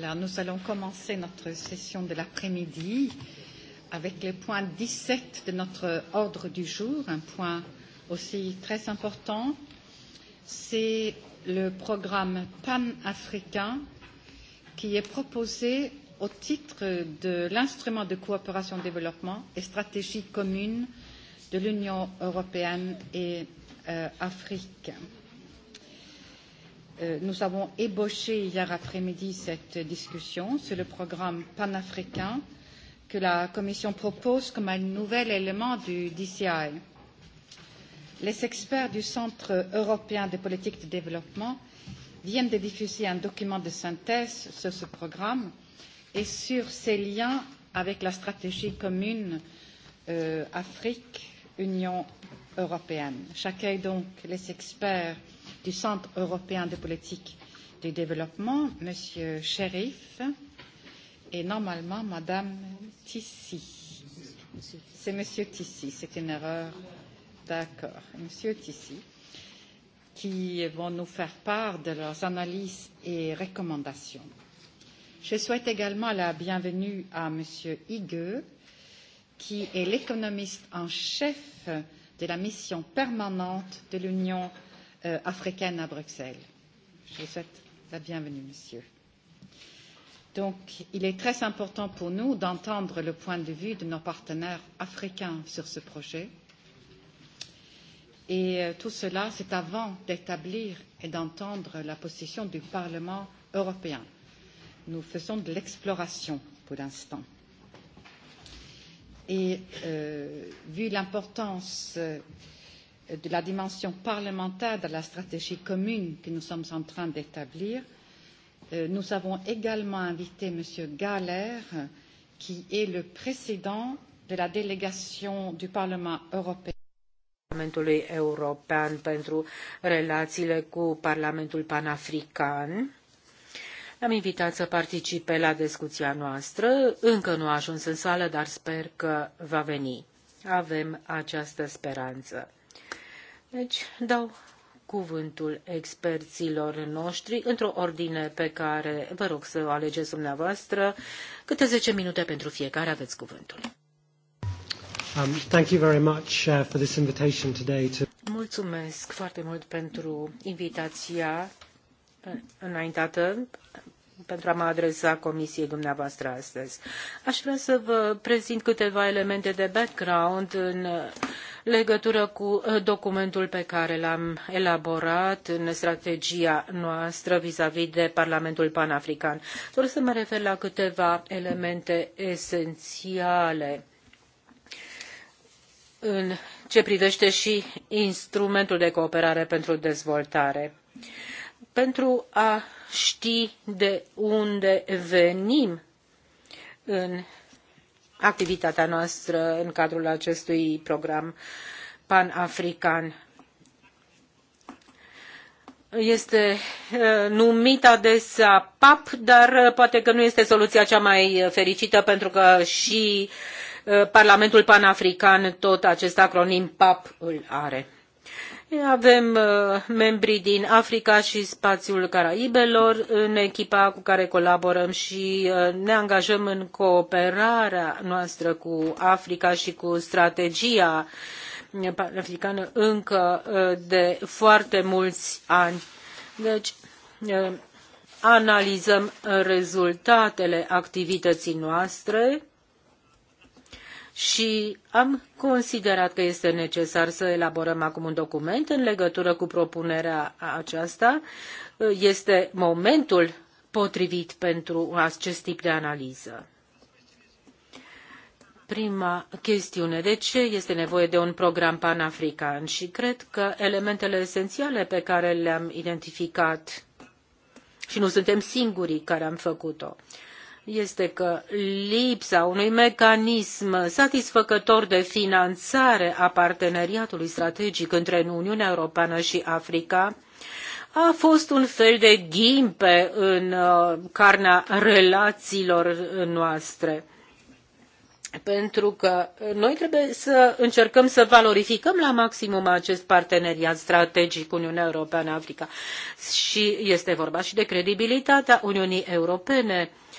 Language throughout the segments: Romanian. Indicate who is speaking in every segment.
Speaker 1: Voilà, nous allons commencer notre session de l'après-midi avec le point 17 de notre ordre du jour, un point aussi très important. C'est le programme pan-africain qui est proposé au titre de l'instrument de coopération développement et stratégie commune de l'Union européenne et euh, africaine Euh, nous avons ébauché hier après-midi cette discussion sur le programme panafricain que la Commission propose comme un nouvel élément du DCI. Les experts du Centre européen de politique de développement viennent de diffuser un document de synthèse sur ce programme et sur ses liens avec la stratégie commune euh, Afrique-Union européenne. J'accueille donc les experts du Centre européen de politique du développement, M. Sherif, et normalement Mme Tissi. C'est M. Tissi, c'est une erreur. D'accord, M. Tissi, qui vont nous faire part de leurs analyses et recommandations. Je souhaite également la bienvenue à M. Higueux, qui est l'économiste en chef de la mission permanente de l'Union européenne euh, africaine à Bruxelles. Je vous souhaite la bienvenue, monsieur. Donc, il est très important pour nous d'entendre le point de vue de nos partenaires africains sur ce projet. Et euh, tout cela, c'est avant d'établir et d'entendre la position du Parlement européen. Nous faisons de l'exploration pour l'instant. Et euh, vu l'importance euh, de la dimension parlementaire de la stratégie commune que nous sommes en train d'établir. Euh, nous avons également invité M. Galler, qui est le président de la délégation du Parlement européen.
Speaker 2: Parlamentului European pentru relațiile cu Parlamentul Panafrican. L-am invitat să participe la discuția noastră. Încă nu a ajuns în sală, dar sper că va veni. Avem această speranță. Deci dau cuvântul experților noștri într-o ordine pe care vă rog să o alegeți dumneavoastră. Câte 10 minute pentru fiecare aveți cuvântul.
Speaker 1: Um, thank you very much uh, for this invitation today to...
Speaker 2: Mulțumesc foarte mult pentru invitația uh, înaintată pentru a mă adresa comisiei dumneavoastră astăzi. Aș vrea să vă prezint câteva elemente de background în legătură cu documentul pe care l-am elaborat în strategia noastră vizavi de Parlamentul Panafrican. Doresc să mă refer la câteva elemente esențiale în ce privește și instrumentul de cooperare pentru dezvoltare pentru a ști de unde venim în activitatea noastră în cadrul acestui program panafrican. Este uh, numit adesea PAP, dar uh, poate că nu este soluția cea mai uh, fericită pentru că și Parlamentul Panafrican tot acest acronim PAP îl are. Avem uh, membrii din Africa și spațiul Caraibelor în echipa cu care colaborăm și uh, ne angajăm în cooperarea noastră cu Africa și cu strategia panafricană încă uh, de foarte mulți ani. Deci, analizăm rezultatele activității noastre și am considerat că este necesar să elaborăm acum un document în legătură cu propunerea aceasta. Este momentul potrivit pentru acest tip de analiză. Prima chestiune. De ce este nevoie de un program panafrican? Și cred că elementele esențiale pe care le-am identificat și nu suntem singurii care am făcut-o este că lipsa unui mecanism satisfăcător de finanțare a parteneriatului strategic între Uniunea Europeană și Africa a fost un fel de ghimpe în uh, carnea relațiilor noastre pentru că noi trebuie să încercăm să valorificăm la maximum acest parteneriat strategic Uniunea Europeană-Africa. Și este vorba și de credibilitatea Uniunii Europene. Uh,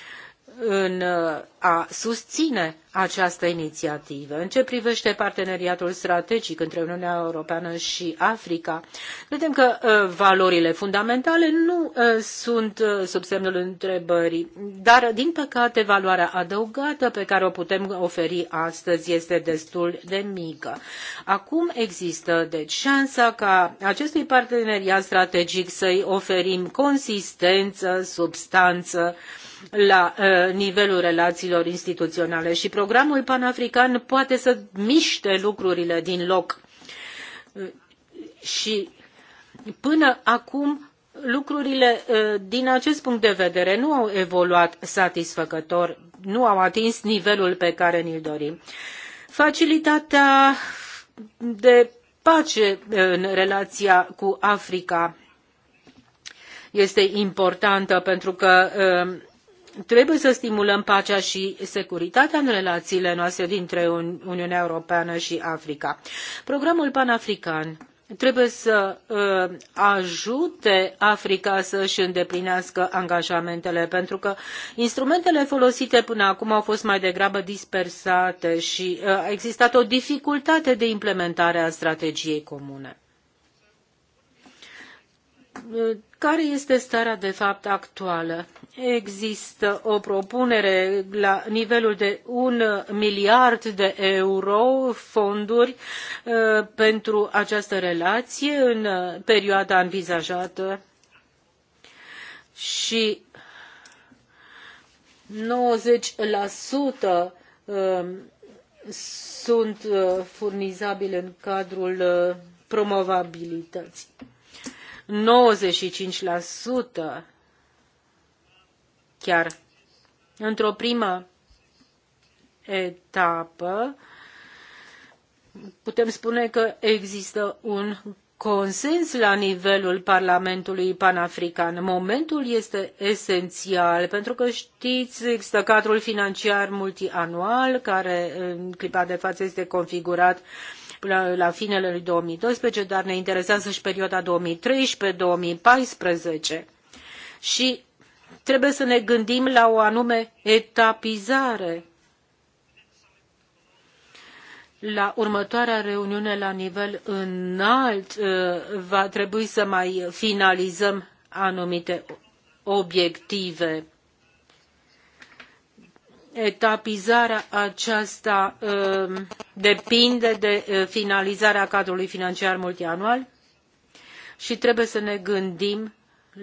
Speaker 2: în uh, a susține această inițiativă. În ce privește parteneriatul strategic între Uniunea Europeană și Africa, credem că uh, valorile fundamentale nu uh, sunt sub semnul întrebării, dar, din păcate, valoarea adăugată pe care o putem oferi astăzi este destul de mică. Acum există, deci, șansa ca acestui parteneriat strategic să-i oferim consistență, substanță, la uh, nivelul relațiilor instituționale și programul panafrican poate să miște lucrurile din loc. Și până acum lucrurile uh, din acest punct de vedere nu au evoluat satisfăcător, nu au atins nivelul pe care ni-l dorim. Facilitatea de pace uh, în relația cu Africa este importantă pentru că trebuie să stimulăm pacea și securitatea în relațiile noastre dintre Uniunea Europeană și Africa. Programul panafrican trebuie să uh, ajute Africa să își îndeplinească angajamentele, pentru că instrumentele folosite până acum au fost mai degrabă dispersate și uh, a existat o dificultate de implementare a strategiei comune. Uh, care este starea de fapt actuală? Există o propunere la nivelul de un miliard de euro fonduri uh, pentru această relație în uh, perioada învizajată și 90% uh, sunt furnizabile în cadrul promovabilității. 95% chiar într-o primă etapă, putem spune că există un consens la nivelul Parlamentului Panafrican. Momentul este esențial, pentru că știți, există cadrul financiar multianual, care în clipa de față este configurat la, la finele lui 2012, dar ne interesează și perioada 2013-2014. Și trebuie să ne gândim la o anume etapizare la următoarea reuniune la nivel înalt uh, va trebui să mai finalizăm anumite obiective. Etapizarea aceasta uh, depinde de uh, finalizarea cadrului financiar multianual și trebuie să ne gândim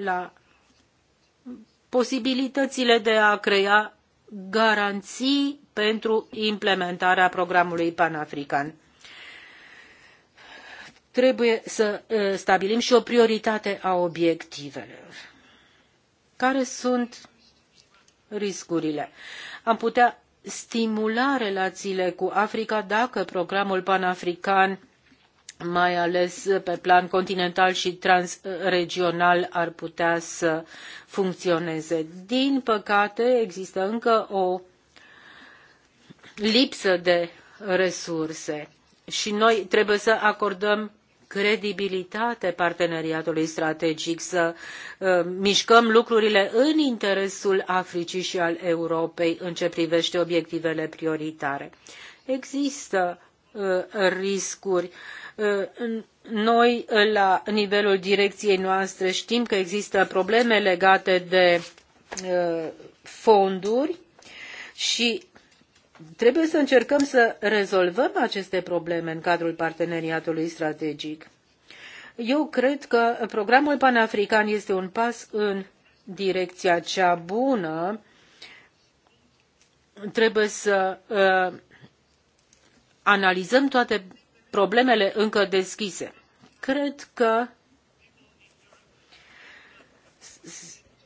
Speaker 2: la posibilitățile de a crea garanții pentru implementarea programului panafrican. Trebuie să stabilim și o prioritate a obiectivelor. Care sunt riscurile? Am putea stimula relațiile cu Africa dacă programul panafrican mai ales pe plan continental și transregional, ar putea să funcționeze. Din păcate, există încă o lipsă de resurse și noi trebuie să acordăm credibilitate parteneriatului strategic, să uh, mișcăm lucrurile în interesul Africii și al Europei în ce privește obiectivele prioritare. Există uh, riscuri uh, noi, la nivelul direcției noastre, știm că există probleme legate de uh, fonduri și trebuie să încercăm să rezolvăm aceste probleme în cadrul parteneriatului strategic. Eu cred că programul panafrican este un pas în direcția cea bună. Trebuie să uh, analizăm toate problemele încă deschise. Cred că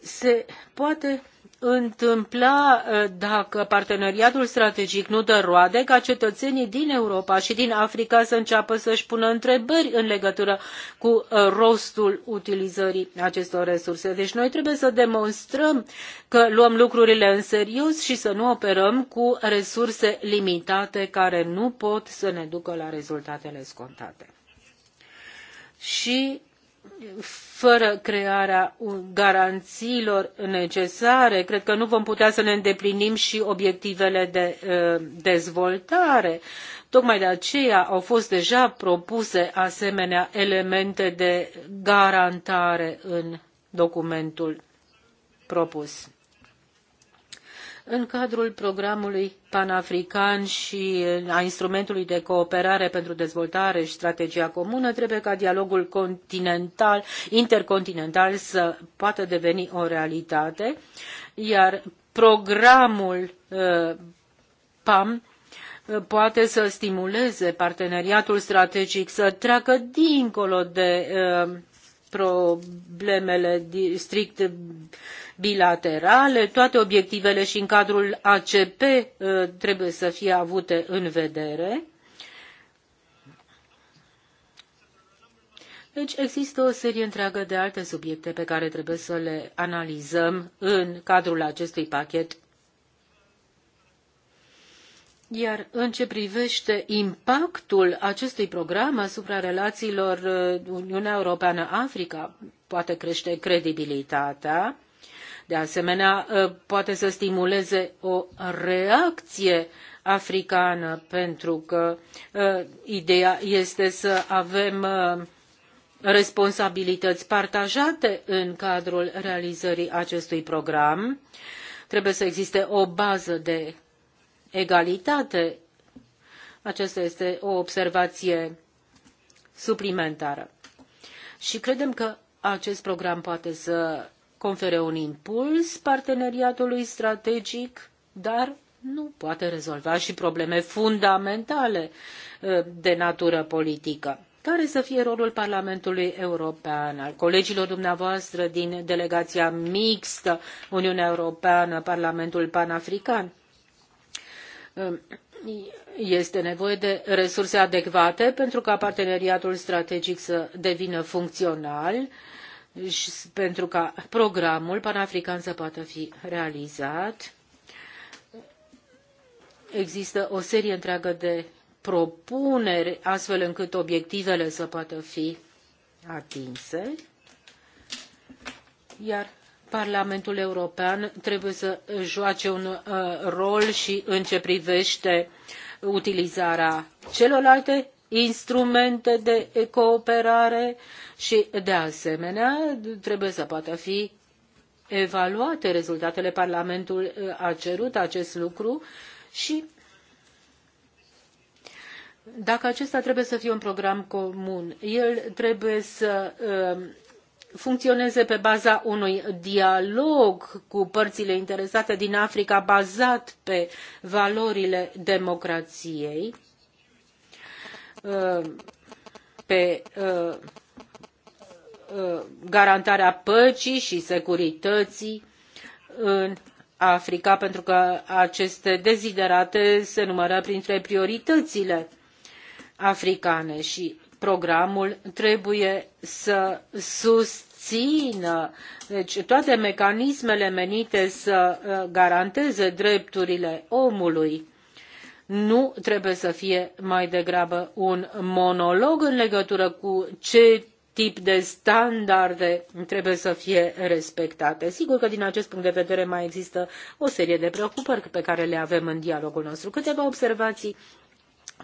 Speaker 2: se poate întâmpla ă, dacă parteneriatul strategic nu dă roade ca cetățenii din Europa și din Africa să înceapă să-și pună întrebări în legătură cu ă, rostul utilizării acestor resurse. Deci noi trebuie să demonstrăm că luăm lucrurile în serios și să nu operăm cu resurse limitate care nu pot să ne ducă la rezultatele scontate. Și fără crearea garanțiilor necesare, cred că nu vom putea să ne îndeplinim și obiectivele de uh, dezvoltare. Tocmai de aceea au fost deja propuse asemenea elemente de garantare în documentul propus în cadrul programului panafrican și a instrumentului de cooperare pentru dezvoltare și strategia comună, trebuie ca dialogul continental, intercontinental să poată deveni o realitate, iar programul uh, PAM uh, poate să stimuleze parteneriatul strategic să treacă dincolo de uh, problemele strict bilaterale, toate obiectivele și în cadrul ACP uh, trebuie să fie avute în vedere. Deci există o serie întreagă de alte subiecte pe care trebuie să le analizăm în cadrul acestui pachet. Iar în ce privește impactul acestui program asupra relațiilor uh, Uniunea Europeană-Africa, poate crește credibilitatea de asemenea, ă, poate să stimuleze o reacție africană, pentru că ă, ideea este să avem ă, responsabilități partajate în cadrul realizării acestui program. Trebuie să existe o bază de egalitate. Aceasta este o observație suplimentară. Și credem că acest program poate să confere un impuls parteneriatului strategic, dar nu poate rezolva și probleme fundamentale uh, de natură politică. Care să fie rolul Parlamentului European, al colegilor dumneavoastră din delegația mixtă Uniunea Europeană, Parlamentul Panafrican? Uh, este nevoie de resurse adecvate pentru ca parteneriatul strategic să devină funcțional uh, și pentru ca programul panafrican să poată fi realizat. Există o serie întreagă de propuneri astfel încât obiectivele să poată fi atinse, iar Parlamentul European trebuie să joace un uh, rol și în ce privește utilizarea celorlalte instrumente de cooperare și, de asemenea, trebuie să poată fi evaluate rezultatele. Parlamentul a cerut acest lucru și dacă acesta trebuie să fie un program comun, el trebuie să um, funcționeze pe baza unui dialog cu părțile interesate din Africa bazat pe valorile democrației Uh, pe uh, uh, garantarea păcii și securității în Africa, pentru că aceste deziderate se numără printre prioritățile africane și programul trebuie să susțină deci, toate mecanismele menite să garanteze drepturile omului nu trebuie să fie mai degrabă un monolog în legătură cu ce tip de standarde trebuie să fie respectate. Sigur că din acest punct de vedere mai există o serie de preocupări pe care le avem în dialogul nostru. Câteva observații.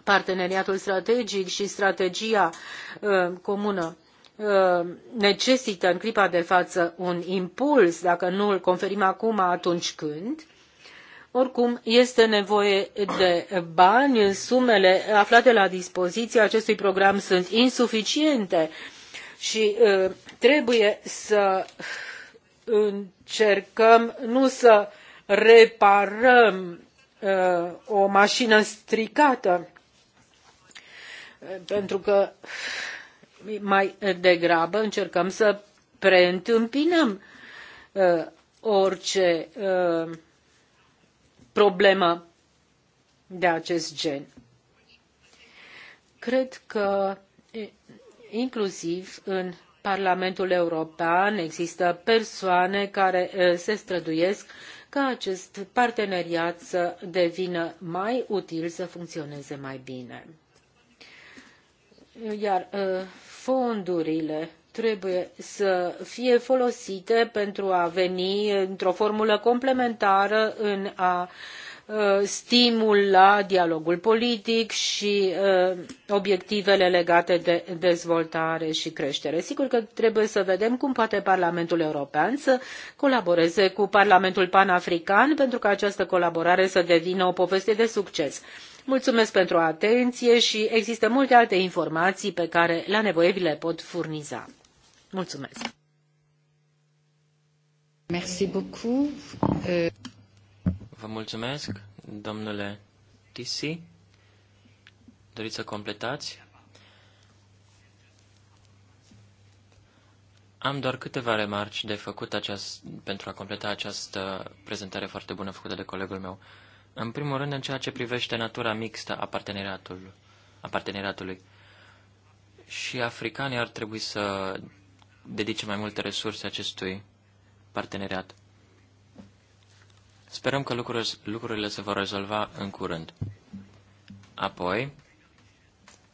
Speaker 2: Parteneriatul strategic și strategia uh, comună uh, necesită în clipa de față un impuls, dacă nu îl conferim acum, atunci când? Oricum, este nevoie de bani, sumele aflate la dispoziția acestui program sunt insuficiente și uh, trebuie să încercăm nu să reparăm uh, o mașină stricată, uh, pentru că mai degrabă încercăm să preîntâmpinăm uh, orice uh, problemă de acest gen. Cred că inclusiv în Parlamentul European există persoane care se străduiesc ca acest parteneriat să devină mai util, să funcționeze mai bine. Iar fondurile trebuie să fie folosite pentru a veni într-o formulă complementară în a uh, stimula dialogul politic și uh, obiectivele legate de dezvoltare și creștere. Sigur că trebuie să vedem cum poate Parlamentul European să colaboreze cu Parlamentul Panafrican pentru ca această colaborare să devină o poveste de succes. Mulțumesc pentru atenție și există multe alte informații pe care la nevoie vi le pot furniza. Vă
Speaker 3: mulțumesc, domnule Tisi. Doriți să completați? Am doar câteva remarci de făcut aceast, pentru a completa această prezentare foarte bună făcută de colegul meu. În primul rând, în ceea ce privește natura mixtă a parteneriatului, a parteneriatului. și africanii ar trebui să dedice mai multe resurse acestui parteneriat. Sperăm că lucrurile, se vor rezolva în curând. Apoi,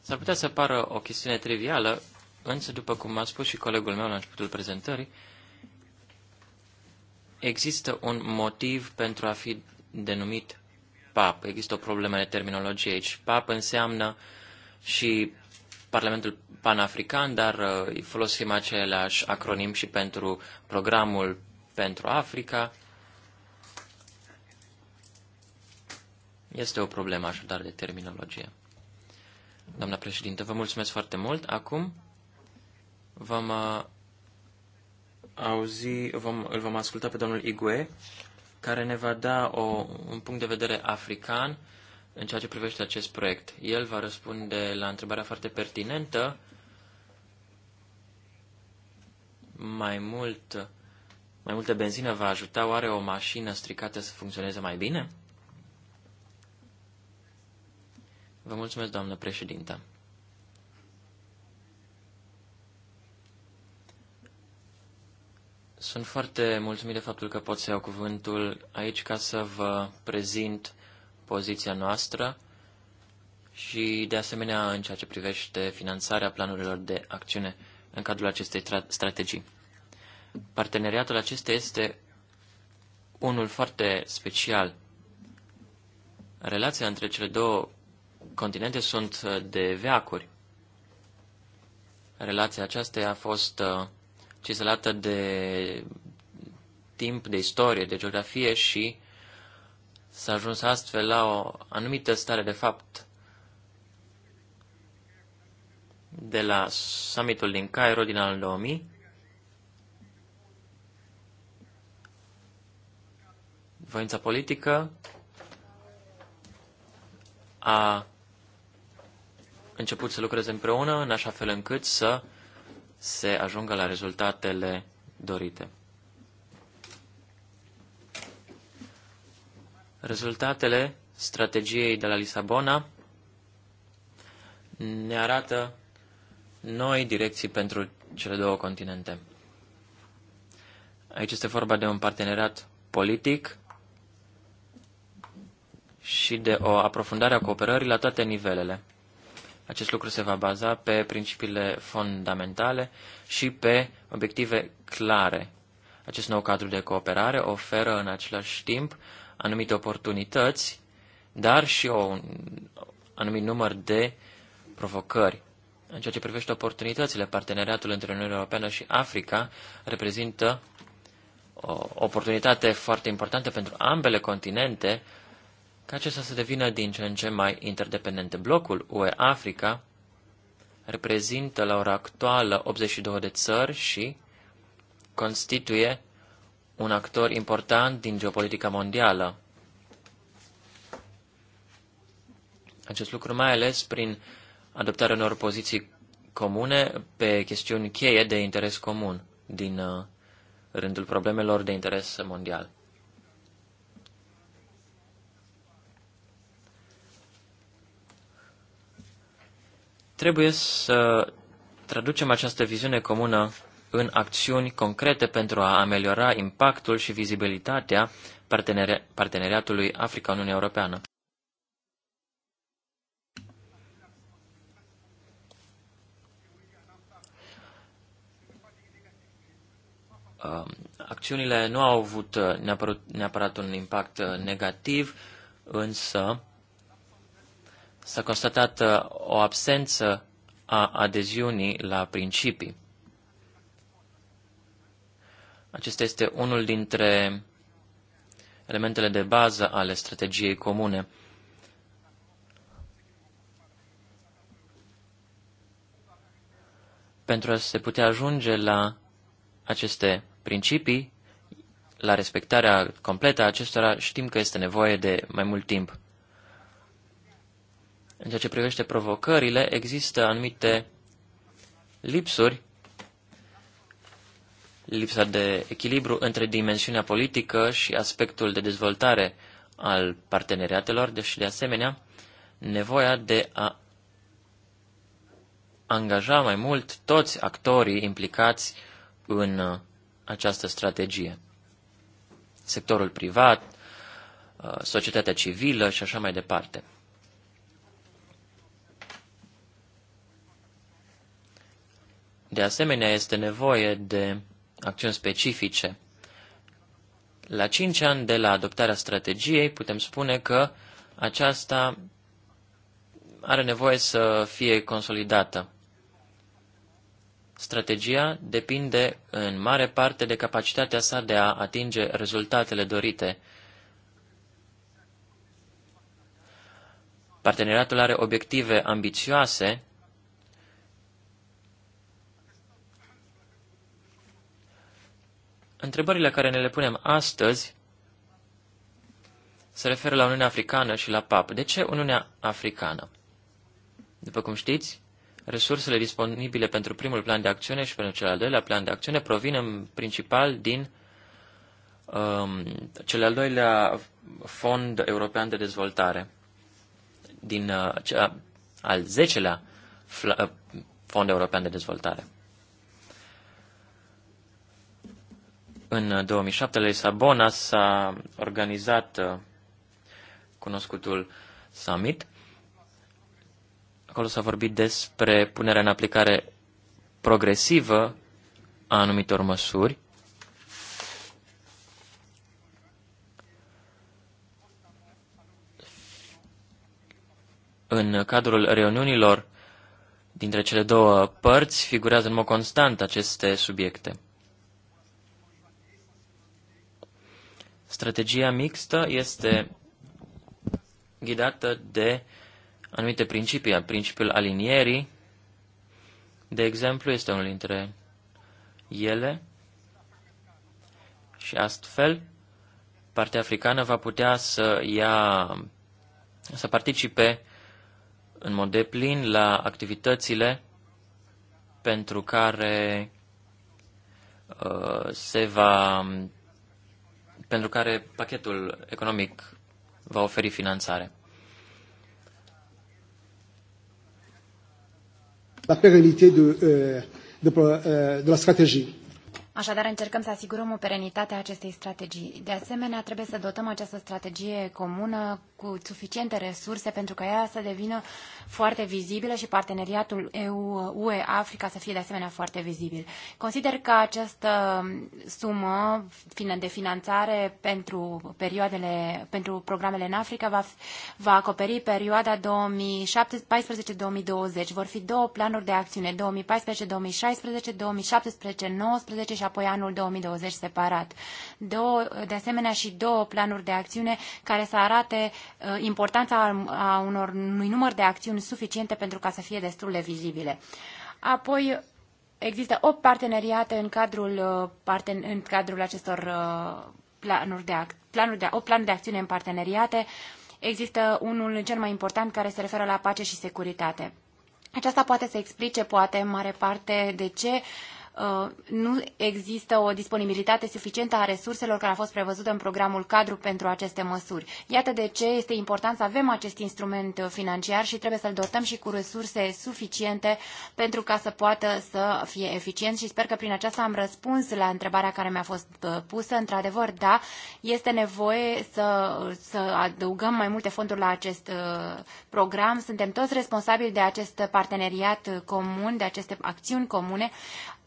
Speaker 3: s-ar putea să pară o chestiune trivială, însă, după cum a spus și colegul meu la începutul prezentării, există un motiv pentru a fi denumit PAP. Există o problemă de terminologie aici. PAP înseamnă și Parlamentul Panafrican, dar uh, folosim același acronim și pentru programul pentru Africa. Este o problemă așadar de terminologie. Doamna președintă, vă mulțumesc foarte mult. Acum vom uh, auzi, vom, îl vom asculta pe domnul Igue, care ne va da o, un punct de vedere african în ceea ce privește acest proiect. El va răspunde la întrebarea foarte pertinentă mai mult, mai multă benzină va ajuta oare o mașină stricată să funcționeze mai bine? Vă mulțumesc, doamnă președintă. Sunt foarte mulțumit de faptul că pot să iau cuvântul aici ca să vă prezint poziția noastră și, de asemenea, în ceea ce privește finanțarea planurilor de acțiune în cadrul acestei strategii. Parteneriatul acesta este unul foarte special. Relația între cele două continente sunt uh, de veacuri. Relația aceasta a fost uh, cizelată de timp, de istorie, de geografie și S-a ajuns astfel la o anumită stare de fapt de la summitul din Cairo din anul 2000, voința politică a început să lucreze împreună în așa fel încât să se ajungă la rezultatele dorite. Rezultatele strategiei de la Lisabona ne arată noi direcții pentru cele două continente. Aici este vorba de un parteneriat politic și de o aprofundare a cooperării la toate nivelele. Acest lucru se va baza pe principiile fundamentale și pe obiective clare. Acest nou cadru de cooperare oferă în același timp anumite oportunități, dar și o, un anumit număr de provocări. În ceea ce privește oportunitățile, parteneriatul între Uniunea Europeană și Africa reprezintă o oportunitate foarte importantă pentru ambele continente ca acesta să devină din ce în ce mai interdependente. Blocul UE-Africa reprezintă la ora actuală 82 de țări și constituie un actor important din geopolitica mondială. Acest lucru mai ales prin adoptarea unor poziții comune pe chestiuni cheie de interes comun din uh, rândul problemelor de interes mondial. Trebuie să traducem această viziune comună în acțiuni concrete pentru a ameliora impactul și vizibilitatea parteneri parteneriatului Africa-Uniunea Europeană. Um, acțiunile nu au avut uh, neapărat, neapărat un impact uh, negativ, însă s-a constatat uh, o absență a adeziunii la principii. Acesta este unul dintre elementele de bază ale strategiei comune. Pentru a se putea ajunge la aceste principii, la respectarea completă a acestora, știm că este nevoie de mai mult timp. În ceea ce privește provocările, există anumite lipsuri lipsa de echilibru între dimensiunea politică și aspectul de dezvoltare al parteneriatelor, deși de asemenea nevoia de a angaja mai mult toți actorii implicați în această strategie. Sectorul privat, societatea civilă și așa mai departe. De asemenea, este nevoie de acțiuni specifice. La cinci ani de la adoptarea strategiei, putem spune că aceasta are nevoie să fie consolidată. Strategia depinde în mare parte de capacitatea sa de a atinge rezultatele dorite. Parteneriatul are obiective ambițioase Întrebările care ne le punem astăzi se referă la Uniunea Africană și la PAP. De ce Uniunea Africană? După cum știți, resursele disponibile pentru primul plan de acțiune și pentru cel al doilea plan de acțiune provin în principal din um, cel al doilea fond european de dezvoltare, din uh, cea, al zecelea uh, fond european de dezvoltare. În 2007, uh, la Lisabona, s-a organizat uh, cunoscutul summit. Acolo s-a vorbit despre punerea în aplicare progresivă a anumitor măsuri. În cadrul reuniunilor dintre cele două părți figurează în mod constant aceste subiecte. Strategia mixtă este ghidată de anumite principii. Principiul alinierii, de exemplu, este unul dintre ele și astfel partea africană va putea să ia, să participe în mod deplin la activitățile pentru care uh, se va pentru care pachetul economic va oferi finanțare.
Speaker 2: La perenitate de, euh, de, euh, de la strategie.
Speaker 4: Așadar, încercăm să asigurăm o perenitate a acestei strategii. De asemenea, trebuie să dotăm această strategie comună cu suficiente resurse pentru ca ea să devină foarte vizibilă și parteneriatul EU-UE-Africa să fie de asemenea foarte vizibil. Consider că această sumă de finanțare pentru perioadele, pentru programele în Africa va, va acoperi perioada 2014-2020. Vor fi două planuri de acțiune, 2014-2016, 2017-2019 și apoi anul 2020 separat. Două, de asemenea și două planuri de acțiune care să arate Uh, importanța a unor, unui număr de acțiuni suficiente pentru ca să fie destul de vizibile. Apoi, există 8 parteneriate în cadrul, uh, parten, în cadrul acestor uh, planuri de, planuri de, 8 planuri de acțiune în parteneriate. Există unul cel mai important care se referă la pace și securitate. Aceasta poate să explice, poate, în mare parte, de ce uh, Uh, nu există o disponibilitate suficientă a resurselor care a fost prevăzută în programul cadru pentru aceste măsuri. Iată de ce este important să avem acest instrument uh, financiar și trebuie să-l dotăm și cu resurse suficiente pentru ca să poată să fie eficient și sper că prin aceasta am răspuns la întrebarea care mi-a fost uh, pusă. Într-adevăr, da, este nevoie să, să adăugăm mai multe fonduri la acest program. Suntem toți responsabili de acest parteneriat comun, de aceste acțiuni comune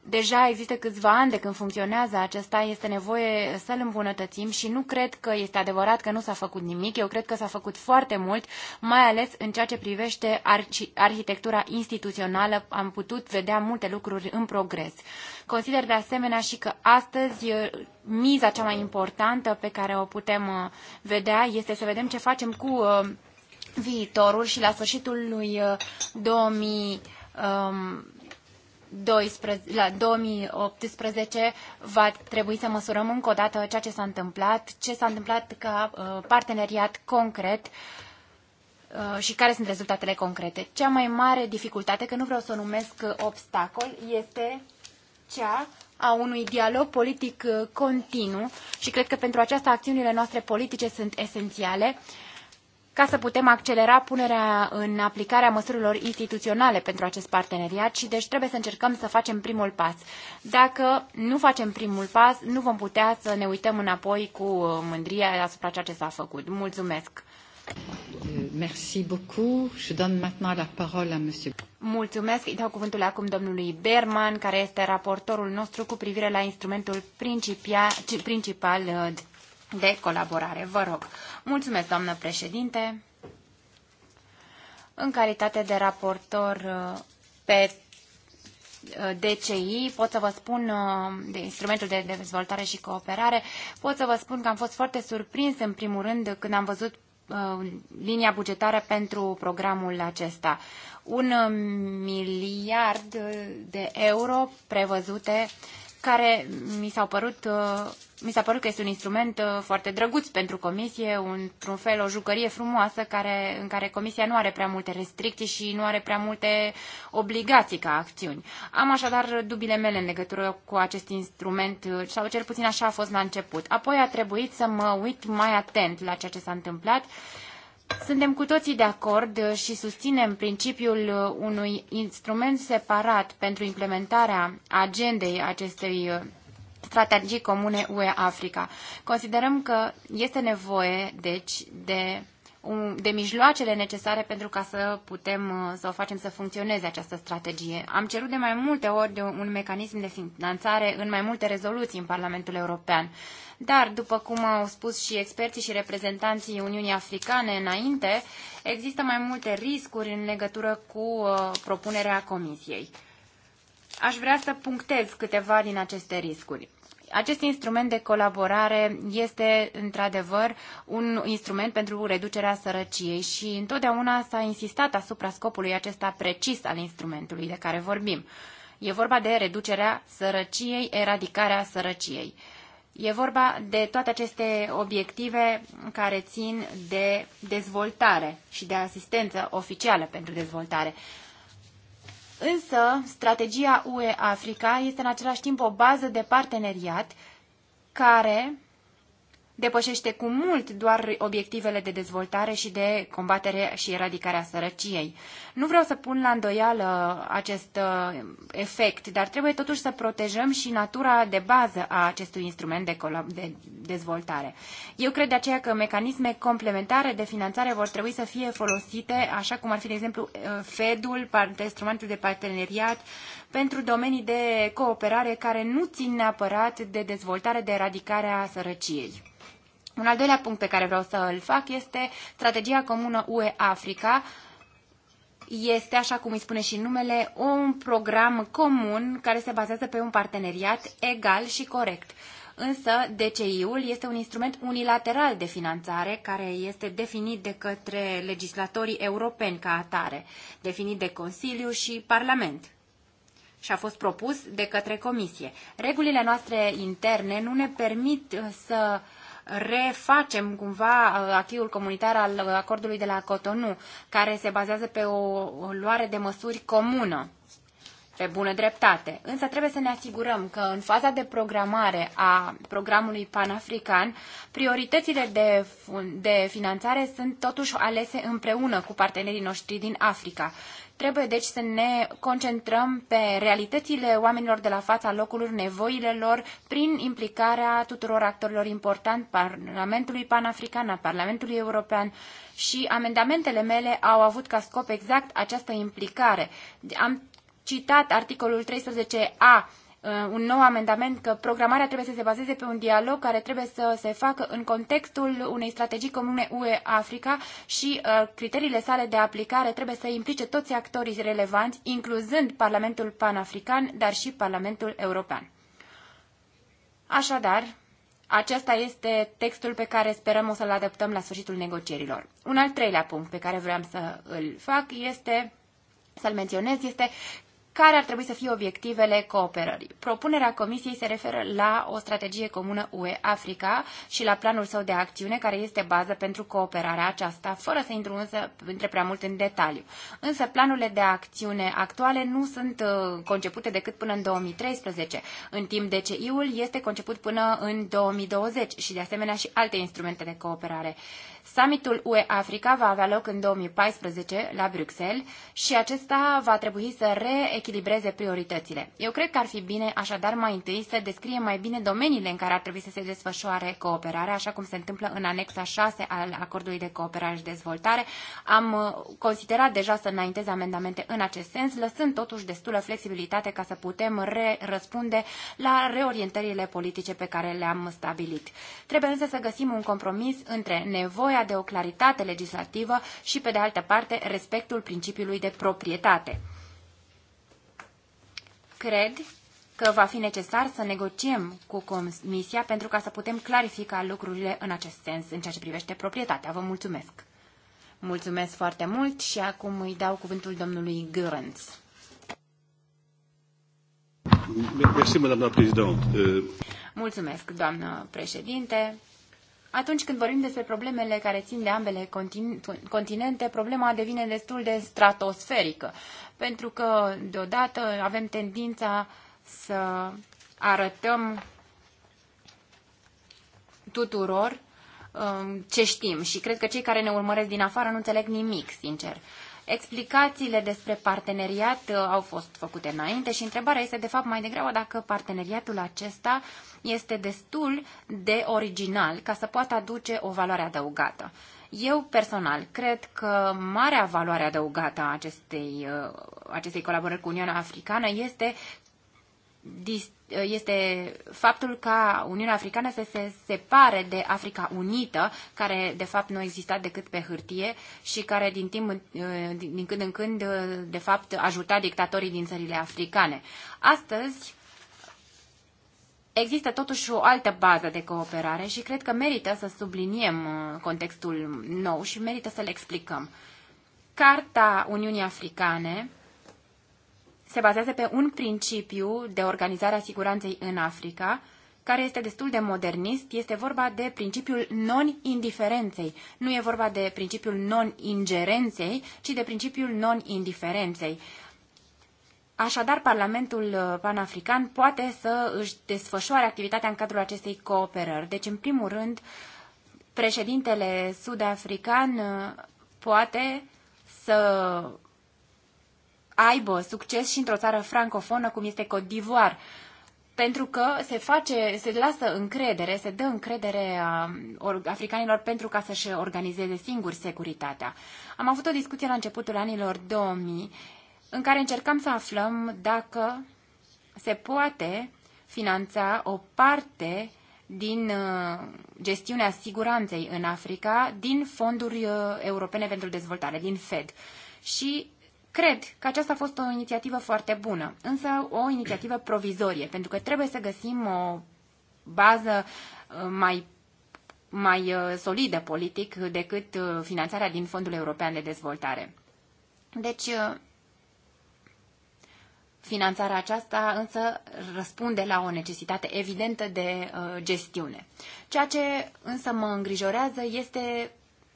Speaker 4: deja există câțiva ani de când funcționează acesta, este nevoie să-l îmbunătățim și nu cred că este adevărat că nu s-a făcut nimic. Eu cred că s-a făcut foarte mult, mai ales în ceea ce privește arhi arhitectura instituțională. Am putut vedea multe lucruri în progres. Consider de asemenea și că astăzi miza cea mai importantă pe care o putem uh, vedea este să vedem ce facem cu uh, viitorul și la sfârșitul lui 2000 uh, 12, la 2018 va trebui să măsurăm încă o dată ceea ce s-a întâmplat, ce s-a întâmplat ca uh, parteneriat concret uh, și care sunt rezultatele concrete. Cea mai mare dificultate, că nu vreau să o numesc obstacol, este cea a unui dialog politic uh, continuu și cred că pentru aceasta acțiunile noastre politice sunt esențiale. Uh, ca să putem accelera punerea în aplicarea măsurilor instituționale pentru acest parteneriat și deci trebuie să încercăm să facem primul pas. Dacă nu facem primul pas, nu vom putea să ne uităm înapoi cu mândrie asupra ceea ce s-a făcut. Mulțumesc!
Speaker 1: Merci beaucoup. Je donne maintenant la parole à monsieur.
Speaker 4: Mulțumesc. Îi dau cuvântul acum domnului Berman, care este raportorul nostru cu privire la instrumentul principal uh, de colaborare. Vă rog. Mulțumesc, doamnă președinte. În calitate de raportor uh, pe uh, DCI, pot să vă spun, uh, de instrumentul de dezvoltare și cooperare, pot să vă spun că am fost foarte surprins, în primul rând, când am văzut linia bugetară pentru programul acesta. Un miliard de euro prevăzute care mi s-au părut mi s-a părut că este un instrument uh, foarte drăguț pentru comisie, într-un fel o jucărie frumoasă care, în care comisia nu are prea multe restricții și nu are prea multe obligații ca acțiuni. Am așadar dubile mele în legătură cu acest instrument, uh, sau cel puțin așa a fost la început. Apoi a trebuit să mă uit mai atent la ceea ce s-a întâmplat. Suntem cu toții de acord uh, și susținem principiul unui instrument separat pentru implementarea agendei acestei strategii comune UE-Africa. Considerăm că este nevoie, deci, de de mijloacele necesare pentru ca să putem uh, să o facem să funcționeze această strategie. Am cerut de mai multe ori de un mecanism de finanțare în mai multe rezoluții în Parlamentul European. Dar, după cum au spus și experții și reprezentanții Uniunii Africane înainte, există mai multe riscuri în legătură cu uh, propunerea Comisiei. Aș vrea să punctez câteva din aceste riscuri. Acest instrument de colaborare este, într-adevăr, un instrument pentru reducerea sărăciei și întotdeauna s-a insistat asupra scopului acesta precis al instrumentului de care vorbim. E vorba de reducerea sărăciei, eradicarea sărăciei. E vorba de toate aceste obiective care țin de dezvoltare și de asistență oficială pentru dezvoltare. Însă, strategia UE Africa este în același timp o bază de parteneriat care depășește cu mult doar obiectivele de dezvoltare și de combatere și eradicare a sărăciei. Nu vreau să pun la îndoială acest uh, efect, dar trebuie totuși să protejăm și natura de bază a acestui instrument de, de dezvoltare. Eu cred de aceea că mecanisme complementare de finanțare vor trebui să fie folosite, așa cum ar fi, de exemplu, uh, Fedul, instrumentul de parteneriat, pentru domenii de cooperare care nu țin neapărat de dezvoltare, de eradicare a sărăciei. Un al doilea punct pe care vreau să îl fac este strategia comună UE-Africa. Este, așa cum îi spune și numele, un program comun care se bazează pe un parteneriat egal și corect. Însă, DCI-ul este un instrument unilateral de finanțare care este definit de către legislatorii europeni ca atare, definit de Consiliu și Parlament și a fost propus de către Comisie. Regulile noastre interne nu ne permit să uh, refacem cumva uh, acquis comunitar al uh, acordului de la Cotonou, care se bazează pe o luare de măsuri comună pe bună dreptate. Însă trebuie să ne asigurăm că în faza de programare a programului panafrican, prioritățile de, de finanțare sunt totuși alese împreună cu partenerii noștri din Africa Trebuie deci să ne concentrăm pe realitățile oamenilor de la fața locului, nevoile lor, prin implicarea tuturor actorilor importanti, Parlamentului Panafrican, a Parlamentului European și amendamentele mele au avut ca scop exact această implicare. Am citat articolul 13a Uh, un nou amendament că programarea trebuie să se bazeze pe un dialog care trebuie să se facă în contextul unei strategii comune UE-Africa și uh, criteriile sale de aplicare trebuie să implice toți actorii relevanți, incluzând Parlamentul Panafrican, dar și Parlamentul European. Așadar, acesta este textul pe care sperăm o să-l adaptăm la sfârșitul negocierilor. Un al treilea punct pe care vreau să îl fac este să-l menționez este care ar trebui să fie obiectivele cooperării. Propunerea Comisiei se referă la o strategie comună UE-Africa și la planul său de acțiune, care este bază pentru cooperarea aceasta, fără să intru însă între prea mult în detaliu. Însă planurile de acțiune actuale nu sunt uh, concepute decât până în 2013, în timp de ce ul este conceput până în 2020 și de asemenea și alte instrumente de cooperare. Summitul UE-Africa va avea loc în 2014 la Bruxelles și acesta va trebui să reechilibreze prioritățile. Eu cred că ar fi bine așadar mai întâi să descrie mai bine domeniile în care ar trebui să se desfășoare cooperarea, așa cum se întâmplă în anexa 6 al acordului de cooperare și dezvoltare. Am uh, considerat deja să înaintez amendamente în acest sens, lăsând totuși destulă flexibilitate ca să putem răspunde la reorientările politice pe care le-am stabilit. Trebuie însă să găsim un compromis între nevoia nevoia de o claritate legislativă și, pe de altă parte, respectul principiului de proprietate. Cred că va fi necesar să negociem cu Comisia pentru ca să putem clarifica lucrurile în acest sens, în ceea ce privește proprietatea. Vă mulțumesc! Mulțumesc foarte mult și acum îi dau cuvântul domnului Görens. Euh, mulțumesc, doamnă președinte. Atunci când vorbim despre problemele care țin de ambele continente, problema devine destul de stratosferică, pentru că deodată avem tendința să arătăm tuturor uh, ce știm și cred că cei care ne urmăresc din afară nu înțeleg nimic, sincer. Explicațiile despre parteneriat uh, au fost făcute înainte și întrebarea este de fapt mai degrabă dacă parteneriatul acesta este destul de original ca să poată aduce o valoare adăugată. Eu personal cred că marea valoare adăugată a acestei, uh, acestei colaborări cu Uniunea Africană este este faptul ca Uniunea Africană să se separe de Africa Unită, care de fapt nu exista decât pe hârtie și care din timp din când în când de fapt ajuta dictatorii din țările africane. Astăzi Există totuși o altă bază de cooperare și cred că merită să subliniem uh, contextul nou și merită să-l explicăm. Carta Uniunii Africane se bazează pe un principiu de organizare a siguranței în Africa, care este destul de modernist, este vorba de principiul non-indiferenței. Nu e vorba de principiul non-ingerenței, ci de principiul non-indiferenței. Așadar, Parlamentul uh, Panafrican poate să își desfășoare activitatea în cadrul acestei cooperări. Deci, în primul rând, președintele sud-african uh, poate să aibă succes și într-o țară francofonă cum este Côte d'Ivoire. Pentru că se face, se lasă încredere, se dă încredere um, africanilor pentru ca să-și organizeze singuri securitatea. Am avut o discuție la începutul anilor 2000 în care încercam să aflăm dacă se poate finanța o parte din uh, gestiunea siguranței în Africa din fonduri uh, europene pentru dezvoltare, din Fed. Și Cred că aceasta a fost o inițiativă foarte bună, însă o inițiativă provizorie, pentru că trebuie să găsim o bază uh, mai mai uh, solidă politic decât uh, finanțarea din Fondul European de Dezvoltare. Deci, Finanțarea aceasta însă răspunde la o necesitate evidentă de gestiune. Ceea ce însă mă îngrijorează este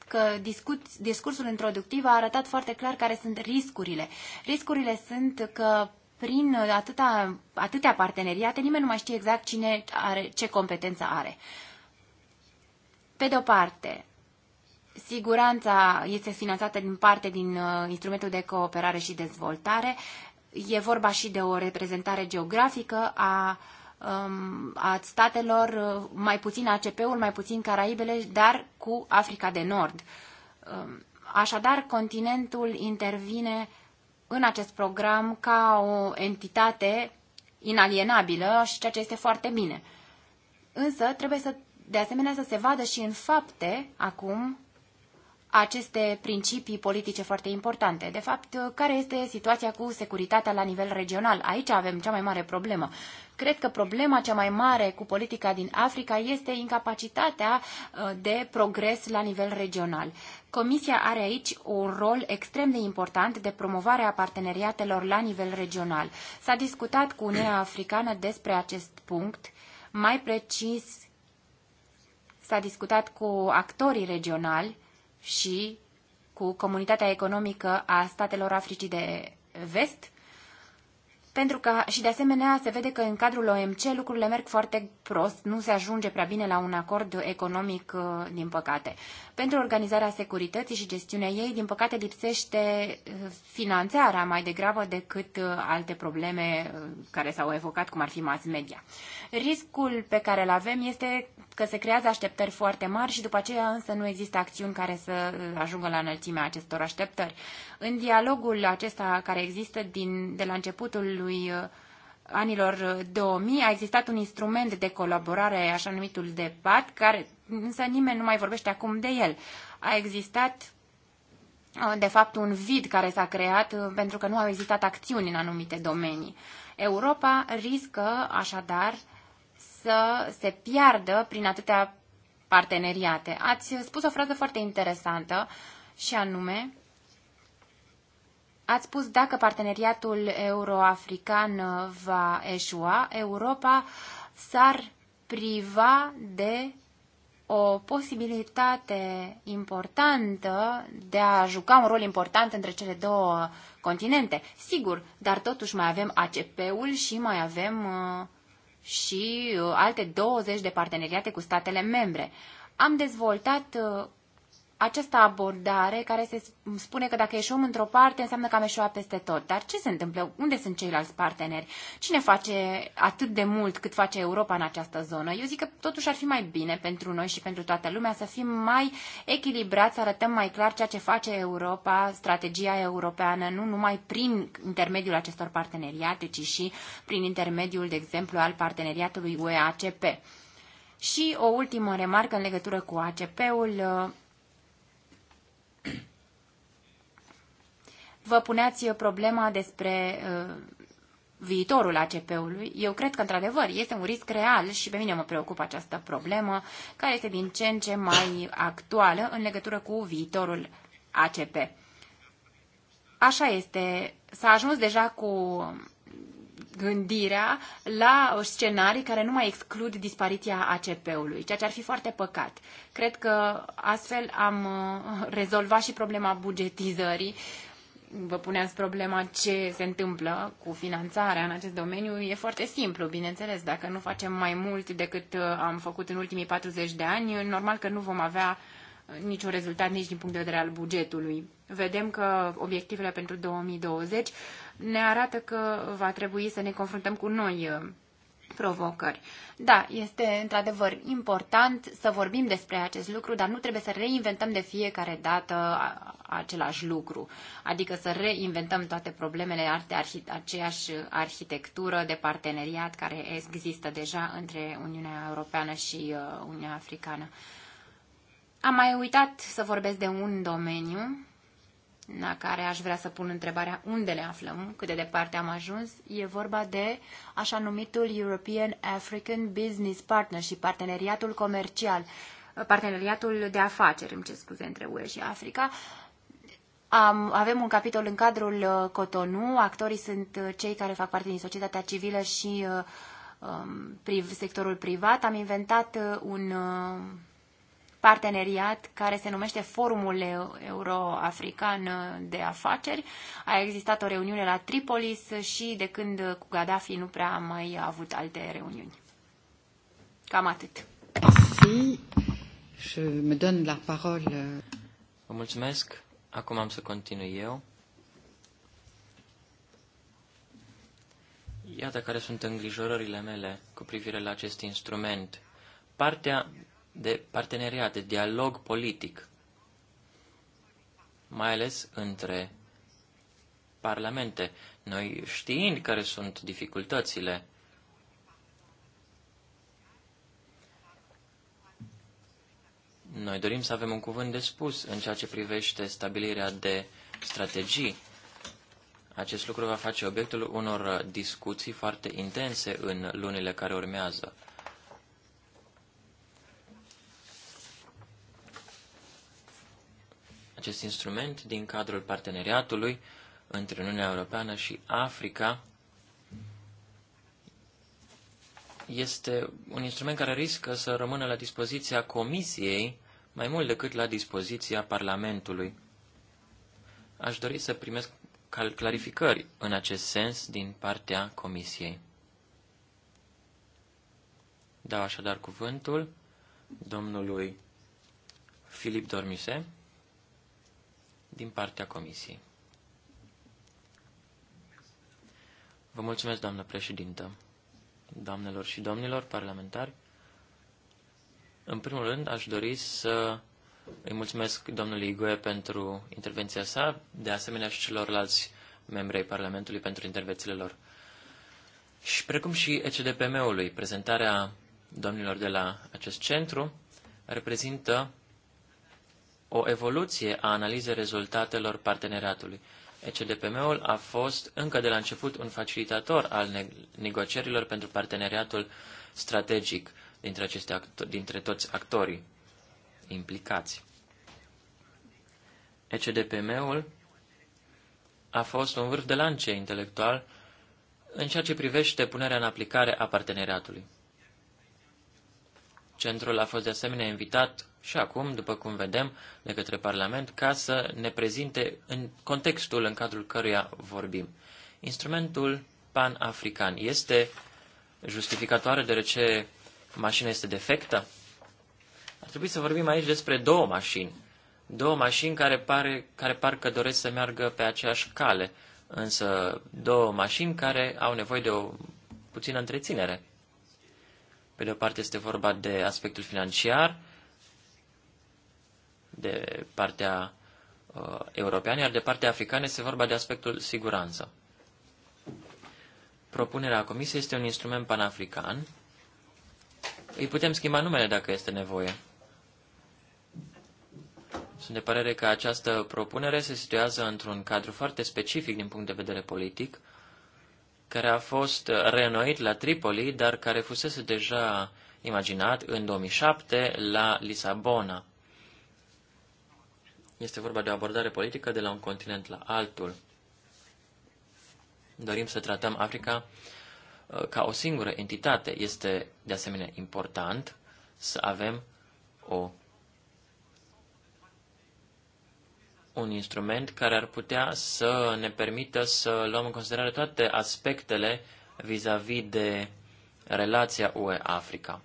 Speaker 4: că discut, discursul introductiv a arătat foarte clar care sunt riscurile. Riscurile sunt că prin atâta, atâtea parteneriate nimeni nu mai știe exact cine are, ce competență are. Pe de o parte, siguranța este finanțată din parte din uh, instrumentul de cooperare și dezvoltare. E vorba și de o reprezentare geografică a uh, Um, a statelor, uh, mai puțin ACP-ul, mai puțin Caraibele, dar cu Africa de Nord. Um, așadar, continentul intervine în acest program ca o entitate inalienabilă și ceea ce este foarte bine. Însă, trebuie să, de asemenea să se vadă și în fapte acum aceste principii politice foarte importante. De fapt, care este situația cu securitatea la nivel regional? Aici avem cea mai mare problemă. Cred că problema cea mai mare cu politica din Africa este incapacitatea uh, de progres la nivel regional. Comisia are aici un rol extrem de important de promovare a parteneriatelor la nivel regional. S-a discutat cu Uniunea Africană despre acest punct, mai precis s-a discutat cu actorii regionali, și cu comunitatea economică a statelor Africii de vest pentru că și de asemenea se vede că în cadrul OMC lucrurile merg foarte prost, nu se ajunge prea bine la un acord economic, uh, din păcate. Pentru organizarea securității și gestiunea ei, din păcate lipsește uh, finanțarea mai degrabă decât uh, alte probleme care s-au evocat, cum ar fi mass media. Riscul pe care îl avem este că se creează așteptări foarte mari și după aceea însă nu există acțiuni care să ajungă la înălțimea acestor așteptări. În dialogul acesta care există din, de la începutul începutul uh, anilor 2000 uh, a existat un instrument de colaborare, așa numitul pat, care însă nimeni nu mai vorbește acum de el. A existat uh, de fapt un vid care s-a creat pentru că nu au existat acțiuni în anumite domenii. Europa riscă așadar să se piardă prin atâtea parteneriate. Ați spus o frază foarte interesantă și anume Ați spus dacă parteneriatul euroafrican uh, va eșua, Europa s-ar priva de o posibilitate importantă de a juca un rol important între cele două continente. Sigur, dar totuși mai avem ACP-ul și mai avem uh, și uh, alte 20 de parteneriate cu statele membre. Am dezvoltat această abordare care se spune că dacă eșuăm într-o parte, înseamnă că am eșuat peste tot. Dar ce se întâmplă? Unde sunt ceilalți parteneri? Cine face atât de mult cât face Europa în această zonă? Eu zic că totuși ar fi mai bine pentru noi și pentru toată lumea să fim mai echilibrați, să arătăm mai clar ceea ce face Europa, strategia europeană, nu numai prin intermediul acestor parteneriate, ci și prin intermediul, de exemplu, al parteneriatului UEACP. Și o ultimă remarcă în legătură cu ACP-ul uh, vă puneați problema despre uh, viitorul ACP-ului. Eu cred că, într-adevăr, este un risc real și pe mine mă preocupă această problemă, care este din ce în ce mai actuală în legătură cu viitorul ACP. Așa este. S-a ajuns deja cu gândirea la scenarii care nu mai exclud dispariția ACP-ului, ceea ce ar fi foarte păcat. Cred că astfel am uh, rezolvat și problema bugetizării vă puneați problema ce se întâmplă cu finanțarea în acest domeniu, e foarte simplu, bineînțeles. Dacă nu facem mai mult decât uh, am făcut în ultimii 40 de ani, normal că nu vom avea uh, niciun rezultat nici din punct de vedere al bugetului. Vedem că obiectivele pentru 2020 ne arată că va trebui să ne confruntăm cu noi uh, provocări. Da, este într-adevăr important să vorbim despre acest lucru, dar nu trebuie să reinventăm de fiecare dată același lucru, adică să reinventăm toate problemele de aceeași arhitectură de parteneriat care există deja între Uniunea Europeană și uh, Uniunea Africană. Am mai uitat să vorbesc de un domeniu la care aș vrea să pun întrebarea unde ne aflăm, cât de departe am ajuns, e vorba de așa numitul European African Business Partnership, parteneriatul comercial, parteneriatul de afaceri, îmi cer scuze, între UE și Africa. Am, avem un capitol în cadrul uh, Cotonou, actorii sunt uh, cei care fac parte din societatea civilă și uh, um, priv, sectorul privat. Am inventat un parteneriat care se numește Forumul Euroafrican de Afaceri. A existat o reuniune la Tripolis și de când cu Gaddafi nu prea am mai avut alte reuniuni.
Speaker 1: Cam atât. Merci. Je me donne la parole.
Speaker 3: Vă mulțumesc. Acum am să continui eu. Iată care sunt îngrijorările mele cu privire la acest instrument. Partea de parteneriat, de dialog politic, mai ales între parlamente. Noi știind care sunt dificultățile, noi dorim să avem un cuvânt de spus în ceea ce privește stabilirea de strategii. Acest lucru va face obiectul unor discuții foarte intense în lunile care urmează. acest instrument din cadrul parteneriatului între Uniunea Europeană și Africa este un instrument care riscă să rămână la dispoziția Comisiei mai mult decât la dispoziția Parlamentului. Aș dori să primesc clarificări în acest sens din partea Comisiei. Dau așadar cuvântul domnului Filip Dormise din partea Comisiei. Vă mulțumesc, doamnă președintă, doamnelor și domnilor parlamentari. În primul rând, aș dori să îi mulțumesc domnului Igue pentru intervenția sa, de asemenea și celorlalți membri ai Parlamentului pentru intervențiile lor. Și precum și ECDPM-ului, prezentarea domnilor de la acest centru reprezintă o evoluție a analizei rezultatelor parteneriatului. ECDPM-ul a fost încă de la început un facilitator al negocierilor pentru parteneriatul strategic dintre, aceste dintre toți actorii implicați. ECDPM-ul a fost un vârf de lance intelectual în ceea ce privește punerea în aplicare a parteneriatului. Centrul a fost de asemenea invitat și acum, după cum vedem, de către Parlament, ca să ne prezinte în contextul în cadrul căruia vorbim. Instrumentul pan-african este justificatoare deoarece mașina este defectă? Ar trebui să vorbim aici despre două mașini. Două mașini care, pare, care par că doresc să meargă pe aceeași cale, însă două mașini care au nevoie de o puțină întreținere. Pe de o parte este vorba de aspectul financiar, de partea uh, europeană, iar de partea africană este vorba de aspectul siguranță. Propunerea Comisiei este un instrument panafrican. Îi putem schimba numele dacă este nevoie. Sunt de părere că această propunere se situează într-un cadru foarte specific din punct de vedere politic, care a fost reînnoit la Tripoli, dar care fusese deja imaginat în 2007 la Lisabona. Este vorba de o abordare politică de la un continent la altul. Dorim să tratăm Africa uh, ca o singură entitate. Este de asemenea important să avem o un instrument care ar putea să ne permită să luăm în considerare toate aspectele vis-a-vis -vis de relația UE-Africa.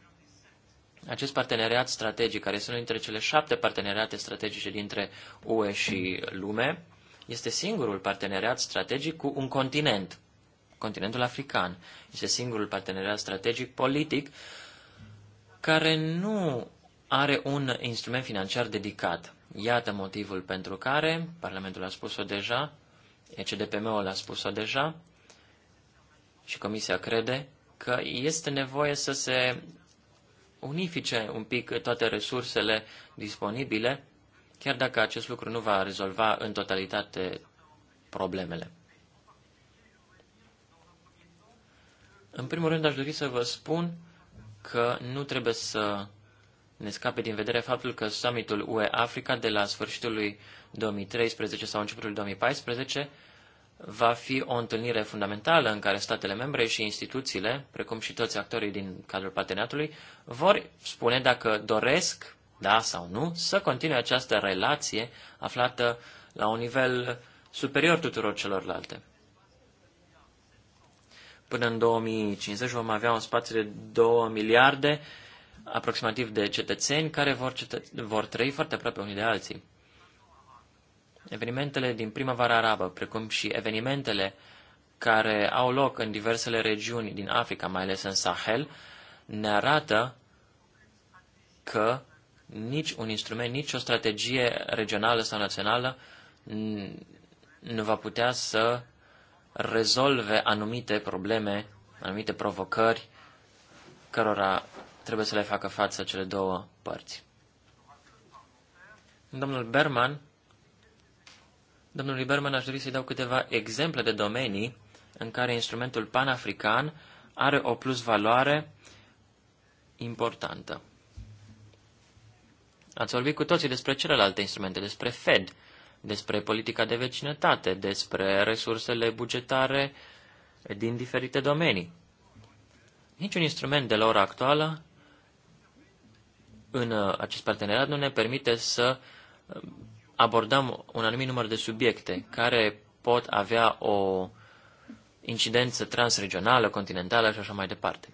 Speaker 3: Acest parteneriat strategic, care este unul dintre cele șapte parteneriate strategice dintre UE și lume, este singurul parteneriat strategic cu un continent, continentul african. Este singurul parteneriat strategic politic care nu are un instrument financiar dedicat. Iată motivul pentru care, Parlamentul a spus-o deja, ECDPM-ul a spus-o deja și Comisia crede că este nevoie să se unifice un pic toate resursele disponibile, chiar dacă acest lucru nu va rezolva în totalitate problemele. În primul rând, aș dori să vă spun că nu trebuie să ne scape din vedere faptul că summitul UE-Africa de la sfârșitul lui 2013 sau începutul 2014 va fi o întâlnire fundamentală în care statele membre și instituțiile, precum și toți actorii din cadrul parteneriatului, vor spune dacă doresc, da sau nu, să continue această relație aflată la un nivel superior tuturor celorlalte. Până în 2050 vom avea un spațiu de 2 miliarde uh, aproximativ de cetățeni care vor, cetă- vor trăi foarte aproape unii de alții. Evenimentele din primăvara arabă, precum și evenimentele care au loc în diversele regiuni din Africa, mai ales în Sahel, ne arată că nici un instrument, nici o strategie regională sau națională nu va putea să rezolve anumite probleme, anumite provocări cărora trebuie să le facă față cele două părți. Domnul Berman, domnului Berman aș dori să-i dau câteva exemple de domenii în care instrumentul panafrican are o plus valoare importantă. Ați vorbit cu toții despre celelalte instrumente, despre Fed, despre politica de vecinătate, despre resursele bugetare din diferite domenii. Niciun instrument de la ora actuală în uh, acest parteneriat nu ne permite să uh, abordăm un anumit număr de subiecte care pot avea o incidență transregională, continentală și așa mai departe.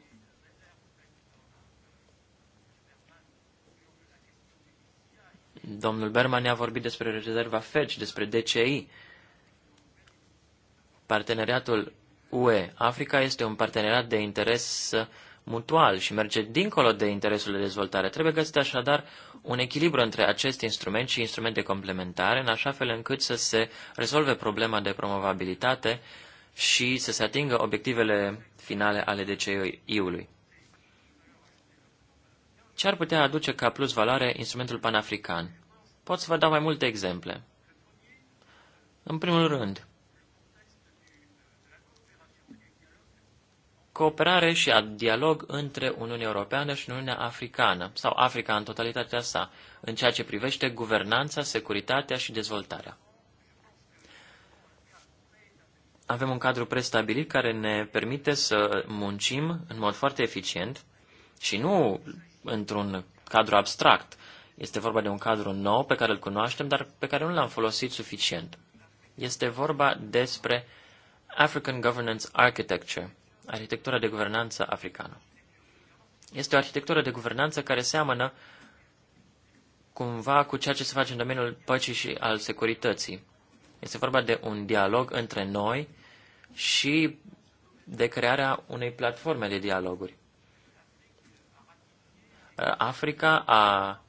Speaker 3: Domnul Berman ne-a vorbit despre rezerva FED și despre DCI. Parteneriatul UE-Africa este un parteneriat de interes mutual și merge dincolo de interesul de dezvoltare. Trebuie găsit așadar un echilibru între acest instrument și instrumente complementare, în așa fel încât să se rezolve problema de promovabilitate și să se atingă obiectivele finale ale DCI-ului. Ce ar putea aduce ca plus valoare instrumentul panafrican? Pot să vă dau mai multe exemple. În primul rând, cooperare și a dialog între Uniunea Europeană și Uniunea Africană, sau Africa în totalitatea sa, în ceea ce privește guvernanța, securitatea și dezvoltarea. Avem un cadru prestabilit care ne permite să muncim în mod foarte eficient și nu într-un cadru abstract. Este vorba de un cadru nou pe care îl cunoaștem, dar pe care nu l-am folosit suficient. Este vorba despre African Governance Architecture, arhitectura de guvernanță africană. Este o arhitectură de guvernanță care seamănă cumva cu ceea ce se face în domeniul păcii și al securității. Este vorba de un dialog între noi și de crearea unei platforme de dialoguri. Africa a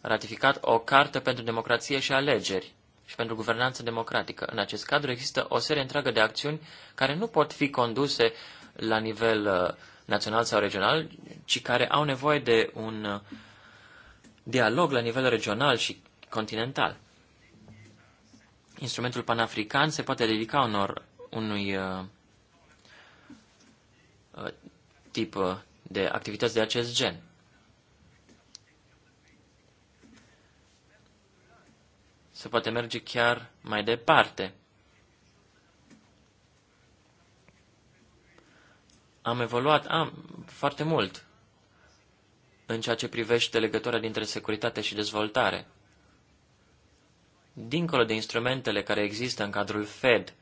Speaker 3: ratificat o cartă pentru democrație și alegeri și pentru guvernanță democratică. În acest cadru există o serie întreagă de acțiuni care nu pot fi conduse la nivel uh, național sau regional, ci care au nevoie de un uh, dialog la nivel regional și continental. Instrumentul panafrican se poate dedica unor, unui uh, uh tip de activități de acest gen. se poate merge chiar mai departe. Am evoluat am, foarte mult în ceea ce privește legătura dintre securitate și dezvoltare. Dincolo de instrumentele care există în cadrul Fed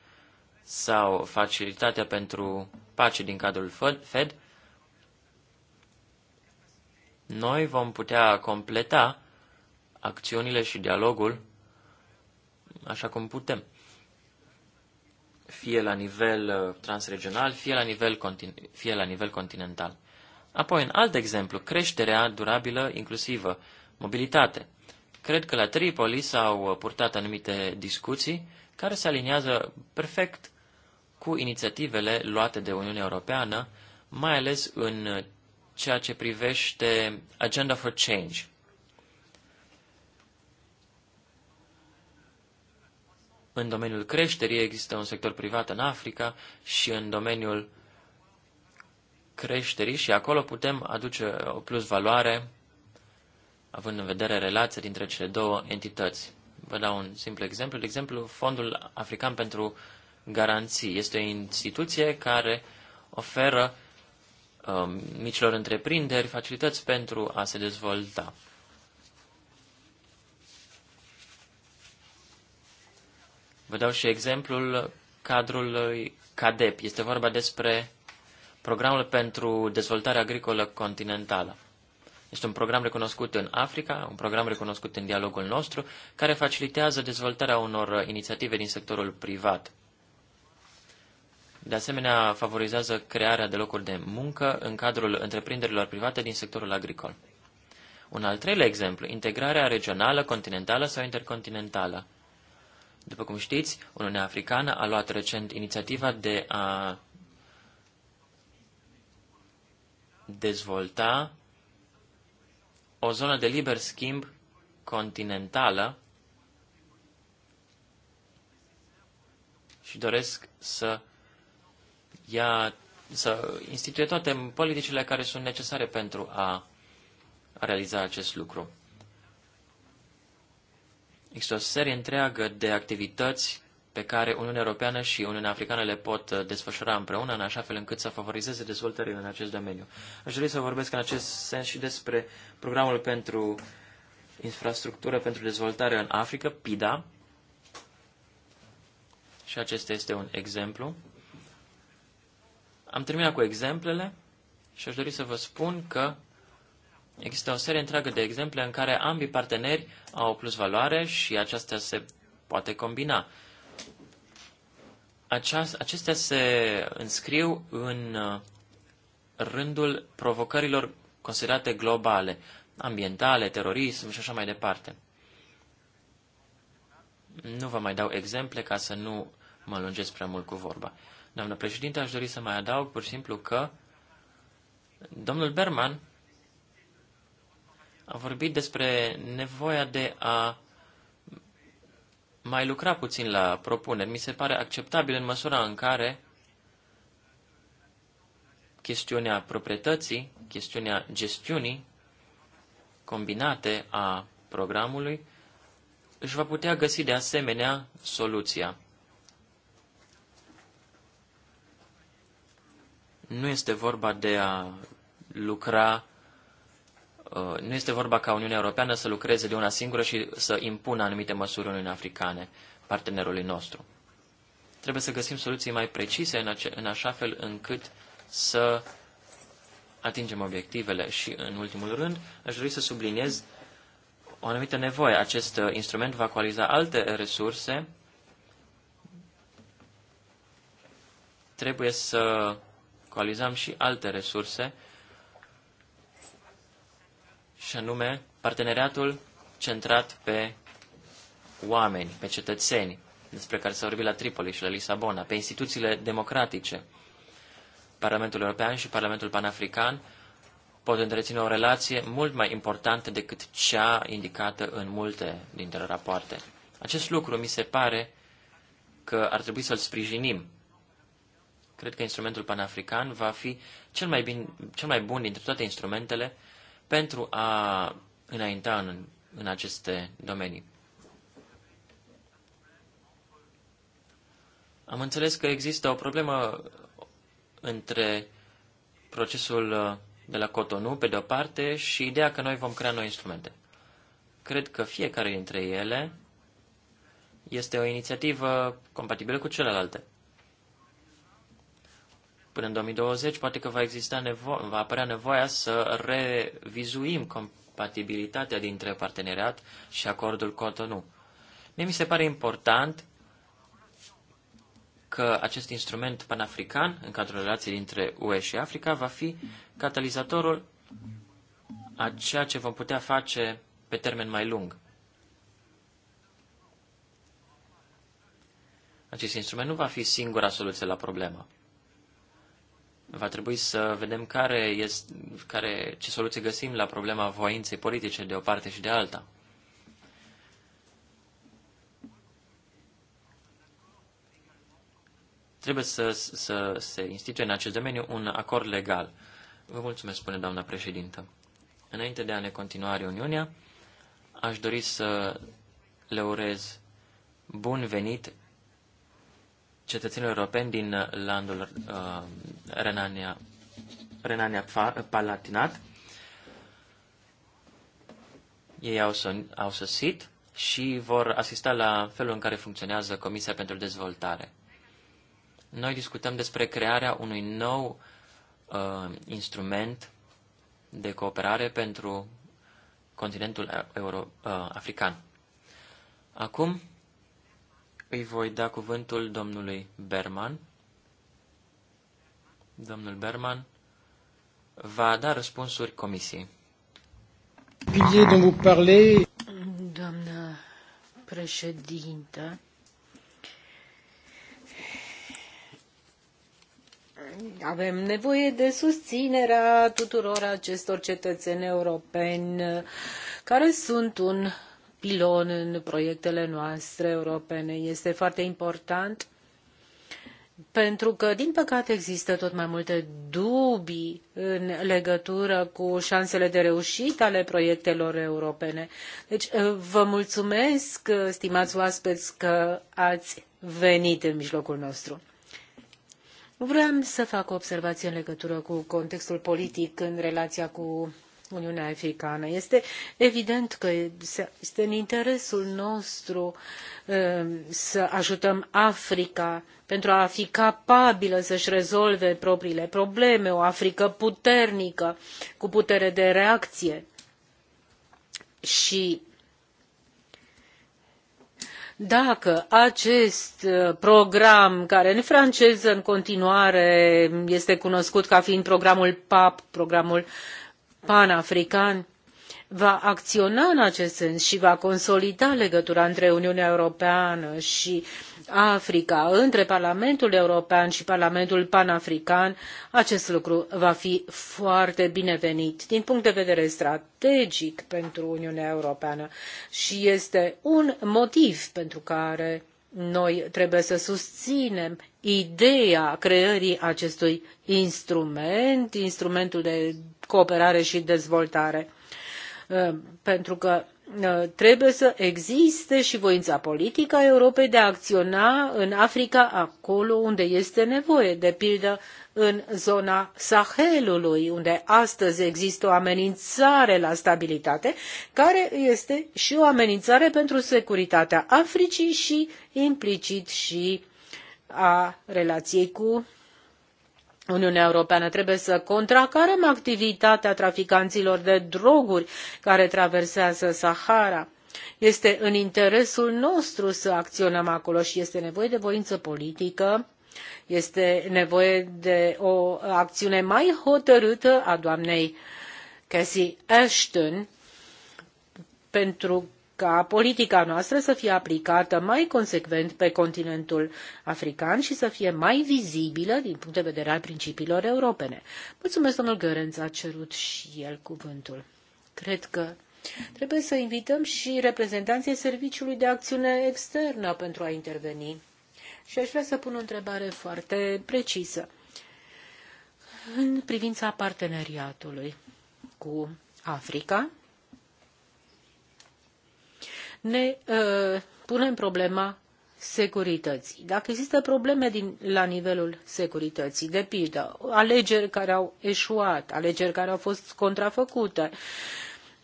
Speaker 3: sau facilitatea pentru pace din cadrul Fed, noi vom putea completa acțiunile și dialogul așa cum putem, fie la nivel uh, transregional, fie la nivel, fie la nivel continental. Apoi, un alt exemplu, creșterea durabilă inclusivă, mobilitate. Cred că la Tripoli s-au uh, purtat anumite discuții care se aliniază perfect cu inițiativele luate de Uniunea Europeană, mai ales în uh, ceea ce privește Agenda for Change, În domeniul creșterii există un sector privat în Africa și în domeniul creșterii și acolo putem aduce o plus valoare, având în vedere relația dintre cele două entități. Vă dau un simplu exemplu. De exemplu, Fondul African pentru Garanții este o instituție care oferă um, micilor întreprinderi facilități pentru a se dezvolta. Vă dau și exemplul cadrului uh, CADEP. Este vorba despre programul pentru dezvoltare agricolă continentală. Este un program recunoscut în Africa, un program recunoscut în dialogul nostru, care facilitează dezvoltarea unor uh, inițiative din sectorul privat. De asemenea, favorizează crearea de locuri de muncă în cadrul întreprinderilor private din sectorul agricol. Un al treilea exemplu, integrarea regională, continentală sau intercontinentală. După cum știți, Uniunea Africană a luat recent inițiativa de a dezvolta o zonă de liber schimb continentală și doresc să ia, să instituie toate politicile care sunt necesare pentru a realiza acest lucru. Există o serie întreagă de activități pe care Uniunea Europeană și Uniunea Africană le pot uh, desfășura împreună, în așa fel încât să favorizeze dezvoltările în acest domeniu. Aș dori să vorbesc în acest sens și despre programul pentru infrastructură pentru dezvoltare în Africa, PIDA, și acesta este un exemplu. Am terminat cu exemplele și aș dori să vă spun că Există o serie întreagă de exemple în care ambii parteneri au o plus valoare și aceasta se poate combina. Acestea se înscriu în uh, rândul provocărilor considerate globale, ambientale, terorism și așa mai departe. Nu vă mai dau exemple ca să nu mă lungesc prea mult cu vorba. Doamnă președinte, aș dori să mai adaug pur și simplu că domnul Berman a vorbit despre nevoia de a mai lucra puțin la propuneri. Mi se pare acceptabil în măsura în care chestiunea proprietății, chestiunea gestiunii combinate a programului își va putea găsi de asemenea soluția. Nu este vorba de a lucra Uh, nu este vorba ca Uniunea Europeană să lucreze de una singură și să impună anumite măsuri Uniunii Africane, partenerului nostru. Trebuie să găsim soluții mai precise în, ace- în așa fel încât să atingem obiectivele și, în ultimul rând, aș dori să subliniez o anumită nevoie. Acest uh, instrument va coaliza alte resurse. Trebuie să coalizăm și alte resurse și anume parteneriatul centrat pe oameni, pe cetățeni, despre care s-a vorbit la Tripoli și la Lisabona, pe instituțiile democratice. Parlamentul European și Parlamentul Panafrican pot întreține o relație mult mai importantă decât cea indicată în multe dintre rapoarte. Acest lucru mi se pare că ar trebui să-l sprijinim. Cred că instrumentul panafrican va fi cel mai, bin, cel mai bun dintre toate instrumentele pentru a înainta în, în aceste domenii. Am înțeles că există o problemă între procesul uh, de la Cotonou, pe de-o parte, și ideea că noi vom crea noi instrumente. Cred că fiecare dintre ele este o inițiativă compatibilă cu celelalte. Până în 2020, poate că va, exista nevo- va apărea nevoia să revizuim compatibilitatea dintre parteneriat și acordul Cotonou. Mie mi se pare important că acest instrument panafrican, în cadrul relației dintre UE și Africa, va fi catalizatorul a ceea ce vom putea face pe termen mai lung. Acest instrument nu va fi singura soluție la problemă. Va trebui să vedem care este, care, ce soluție găsim la problema voinței politice de o parte și de alta. Trebuie să, să se instituie în acest domeniu un acord legal. Vă mulțumesc, spune doamna președintă. Înainte de a ne continua reuniunea, aș dori să le urez bun venit cetățenilor europeni din uh, landul uh, Renania, Renania uh, Palatinat. Ei au, son, au sosit și vor asista la felul în care funcționează Comisia pentru Dezvoltare. Noi discutăm despre crearea unui nou uh, instrument de cooperare pentru continentul uh, euro, uh, african. Acum îi voi da cuvântul domnului Berman. Domnul Berman va da răspunsuri comisiei.
Speaker 2: Doamnă președintă, avem nevoie de susținerea tuturor acestor cetățeni europeni care sunt un pilon în proiectele noastre europene. Este foarte important pentru că, din păcate, există tot mai multe dubii în legătură cu șansele de reușită ale proiectelor europene. Deci, uh, vă mulțumesc, uh, stimați oaspeți, că ați venit în mijlocul nostru. Vreau să fac o observație în legătură cu contextul politic în relația cu Uniunea Africană. Este evident că este în interesul nostru um, să ajutăm Africa pentru a fi capabilă să-și rezolve propriile probleme, o Africă puternică, cu putere de reacție. Și dacă acest uh, program, care în franceză în continuare este cunoscut ca fiind programul PAP, programul panafrican va acționa în acest sens și va consolida legătura între Uniunea Europeană și Africa, între Parlamentul European și Parlamentul Panafrican, acest lucru va fi foarte binevenit din punct de vedere strategic pentru Uniunea Europeană și este un motiv pentru care noi trebuie să susținem ideea creării acestui instrument, instrumentul de cooperare și dezvoltare, uh, pentru că uh, trebuie să existe și voința politică a Europei de a acționa în Africa acolo unde este nevoie, de pildă în zona Sahelului, unde astăzi există o amenințare la stabilitate, care este și o amenințare pentru securitatea Africii și implicit și a relației cu Uniunea Europeană trebuie să contracarăm activitatea traficanților de droguri care traversează Sahara. Este în interesul nostru să acționăm acolo și este nevoie de voință politică este nevoie de o acțiune mai hotărâtă a doamnei Cassie Ashton pentru ca politica noastră să fie aplicată mai consecvent pe continentul african și să fie mai vizibilă din punct de vedere al principiilor europene. Mulțumesc, domnul Gărenț, a cerut și el cuvântul. Cred că trebuie să invităm și reprezentanții Serviciului de Acțiune Externă pentru a interveni. Și aș vrea să pun o întrebare foarte precisă. În privința parteneriatului cu Africa, ne uh, punem problema securității. Dacă există probleme din, la nivelul securității, de pildă, alegeri care au eșuat, alegeri care au fost contrafăcute,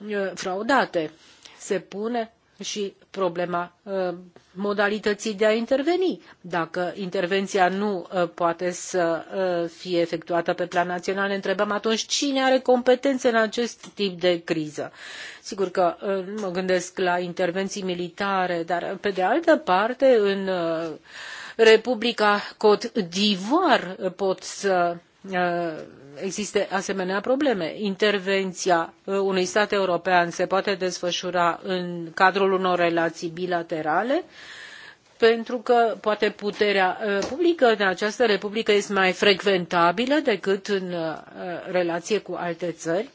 Speaker 2: uh, fraudate, se pune și problema uh, modalității de a interveni. Dacă intervenția nu uh, poate să uh, fie efectuată pe plan național, ne întrebăm atunci cine are competențe în acest tip de criză. Sigur că mă gândesc la intervenții militare, dar pe de altă parte în Republica Cot d'Ivoire pot să Eh, existe asemenea probleme. Intervenția eh, unui stat european se poate desfășura în cadrul unor relații bilaterale pentru că poate puterea eh, publică în această republică este mai frecventabilă decât în relație cu alte țări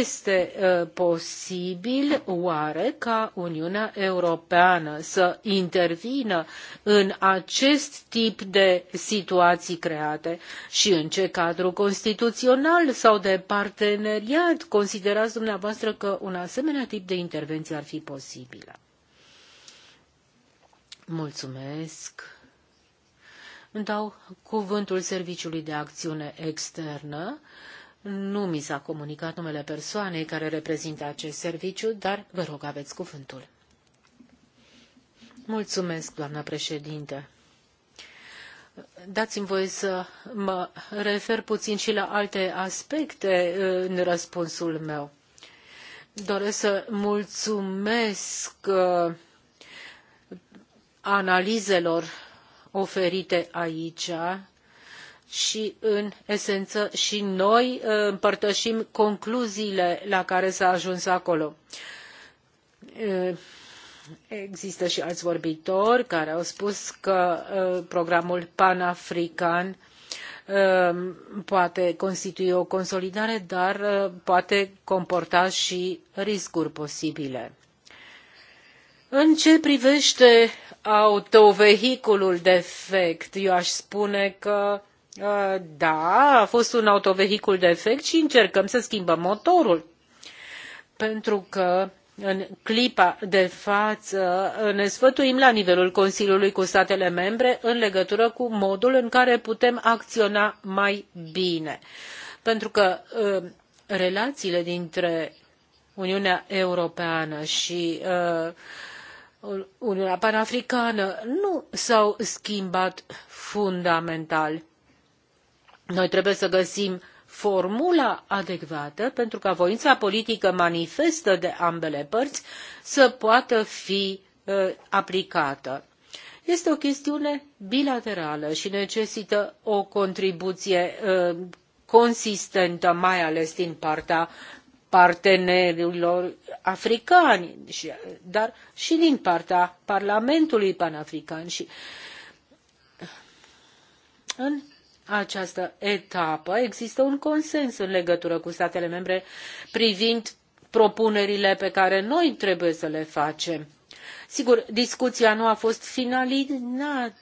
Speaker 2: este ă, posibil oare ca Uniunea Europeană să intervină în acest tip de situații create și în ce cadru constituțional sau de parteneriat considerați dumneavoastră că un asemenea tip de intervenție ar fi posibilă? Mulțumesc. Dau cuvântul Serviciului de Acțiune Externă. Uh, nu mi s-a comunicat numele persoanei care reprezintă acest serviciu, dar vă rog, aveți cuvântul. Mulțumesc, doamnă președinte. Dați-mi voie să mă refer puțin și la alte aspecte în răspunsul meu. Doresc să mulțumesc uh, analizelor oferite aici și în esență și noi uh, împărtășim concluziile la care s-a ajuns acolo. Uh, există și alți vorbitori care au spus că uh, programul panafrican poate constitui o consolidare, dar poate comporta și riscuri posibile. În ce privește autovehiculul defect, eu aș spune că Ă, da, a fost un autovehicul defect și încercăm să schimbăm motorul. Pentru că în clipa de față ne sfătuim la nivelul Consiliului cu statele membre în legătură cu modul în care putem acționa mai bine. Pentru că ă, relațiile dintre Uniunea Europeană și ă, Uniunea Panafricană nu s-au schimbat fundamental noi trebuie să găsim formula adecvată pentru ca voința politică manifestă de ambele părți să poată fi uh, aplicată. Este o chestiune bilaterală și necesită o contribuție uh, consistentă, mai ales din partea partenerilor africani, dar și din partea Parlamentului panafrican. Și în această etapă există un consens în legătură cu statele membre privind propunerile pe care noi trebuie să le facem. Sigur, discuția nu a fost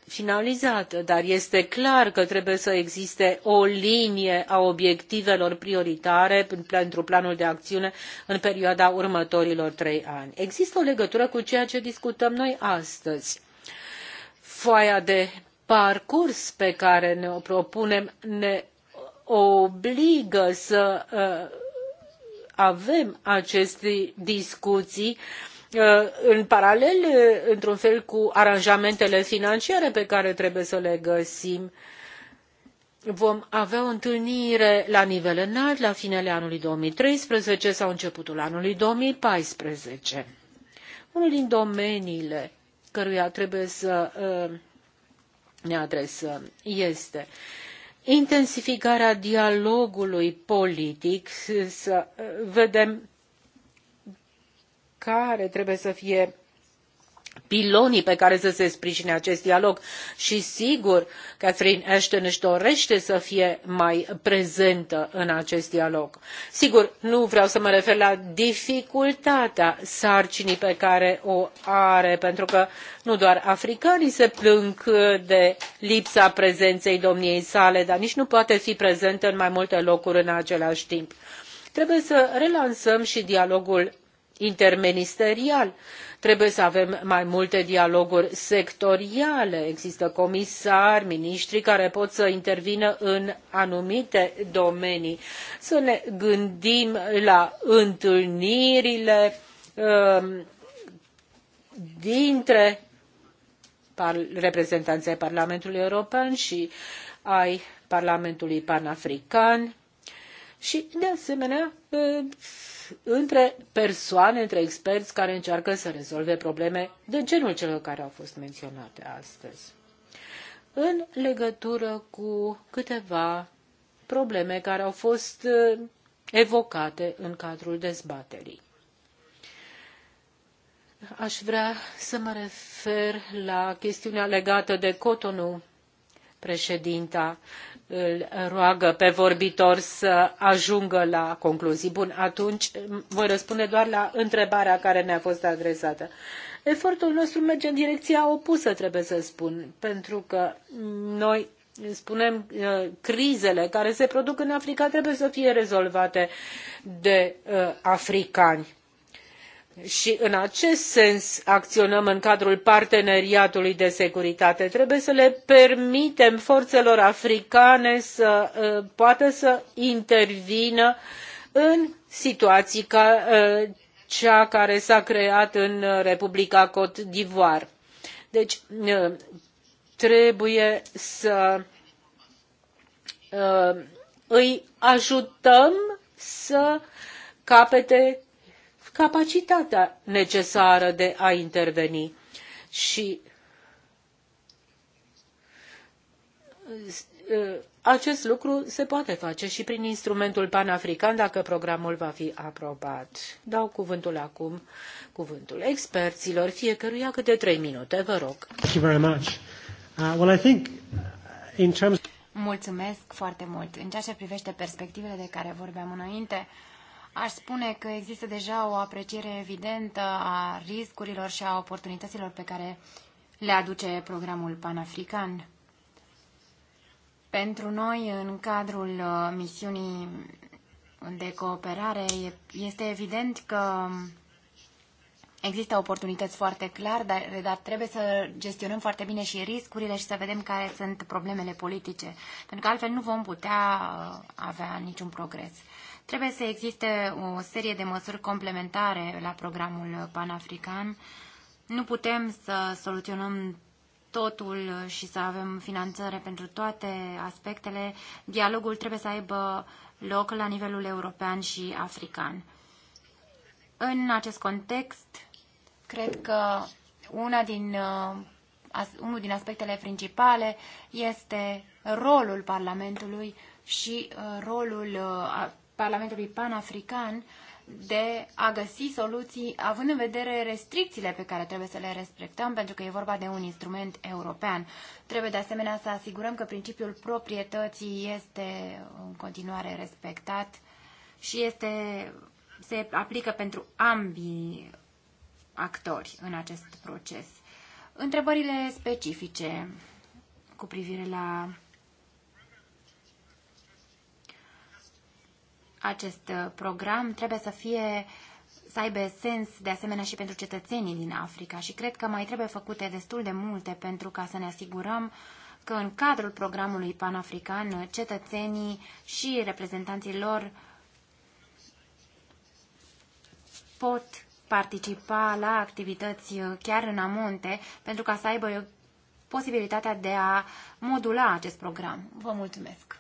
Speaker 2: finalizată, dar este clar că trebuie să existe o linie a obiectivelor prioritare pentru planul de acțiune în perioada următorilor trei ani. Există o legătură cu ceea ce discutăm noi astăzi. Foaia de parcurs pe care ne o propunem ne obligă să uh, avem aceste discuții uh, în paralel, uh, într-un fel, cu aranjamentele financiare pe care trebuie să le găsim. Vom avea o întâlnire la nivel înalt la finele anului 2013 sau începutul anului 2014. Unul din domeniile căruia trebuie să uh, ne adresăm este intensificarea dialogului politic, să vedem care trebuie să fie pilonii pe care să se sprijine acest dialog și sigur Catherine Ashton își dorește să fie mai prezentă în acest dialog. Sigur, nu vreau să mă refer la dificultatea sarcinii pe care o are, pentru că nu doar africanii se plâng de lipsa prezenței domniei sale, dar nici nu poate fi prezentă în mai multe locuri în același timp. Trebuie să relansăm și dialogul interministerial Trebuie să avem mai multe dialoguri sectoriale. Există comisari, miniștri care pot să intervină în anumite domenii. Să ne gândim la întâlnirile um, dintre reprezentanții ai Parlamentului European și ai Parlamentului Panafrican și, de asemenea, um, între persoane, între experți care încearcă să rezolve probleme de genul celor care au fost menționate astăzi. În legătură cu câteva probleme care au fost uh, evocate în cadrul dezbaterii. Aș vrea să mă refer la chestiunea legată de Cotonou, președinta îl roagă pe vorbitor să ajungă la concluzii. Bun, atunci voi răspunde doar la întrebarea care ne-a fost adresată. Efortul nostru merge în direcția opusă, trebuie să spun, pentru că noi spunem uh, crizele care se produc în Africa trebuie să fie rezolvate de uh, africani și în acest sens acționăm în cadrul parteneriatului de securitate. Trebuie să le permitem forțelor africane să uh, poată să intervină în situații ca uh, cea care s-a creat în Republica Cote d'Ivoire. Deci uh, trebuie să îi ajutăm să capete capacitatea necesară de a interveni. Și uh, acest lucru se poate face și prin instrumentul panafrican dacă programul va fi aprobat. Dau cuvântul acum, cuvântul experților, fiecăruia câte trei minute, vă rog.
Speaker 1: Thank you very much. Uh, well, I think uh, in terms...
Speaker 4: Mulțumesc foarte mult. În ceea ce privește perspectivele de care vorbeam înainte, uh, Aș spune că există deja o apreciere evidentă a riscurilor și a oportunităților pe care le aduce programul panafrican. Pentru noi, în cadrul uh, misiunii de cooperare, este evident că există oportunități foarte clar, dar, dar trebuie să gestionăm foarte bine și riscurile și să vedem care sunt problemele politice, pentru că altfel nu vom putea uh, avea niciun progres. Trebuie să existe o serie de măsuri complementare la programul panafrican. Nu putem să soluționăm totul și să avem finanțare pentru toate aspectele. Dialogul trebuie să aibă loc la nivelul european și african. În acest context, cred că una din, uh, unul din aspectele principale este rolul Parlamentului și uh, rolul uh, Parlamentului Panafrican de a găsi soluții, având în vedere restricțiile pe care trebuie să le respectăm, pentru că e vorba de un instrument european. Trebuie de asemenea să asigurăm că principiul proprietății este în continuare respectat și este, se aplică pentru ambii actori în acest proces. Întrebările specifice cu privire la acest uh, program trebuie să fie să aibă sens de asemenea și pentru cetățenii din Africa și cred că mai trebuie făcute destul de multe pentru ca să ne asigurăm că în cadrul programului panafrican uh, cetățenii și reprezentanții lor pot participa la activități uh, chiar în amonte pentru ca să aibă posibilitatea de a modula acest program. Vă mulțumesc!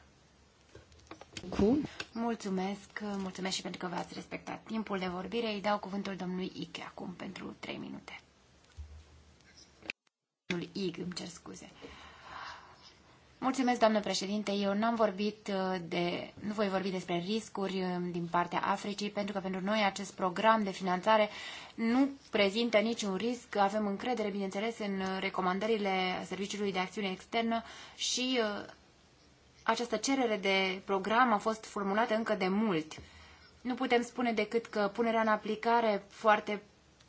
Speaker 4: Cu. Mulțumesc, mulțumesc și pentru că v-ați respectat timpul de vorbire. Îi dau cuvântul domnului Ike acum pentru 3 minute. Domnul Ig, îmi cer scuze. Mulțumesc, doamnă președinte. Eu n-am vorbit uh, de, nu voi vorbi despre riscuri um, din partea Africii, pentru că pentru noi acest program de finanțare nu prezintă niciun risc. Avem încredere, bineînțeles, în uh, recomandările Serviciului de Acțiune Externă și uh, această cerere de program a fost formulată încă de mult. Nu putem spune decât că punerea în aplicare foarte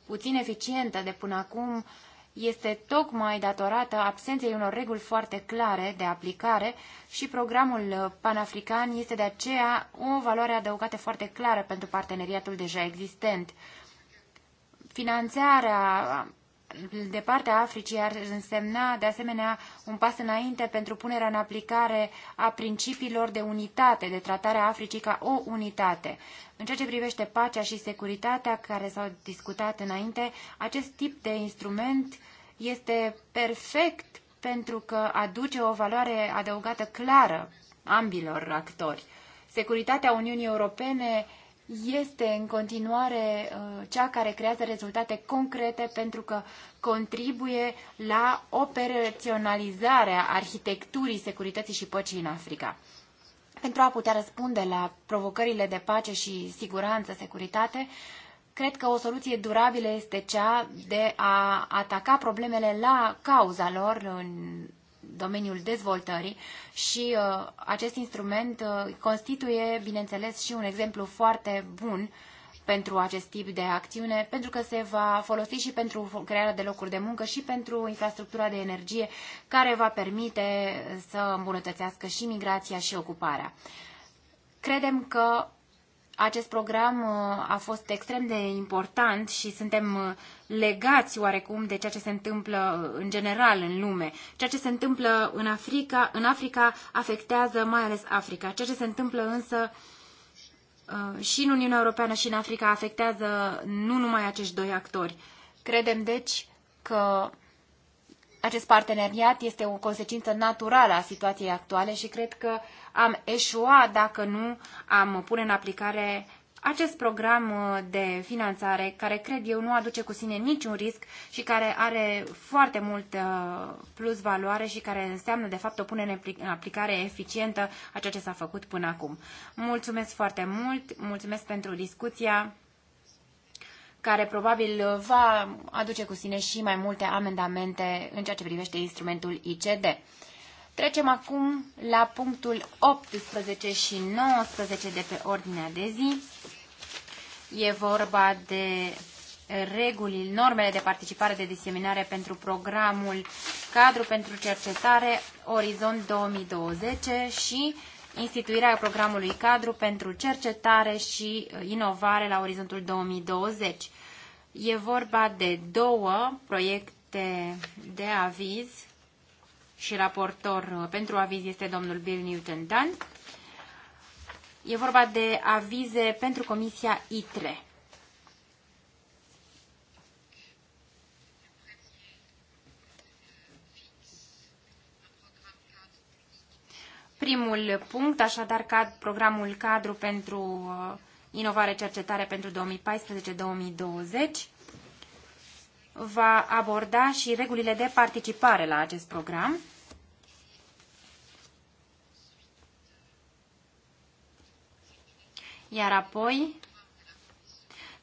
Speaker 4: puțin eficientă de până acum este tocmai datorată absenței unor reguli foarte clare de aplicare și programul panafrican este de aceea o valoare adăugată foarte clară pentru parteneriatul deja existent. Finanțarea de partea Africii ar însemna, de asemenea, un pas înainte pentru punerea în aplicare a principiilor de unitate, de tratarea Africii ca o unitate. În ceea ce privește pacea și securitatea care s-au discutat înainte, acest tip de instrument este perfect pentru că aduce o valoare adăugată clară ambilor actori. Securitatea Uniunii Europene este în continuare uh, cea care creează rezultate concrete pentru că contribuie la operaționalizarea arhitecturii securității și păcii în Africa. Pentru a putea răspunde la provocările de pace și siguranță, securitate, cred că o soluție durabilă este cea de a ataca problemele la cauza lor în domeniul dezvoltării și uh, acest instrument uh, constituie, bineînțeles, și un exemplu foarte bun pentru acest tip de acțiune, pentru că se va folosi și pentru crearea de locuri de muncă și pentru infrastructura de energie care va permite uh, să îmbunătățească și migrația și ocuparea. Credem că acest program uh, a fost extrem de important și suntem uh, legați oarecum de ceea ce se întâmplă uh, în general în lume. Ceea ce se întâmplă în Africa, în Africa afectează mai ales Africa. Ceea ce se întâmplă însă și în Uniunea Europeană și în Africa afectează nu numai acești doi actori. Credem deci că acest parteneriat este o consecință naturală a situației actuale și cred că am eșuat dacă nu am pune în aplicare acest program de finanțare, care cred eu nu aduce cu sine niciun risc și care are foarte mult uh, plus valoare și care înseamnă de fapt o punere în aplicare eficientă a ceea ce s-a făcut până acum. Mulțumesc foarte mult, mulțumesc pentru discuția care probabil va aduce cu sine și mai multe amendamente în ceea ce privește instrumentul ICD. Trecem acum la punctul 18 și 19 de pe ordinea de zi. E vorba de regulile, normele de participare de diseminare pentru programul Cadru pentru Cercetare Orizont 2020 și uh, instituirea programului cadru pentru cercetare și uh, inovare la orizontul 2020. E vorba de două proiecte de aviz și raportor uh, pentru aviz este domnul Bill Newton Dunn. E vorba de avize pentru Comisia ITRE. primul punct, așadar cad, programul cadru pentru uh, inovare cercetare pentru 2014-2020 va aborda și regulile de participare la acest program. Iar apoi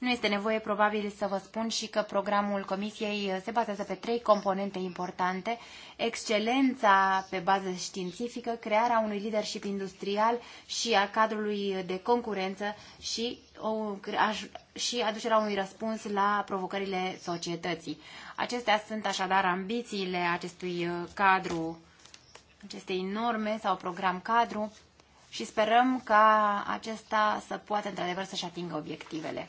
Speaker 4: nu este nevoie probabil să vă spun și că programul Comisiei uh, se bazează pe trei componente importante. Excelența pe bază științifică, crearea unui leadership industrial și a cadrului de concurență și, o, și aducerea unui răspuns la provocările societății. Acestea sunt așadar ambițiile acestui uh, cadru, acestei norme sau program cadru și sperăm ca acesta să poată într-adevăr să-și atingă obiectivele.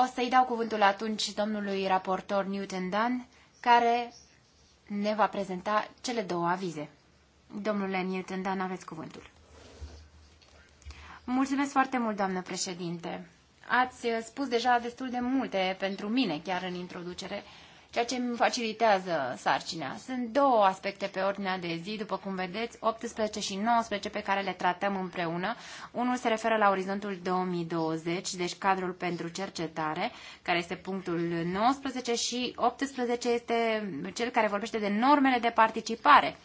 Speaker 4: O să-i dau cuvântul atunci domnului raportor Newton Dunn, care ne va prezenta cele două avize. Domnule Newton Dunn, aveți cuvântul. Mulțumesc foarte mult, doamnă președinte. Ați spus deja destul de multe pentru mine, chiar în introducere ceea ce îmi facilitează sarcina. Sunt două aspecte pe ordinea de zi, după cum vedeți, 18 și 19 pe care le tratăm împreună. Unul se referă la orizontul 2020, deci cadrul pentru cercetare, care este punctul 19 și 18 este cel care vorbește de normele de participare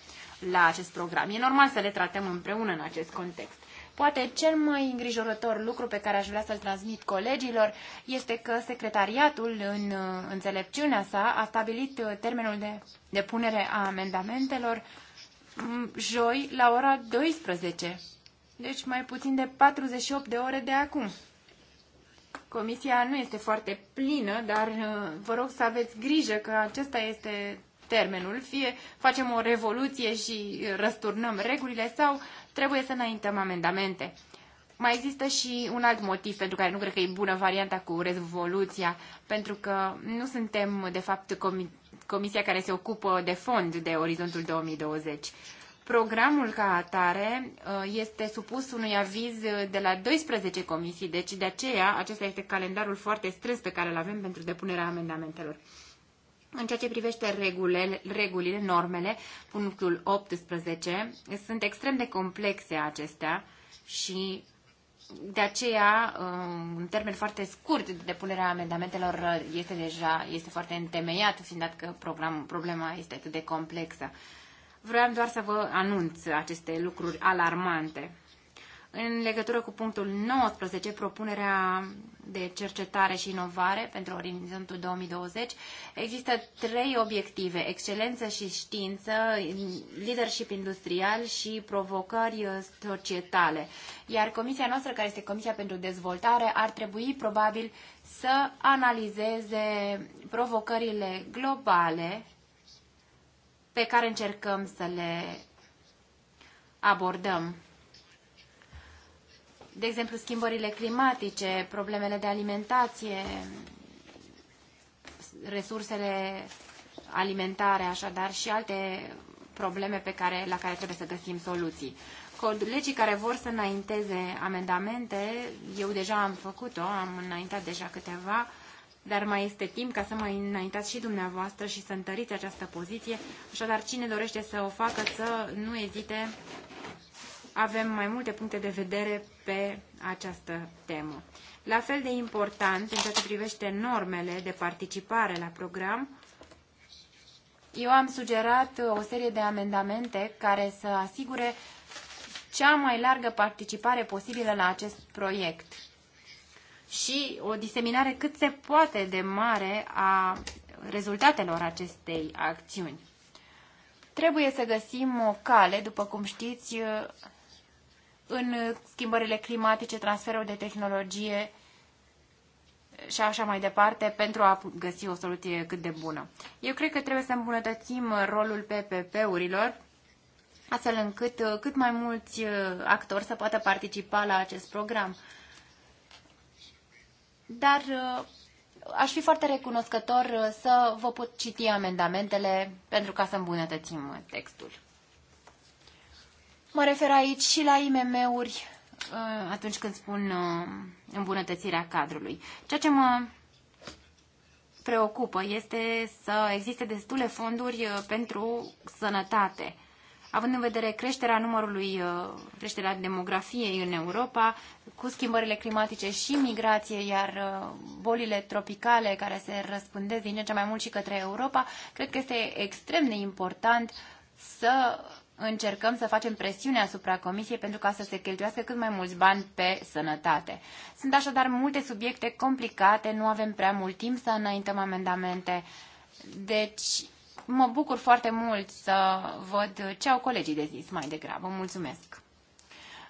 Speaker 4: la acest program. E normal să le tratăm împreună în acest context. Poate cel mai îngrijorător lucru pe care aș vrea să-l transmit colegilor este că secretariatul, în uh, înțelepciunea sa, a stabilit uh, termenul de depunere a amendamentelor mm, joi la ora 12, deci mai puțin de 48 de ore de acum. Comisia nu este foarte plină, dar uh, vă rog să aveți grijă că acesta este termenul. Fie facem o revoluție și răsturnăm regulile sau trebuie să înaintăm amendamente. Mai există și un alt motiv pentru care nu cred că e bună varianta cu rezoluția, pentru că nu suntem, de fapt, comisia care se ocupă de fond de Orizontul 2020. Programul ca atare uh, este supus unui aviz de la 12 comisii, deci de aceea acesta este calendarul foarte strâns pe care îl avem pentru depunerea amendamentelor. În ceea ce privește regulile, regulile, normele, punctul 18, sunt extrem de complexe acestea și de aceea, un um, termen foarte scurt de depunerea amendamentelor este deja este foarte întemeiat, fiind dat că program, problema este atât de complexă. Vreau doar să vă anunț aceste lucruri alarmante. În legătură cu punctul 19, propunerea de cercetare și inovare pentru Orizontul 2020, există trei obiective, excelență și știință, leadership industrial și provocări uh, societale. Iar comisia noastră, care este Comisia pentru Dezvoltare, ar trebui probabil să analizeze provocările globale pe care încercăm să le abordăm de exemplu, schimbările climatice, problemele de alimentație, resursele alimentare, așadar, și alte probleme pe care, la care trebuie să găsim soluții. Colegii care vor să înainteze amendamente, eu deja am făcut-o, am înaintat deja câteva, dar mai este timp ca să mai înaintați și dumneavoastră și să întăriți această poziție. Așadar, cine dorește să o facă, să nu ezite avem mai multe puncte de vedere pe această temă. La fel de important, în ceea ce privește normele de participare la program, eu am sugerat o serie de amendamente care să asigure cea mai largă participare posibilă la acest proiect și o diseminare cât se poate de mare a rezultatelor acestei acțiuni. Trebuie să găsim o cale, după cum știți, în schimbările climatice, transferul de tehnologie și așa mai departe pentru a găsi o soluție cât de bună. Eu cred că trebuie să îmbunătățim rolul PPP-urilor astfel încât uh, cât mai mulți uh, actori să poată participa la acest program. Dar uh, aș fi foarte recunoscător să vă pot citi amendamentele pentru ca să îmbunătățim textul. Mă refer aici și la IMM-uri uh, atunci când spun uh, îmbunătățirea cadrului. Ceea ce mă preocupă este să existe destule fonduri uh, pentru sănătate. Având în vedere creșterea numărului, creșterea demografiei în Europa, cu schimbările climatice și migrație, iar bolile tropicale care se răspândesc din ce mai mult și către Europa, cred că este extrem de important să încercăm să facem presiune asupra Comisiei pentru ca să se cheltuiască cât mai mulți bani pe sănătate. Sunt așadar multe subiecte complicate, nu avem prea mult timp să înaintăm amendamente. Deci, mă bucur foarte mult să văd ce au colegii de zis mai degrabă. Mulțumesc!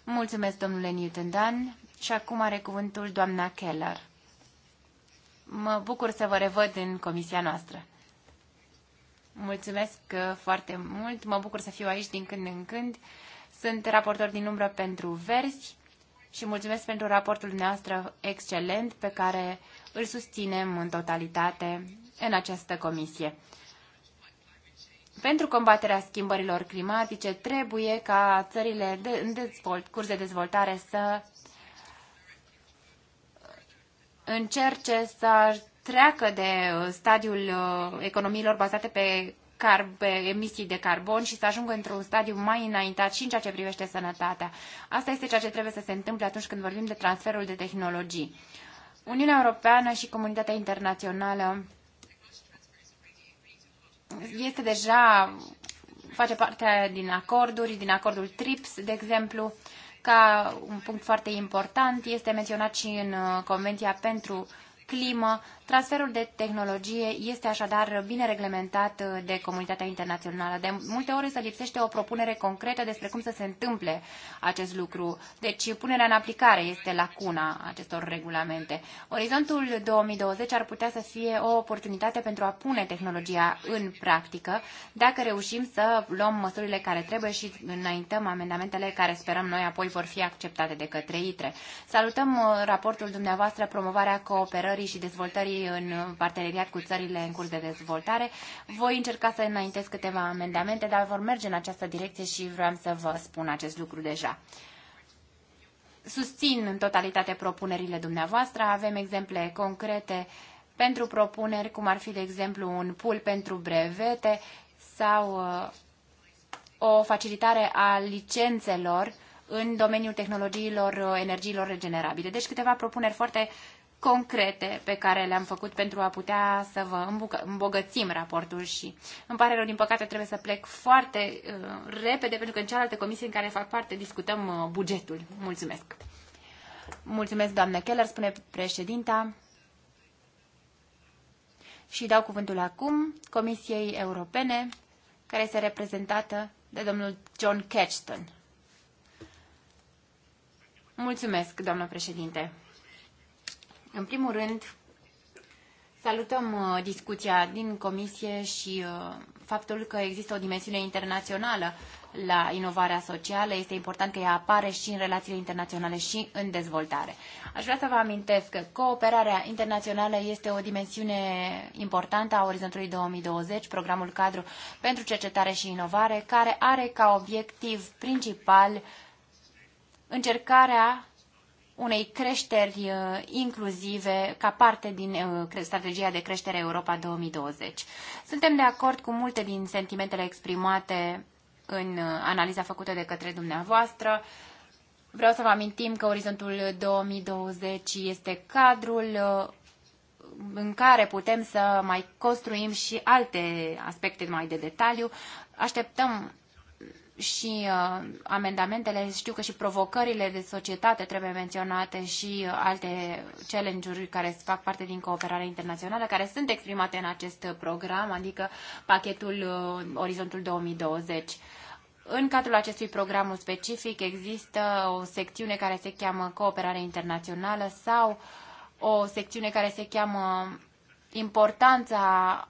Speaker 4: Mulțumesc, domnule Newton Dan. Și acum are cuvântul doamna Keller. Mă bucur să vă revăd în comisia noastră. Mulțumesc uh, foarte mult. Mă bucur să fiu aici din când în când. Sunt raportor din umbră pentru Verzi și mulțumesc pentru raportul dumneavoastră excelent pe care îl susținem în totalitate în această comisie. Pentru combaterea schimbărilor climatice trebuie ca țările de, în dezvolt, curs de dezvoltare să încerce să treacă de uh, stadiul uh, economiilor bazate pe emisii de carbon și să ajungă într-un stadiu mai înaintat și în ceea ce privește sănătatea. Asta este ceea ce trebuie să se întâmple atunci când vorbim de transferul de tehnologii. Uniunea Europeană și comunitatea internațională este deja, face parte din acorduri, din acordul TRIPS, de exemplu, ca un punct foarte important. Este menționat și în uh, Convenția pentru Climă, Transferul de tehnologie este așadar bine reglementat de comunitatea internațională. De multe ori se lipsește o propunere concretă despre cum să se întâmple acest lucru. Deci punerea în aplicare este lacuna acestor regulamente. Orizontul 2020 ar putea să fie o oportunitate pentru a pune tehnologia în practică dacă reușim să luăm măsurile care trebuie și înaintăm amendamentele care sperăm noi apoi vor fi acceptate de către ITRE. Salutăm uh, raportul dumneavoastră promovarea cooperării și dezvoltării noi în parteneriat cu țările în curs de dezvoltare. Voi încerca să înaintez câteva amendamente, dar vor merge în această direcție și vreau să vă spun acest lucru deja. Susțin în totalitate propunerile dumneavoastră, avem exemple concrete pentru propuneri, cum ar fi, de exemplu, un pool pentru brevete sau uh, o facilitare a licențelor în domeniul tehnologiilor uh, energiilor regenerabile. Deci câteva propuneri foarte concrete pe care le-am făcut pentru a putea să vă îmbogățim raportul și îmi pare rău, din păcate trebuie să plec foarte uh, repede pentru că în cealaltă comisie în care fac parte discutăm uh, bugetul. Mulțumesc! Mulțumesc, doamnă Keller, spune președinta. Și dau cuvântul acum Comisiei Europene, care este reprezentată de domnul John Catchton. Mulțumesc, doamnă președinte. În primul rând, salutăm uh, discuția din comisie și uh, faptul că există o dimensiune internațională la inovarea socială. Este important că ea apare și în relațiile internaționale și în dezvoltare. Aș vrea să vă amintesc că cooperarea internațională este o dimensiune importantă a Orizontului 2020, programul cadru pentru cercetare și inovare, care are ca obiectiv principal încercarea unei creșteri uh, inclusive ca parte din uh, strategia de creștere Europa 2020. Suntem de acord cu multe din sentimentele exprimate în uh, analiza făcută de către dumneavoastră. Vreau să vă amintim că orizontul 2020 este cadrul în care putem să mai construim și alte aspecte mai de detaliu. Așteptăm și uh, amendamentele, știu că și provocările de societate trebuie menționate și uh, alte challenge-uri care fac parte din cooperarea internațională, care sunt exprimate în acest program, adică pachetul uh, Orizontul 2020. În cadrul acestui program specific există o secțiune care se cheamă cooperare internațională sau o secțiune care se cheamă importanța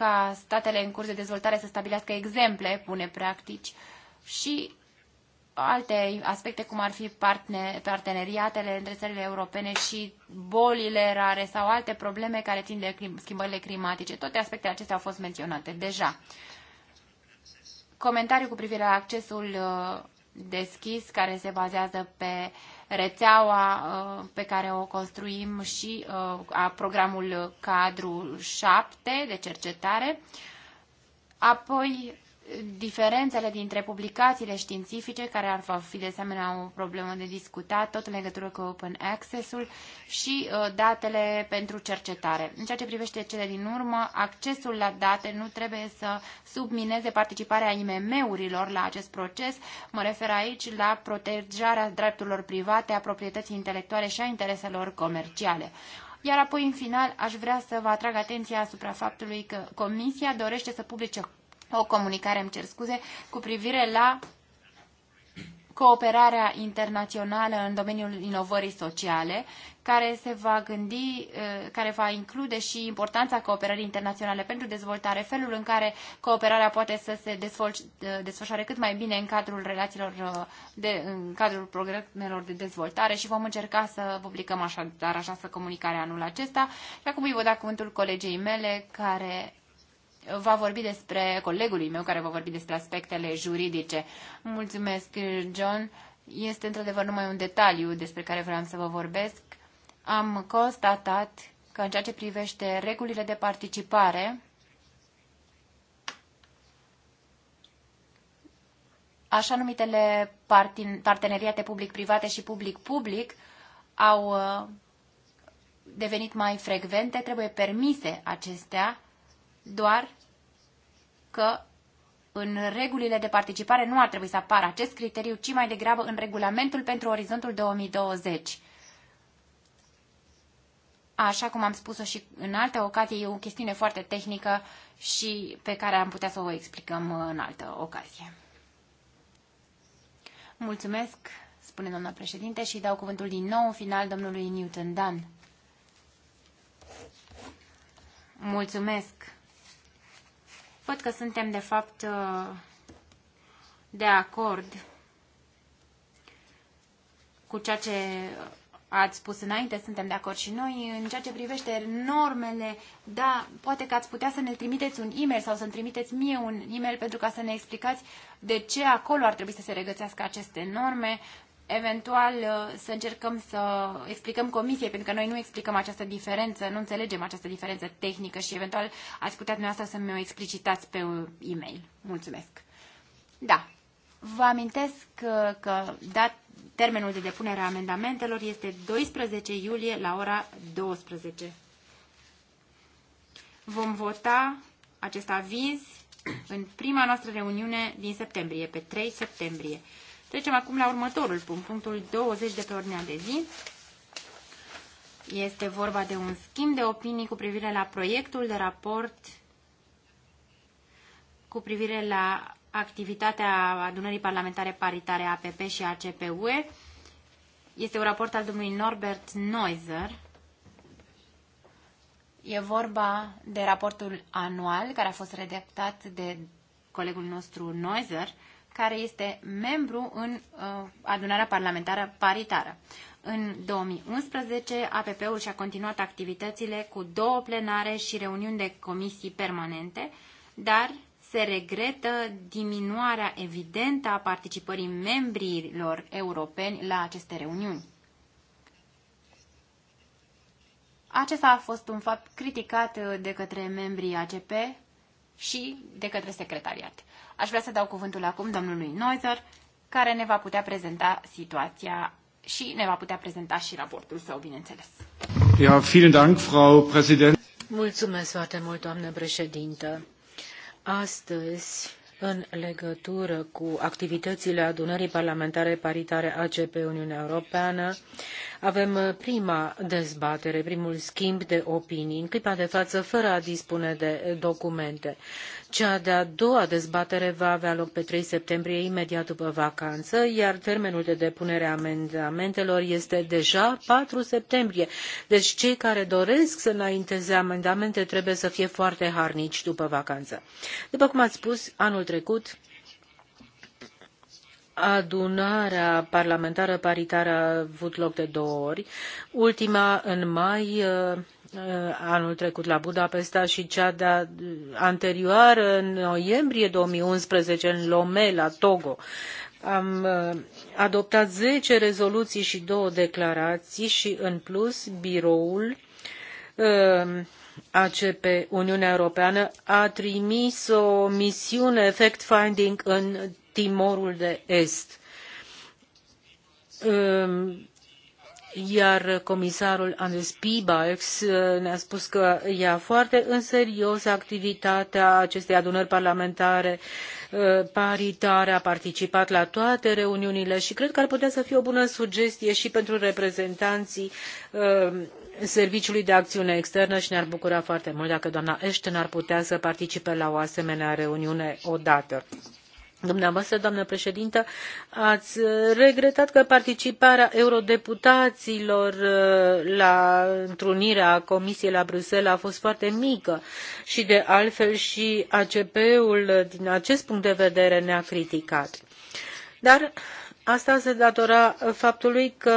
Speaker 4: ca statele în curs de dezvoltare să stabilească exemple, pune practici și alte aspecte, cum ar fi parteneriatele între țările europene și bolile rare sau alte probleme care țin de schimbările climatice. Toate aspectele acestea au fost menționate deja. Comentariu cu privire la accesul uh, deschis care se bazează pe uh, rețeaua uh, pe care o construim și uh, a programul cadru 7 de cercetare. Apoi diferențele dintre publicațiile științifice, care ar fi de asemenea o problemă de discutat, tot în legătură cu open access-ul, și uh, datele pentru cercetare. În ceea ce privește cele din urmă, accesul la date nu trebuie să submineze participarea IMM-urilor la acest proces. Mă refer aici la protejarea drepturilor private, a proprietății intelectuale și a intereselor comerciale. Iar apoi, în final, aș vrea să vă atrag atenția asupra faptului că Comisia dorește să publice o comunicare, îmi cer scuze, cu privire la cooperarea internațională în domeniul inovării sociale, care se va gândi, care va include și importanța cooperării internaționale pentru dezvoltare, felul în care cooperarea poate să se desfășoare cât mai bine în cadrul relațiilor, de, în cadrul programelor de dezvoltare și vom încerca să publicăm așa, dar așa să comunicare anul acesta. Și acum îi vă da cuvântul colegei mele, care va vorbi despre colegului meu care va vorbi despre aspectele juridice. Mulțumesc, John. Este într-adevăr numai un detaliu despre care vreau să vă vorbesc. Am constatat că în ceea ce privește regulile de participare, așa numitele parteneriate public-private și public-public au uh, devenit mai frecvente, trebuie permise acestea doar că în regulile de participare nu ar trebui să apară acest criteriu, ci mai degrabă în regulamentul pentru orizontul 2020. Așa cum am spus-o și în alte ocazii, e o chestiune foarte tehnică și pe care am putea să o explicăm în altă ocazie. Mulțumesc, spune doamna președinte, și dau cuvântul din nou în final domnului Newton Dan. Mulțumesc! Văd că suntem, de fapt, uh, de acord cu ceea ce ați spus înainte, suntem de acord și noi. În ceea ce privește normele, da, poate că ați putea să ne trimiteți un e-mail sau să-mi trimiteți mie un e-mail pentru ca să ne explicați de ce acolo ar trebui să se regățească aceste norme eventual uh, să încercăm să explicăm comisiei, pentru că noi nu explicăm această diferență, nu înțelegem această diferență tehnică și eventual ați putea dumneavoastră să mi-o explicitați pe uh, e-mail. Mulțumesc. Da. Vă amintesc că, uh, că dat, termenul de depunere a amendamentelor este 12 iulie la ora 12. Vom vota acest aviz în prima noastră reuniune din septembrie, pe 3 septembrie. Trecem acum la următorul punct, punctul 20 de pe ordinea de zi. Este vorba de un schimb de opinii cu privire la proiectul de raport cu privire la activitatea adunării parlamentare paritare APP și ACPUE. Este un raport al domnului Norbert Neuser. E vorba de raportul anual care a fost redactat de colegul nostru Neuser care este membru în uh, adunarea parlamentară paritară. În 2011, APP-ul și-a continuat activitățile cu două plenare și reuniuni de comisii permanente, dar se regretă diminuarea evidentă a participării membrilor europeni la aceste reuniuni. Acesta a fost un fapt criticat de către membrii ACP și de către secretariat. Aș vrea să dau cuvântul acum domnului Noizer, care ne va putea prezenta situația și ne va
Speaker 2: putea prezenta și raportul său, bineînțeles.
Speaker 1: Ja, vielen Dank, Frau Präsident.
Speaker 2: Mulțumesc foarte mult, doamnă președintă. Astăzi, în legătură cu activitățile adunării parlamentare paritare ACP Uniunea Europeană, avem prima dezbatere, primul schimb de opinii, în clipa de față, fără a dispune de documente. Cea de-a doua dezbatere va avea loc pe 3 septembrie, imediat după vacanță, iar termenul de depunere a amendamentelor este deja 4 septembrie. Deci cei care doresc să înainteze amendamente trebuie să fie foarte harnici după vacanță. După cum ați spus, anul trecut Adunarea parlamentară paritară a avut loc de două ori, ultima în mai uh, Uh, anul trecut la Budapesta și cea de anterioară în noiembrie 2011 în Lomé, la Togo. Am uh, adoptat 10 rezoluții și două declarații și în plus biroul uh, ACP Uniunea Europeană a trimis o misiune fact-finding în Timorul de Est. Um, iar comisarul andris Piebalgs uh, ne-a spus că ia foarte în serios activitatea acestei adunări parlamentare uh, paritare, a participat la toate reuniunile și cred că ar putea să fie o bună sugestie și pentru reprezentanții uh, Serviciului de Acțiune Externă și ne-ar bucura foarte mult dacă doamna Ashton ar putea să participe la o asemenea reuniune odată. dată. Dumneavoastră, doamnă președintă, ați regretat că participarea eurodeputaților uh, la întrunirea Comisiei la Bruxelles a fost foarte mică și, de altfel, și ACP-ul, din acest punct de vedere, ne-a criticat. Dar Asta se datora uh, faptului că,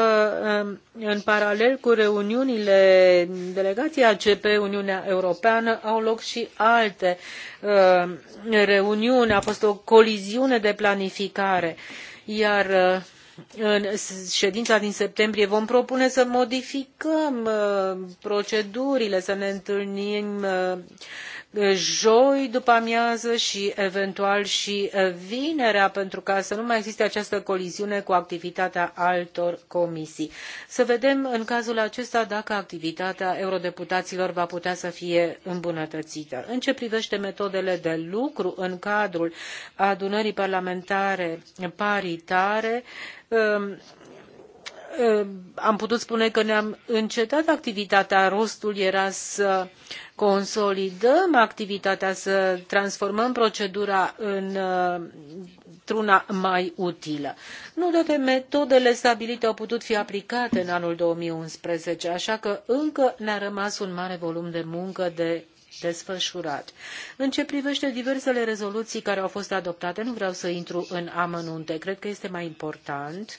Speaker 2: um, în paralel cu reuniunile delegației ACP Uniunea Europeană, au loc și alte uh, reuniuni. A fost o coliziune de planificare, iar uh, în ședința din septembrie vom propune să modificăm procedurile, să ne întâlnim Uh, joi după amiază și eventual și uh, vinerea pentru ca să nu mai existe această coliziune cu activitatea altor comisii. Să vedem în cazul acesta dacă activitatea eurodeputaților va putea să fie îmbunătățită. În ce privește metodele de lucru în cadrul adunării parlamentare paritare, um, am putut spune că ne-am încetat activitatea. Rostul era să consolidăm activitatea, să transformăm procedura în, într-una mai utilă. Nu toate metodele stabilite au putut fi aplicate în anul 2011, așa că încă ne-a rămas un mare volum de muncă de desfășurat. În ce privește diversele rezoluții care au fost adoptate, nu vreau să intru în amănunte. Cred că este mai important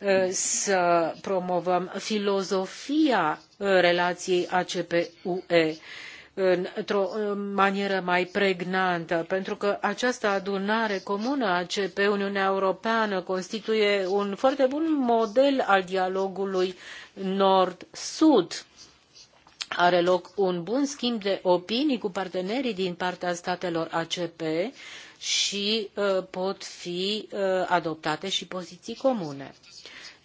Speaker 2: Uh, să promovăm filozofia uh, relației ACP-UE într-o uh, manieră mai pregnantă, pentru că această adunare comună ACP-Uniunea Europeană constituie un foarte bun model al dialogului nord-sud are loc un bun schimb de opinii cu partenerii din partea statelor ACP și pot fi adoptate și poziții comune.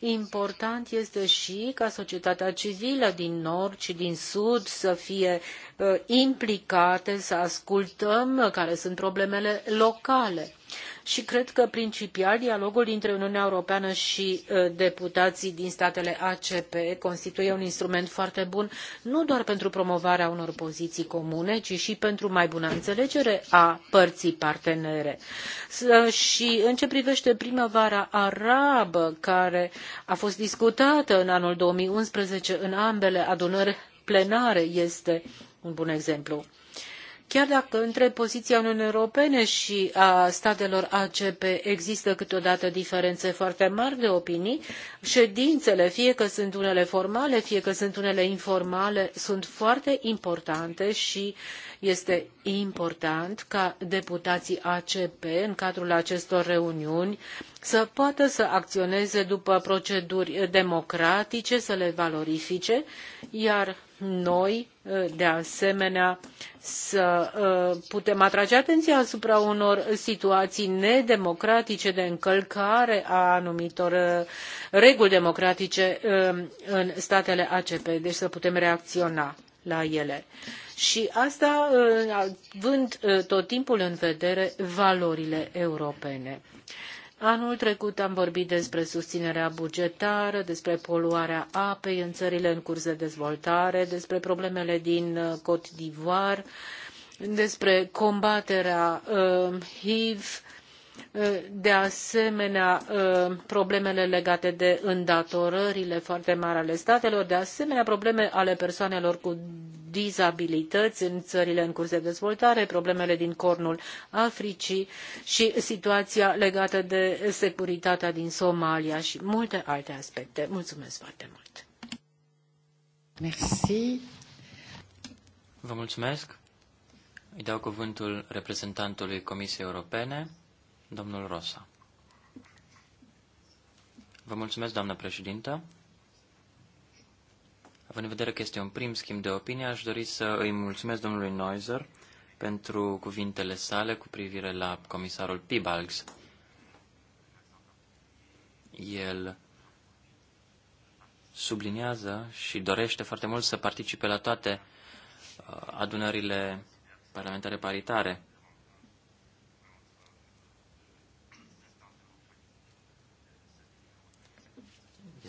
Speaker 2: Important este și ca societatea civilă din nord și din sud să fie uh, implicate, să ascultăm care sunt problemele locale și cred că principial dialogul dintre Uniunea Europeană și uh, deputații din statele ACP constituie un instrument foarte bun, nu doar pentru promovarea unor poziții comune, ci și pentru mai bună înțelegere a părții partenere. Uh, și în ce privește primăvara arabă, care a fost discutată în anul 2011 în ambele adunări plenare, este un bun exemplu. Chiar dacă între poziția Uniunii Europene și a statelor ACP există câteodată diferențe foarte mari de opinii, ședințele, fie că sunt unele formale, fie că sunt unele informale, sunt foarte importante și uh, este important ca deputații ACP, în cadrul acestor reuniuni, să poată să acționeze după proceduri democratice, să le valorifice, iar noi, de asemenea, să ă, putem atrage atenția asupra unor situații nedemocratice de încălcare a anumitor ă, reguli democratice ă, în statele ACP, deci să putem reacționa la ele și asta uh, având uh, tot timpul în vedere valorile europene. Anul trecut am vorbit despre susținerea bugetară, despre poluarea apei în țările în curs de dezvoltare, despre problemele din uh, Cote d'Ivoire, despre combaterea uh, HIV, de asemenea ă, problemele legate de îndatorările foarte mari ale statelor, de asemenea probleme ale persoanelor cu dizabilități în țările în curs de dezvoltare, problemele din cornul Africii și situația legată de securitatea din Somalia și multe alte aspecte. Mulțumesc foarte mult!
Speaker 1: Merci.
Speaker 3: Vă mulțumesc. Îi dau cuvântul reprezentantului Comisiei Europene. Domnul Rosa. Vă mulțumesc, doamnă președintă. Având în vedere că este un prim schimb de opinie, aș dori să îi mulțumesc domnului Noiser pentru cuvintele sale cu privire la comisarul Pibalgs. El subliniază și dorește foarte mult să participe la toate uh, adunările parlamentare paritare.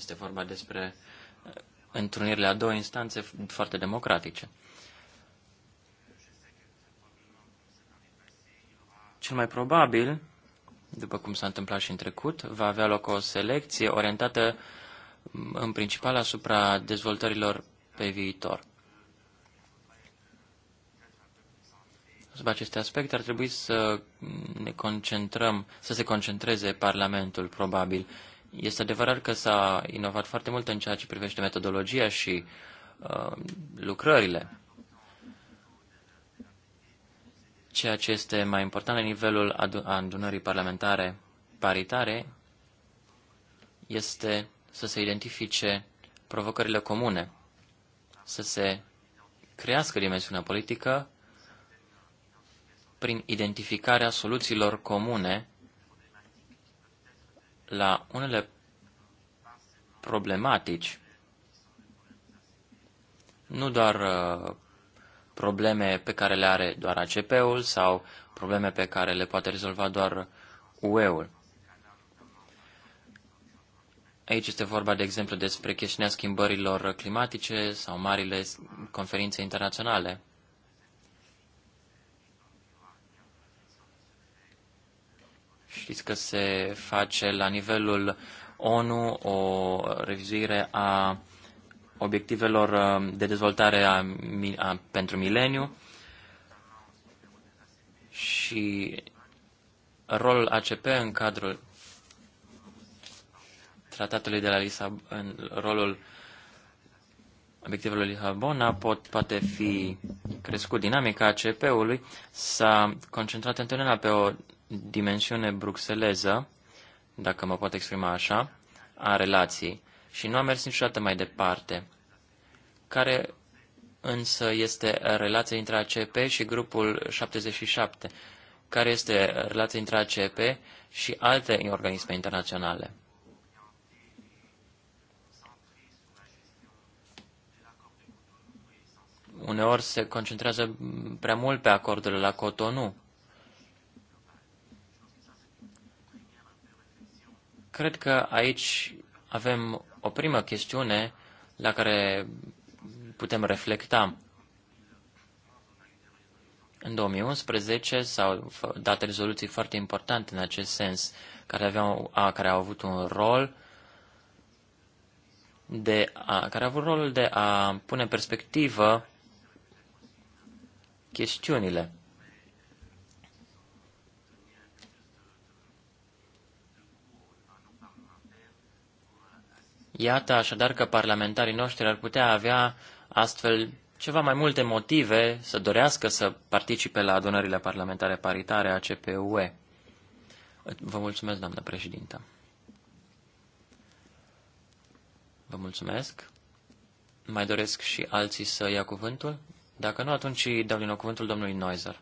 Speaker 3: Este vorba despre uh, întrunirile a două instanțe foarte democratice. Cel mai probabil, după cum s-a întâmplat și în trecut, va avea loc o selecție orientată în principal asupra dezvoltărilor pe viitor. Sub aceste aspecte ar trebui să ne concentrăm, să se concentreze Parlamentul, probabil, este adevărat că s-a inovat foarte mult în ceea ce privește metodologia și uh, lucrările. Ceea ce este mai important la nivelul adunării parlamentare paritare este să se identifice provocările comune, să se crească dimensiunea politică prin identificarea soluțiilor comune la unele problematici, nu doar uh, probleme pe care le are doar ACP-ul sau probleme pe care le poate rezolva doar UE-ul. Aici este vorba, de exemplu, despre chestiunea schimbărilor climatice sau marile conferințe internaționale. Știți că se face la nivelul ONU o revizuire a obiectivelor um, de dezvoltare a, a, pentru mileniu și rolul ACP în cadrul tratatului de la Lisabona, în rolul obiectivelor Lisabona pot, poate fi crescut dinamica ACP-ului, s-a concentrat întotdeauna pe o dimensiune bruxeleză, dacă mă pot exprima așa, a relației și nu a mers niciodată mai departe. Care însă este relația între ACP și grupul 77? Care este relația între ACP și alte organisme internaționale? Uneori se concentrează prea mult pe acordurile la Cotonou Cred că aici avem o primă chestiune la care putem reflecta. În 2011 s-au dat rezoluții foarte importante în acest sens, care, aveau, a, care au avut un rol de a, care a avut rolul de a pune în perspectivă chestiunile. Iată așadar că parlamentarii noștri ar putea avea astfel ceva mai multe motive să dorească să participe la adunările parlamentare paritare a CPUE. Vă mulțumesc, doamnă președintă. Vă mulțumesc. Mai doresc și alții să ia cuvântul? Dacă nu, atunci dau din nou cuvântul domnului Noizer.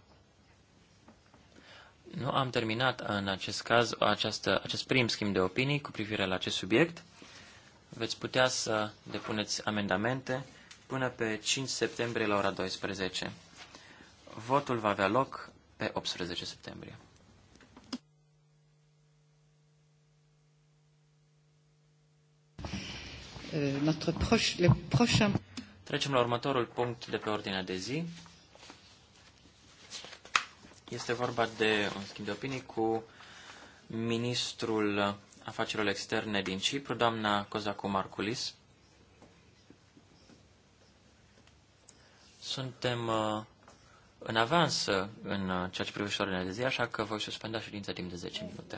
Speaker 3: Nu am terminat în acest caz această, acest prim schimb de opinii cu privire la acest subiect veți putea să depuneți amendamente până pe 5 septembrie la ora 12. Votul va avea loc pe 18 septembrie.
Speaker 1: Eh, le
Speaker 3: Trecem la următorul punct de pe ordinea de zi. Este vorba de un schimb de opinii cu ministrul afacerilor externe din Cipru, doamna Cozacu Marculis. Suntem uh, în avans în uh, ceea ce privește ordinea de zi, așa că voi suspenda ședința timp de 10 minute.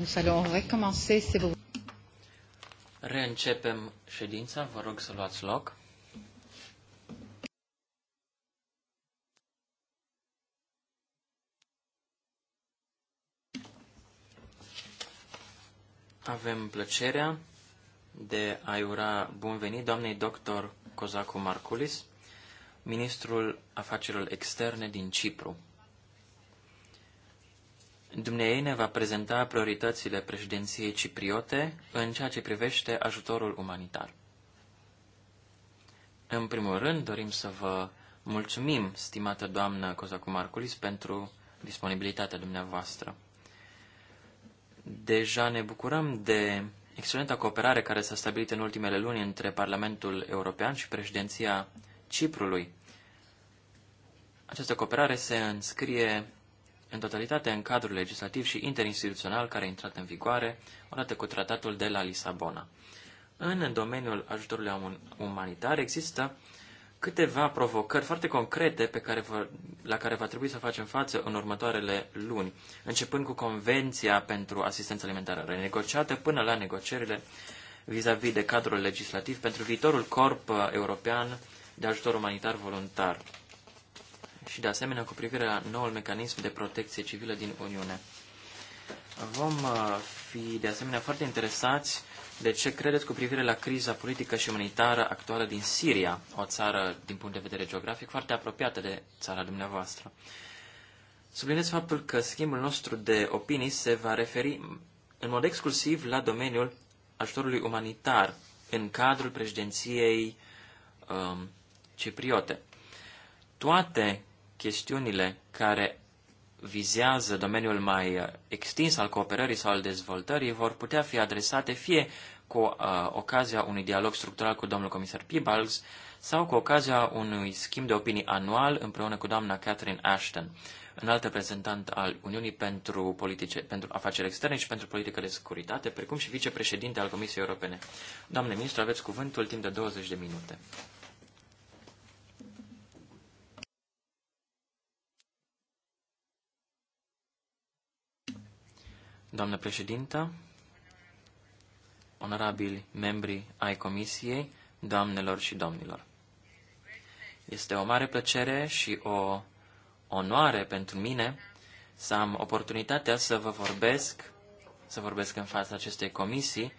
Speaker 1: Nous allons recommencer, vous...
Speaker 3: Reîncepem ședința, vă rog să luați loc. Avem plăcerea de a ura bun venit doamnei doctor Cozacu Marculis, ministrul afacerilor externe din Cipru. Dumnezeu ne va prezenta prioritățile președinției cipriote în ceea ce privește ajutorul umanitar. În primul rând, dorim să vă mulțumim, stimată doamnă Cozacu Marculis, pentru disponibilitatea dumneavoastră. Deja ne bucurăm de excelenta cooperare care s-a stabilit în ultimele luni între Parlamentul European și președinția Ciprului. Această cooperare se înscrie în totalitate în cadrul legislativ și interinstituțional care a intrat în vigoare odată cu tratatul de la Lisabona. În domeniul ajutorului umanitar există câteva provocări foarte concrete pe care vă, la care va trebui să facem față în următoarele luni, începând cu Convenția pentru Asistență Alimentară renegociată până la negocierile vis-a-vis -vis de cadrul legislativ pentru viitorul Corp uh, European de Ajutor Umanitar Voluntar și de asemenea cu privire la noul mecanism de protecție civilă din Uniune. Vom uh, fi de asemenea foarte interesați de ce credeți cu privire la criza politică și umanitară actuală din Siria, o țară din punct de vedere geografic foarte apropiată de țara dumneavoastră. Subliniez faptul că schimbul nostru de opinii se va referi în mod exclusiv la domeniul ajutorului umanitar în cadrul președinției um, cipriote. Toate chestiunile care vizează domeniul mai uh, extins al cooperării sau al dezvoltării vor putea fi adresate fie cu uh, ocazia unui dialog structural cu domnul comisar Peebles sau cu ocazia unui schimb de opinii anual împreună cu doamna Catherine Ashton, înalt reprezentant al Uniunii pentru, politice, pentru afaceri externe și pentru politică de securitate, precum și vicepreședinte al Comisiei Europene. Doamne ministru, aveți cuvântul timp de 20 de minute. Doamnă președintă, onorabili membri ai Comisiei, doamnelor și domnilor. Este o mare plăcere și o onoare pentru mine să am oportunitatea să vă vorbesc, să vorbesc în fața acestei comisii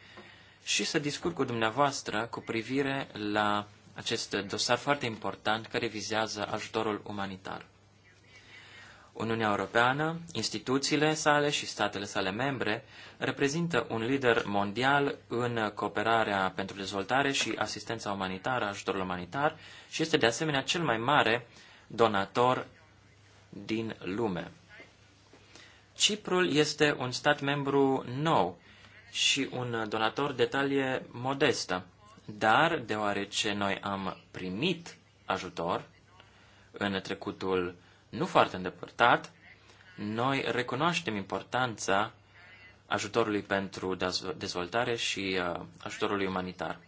Speaker 3: și să discut cu dumneavoastră cu privire la acest dosar foarte important care vizează ajutorul umanitar. Uniunea Europeană, instituțiile sale și statele sale membre reprezintă un lider mondial în cooperarea pentru dezvoltare și asistența umanitară, ajutorul umanitar și este de asemenea cel mai mare donator din lume. Ciprul este un stat membru nou și un donator de talie modestă, dar deoarece noi am primit ajutor în trecutul nu foarte îndepărtat, noi recunoaștem importanța ajutorului pentru dezvoltare și uh, ajutorului umanitar.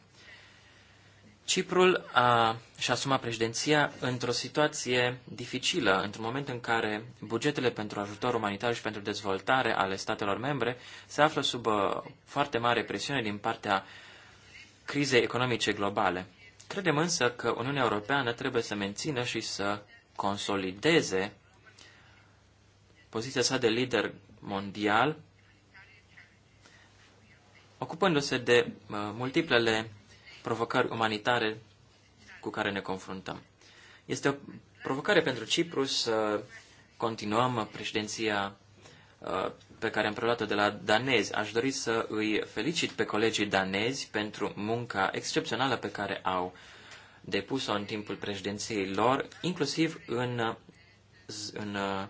Speaker 3: Ciprul a, și-a asumat președinția într-o situație dificilă, într-un moment în care bugetele pentru ajutor umanitar și pentru dezvoltare ale statelor membre se află sub uh, foarte mare presiune din partea crizei economice globale. Credem însă că Uniunea Europeană trebuie să mențină și să consolideze poziția sa de lider mondial, ocupându-se de uh, multiplele provocări umanitare cu care ne confruntăm. Este o provocare pentru Cipru să continuăm președinția uh, pe care am preluat-o de la danezi. Aș dori să îi felicit pe colegii danezi pentru munca excepțională pe care au depus-o în timpul președinției lor, inclusiv în, în uh,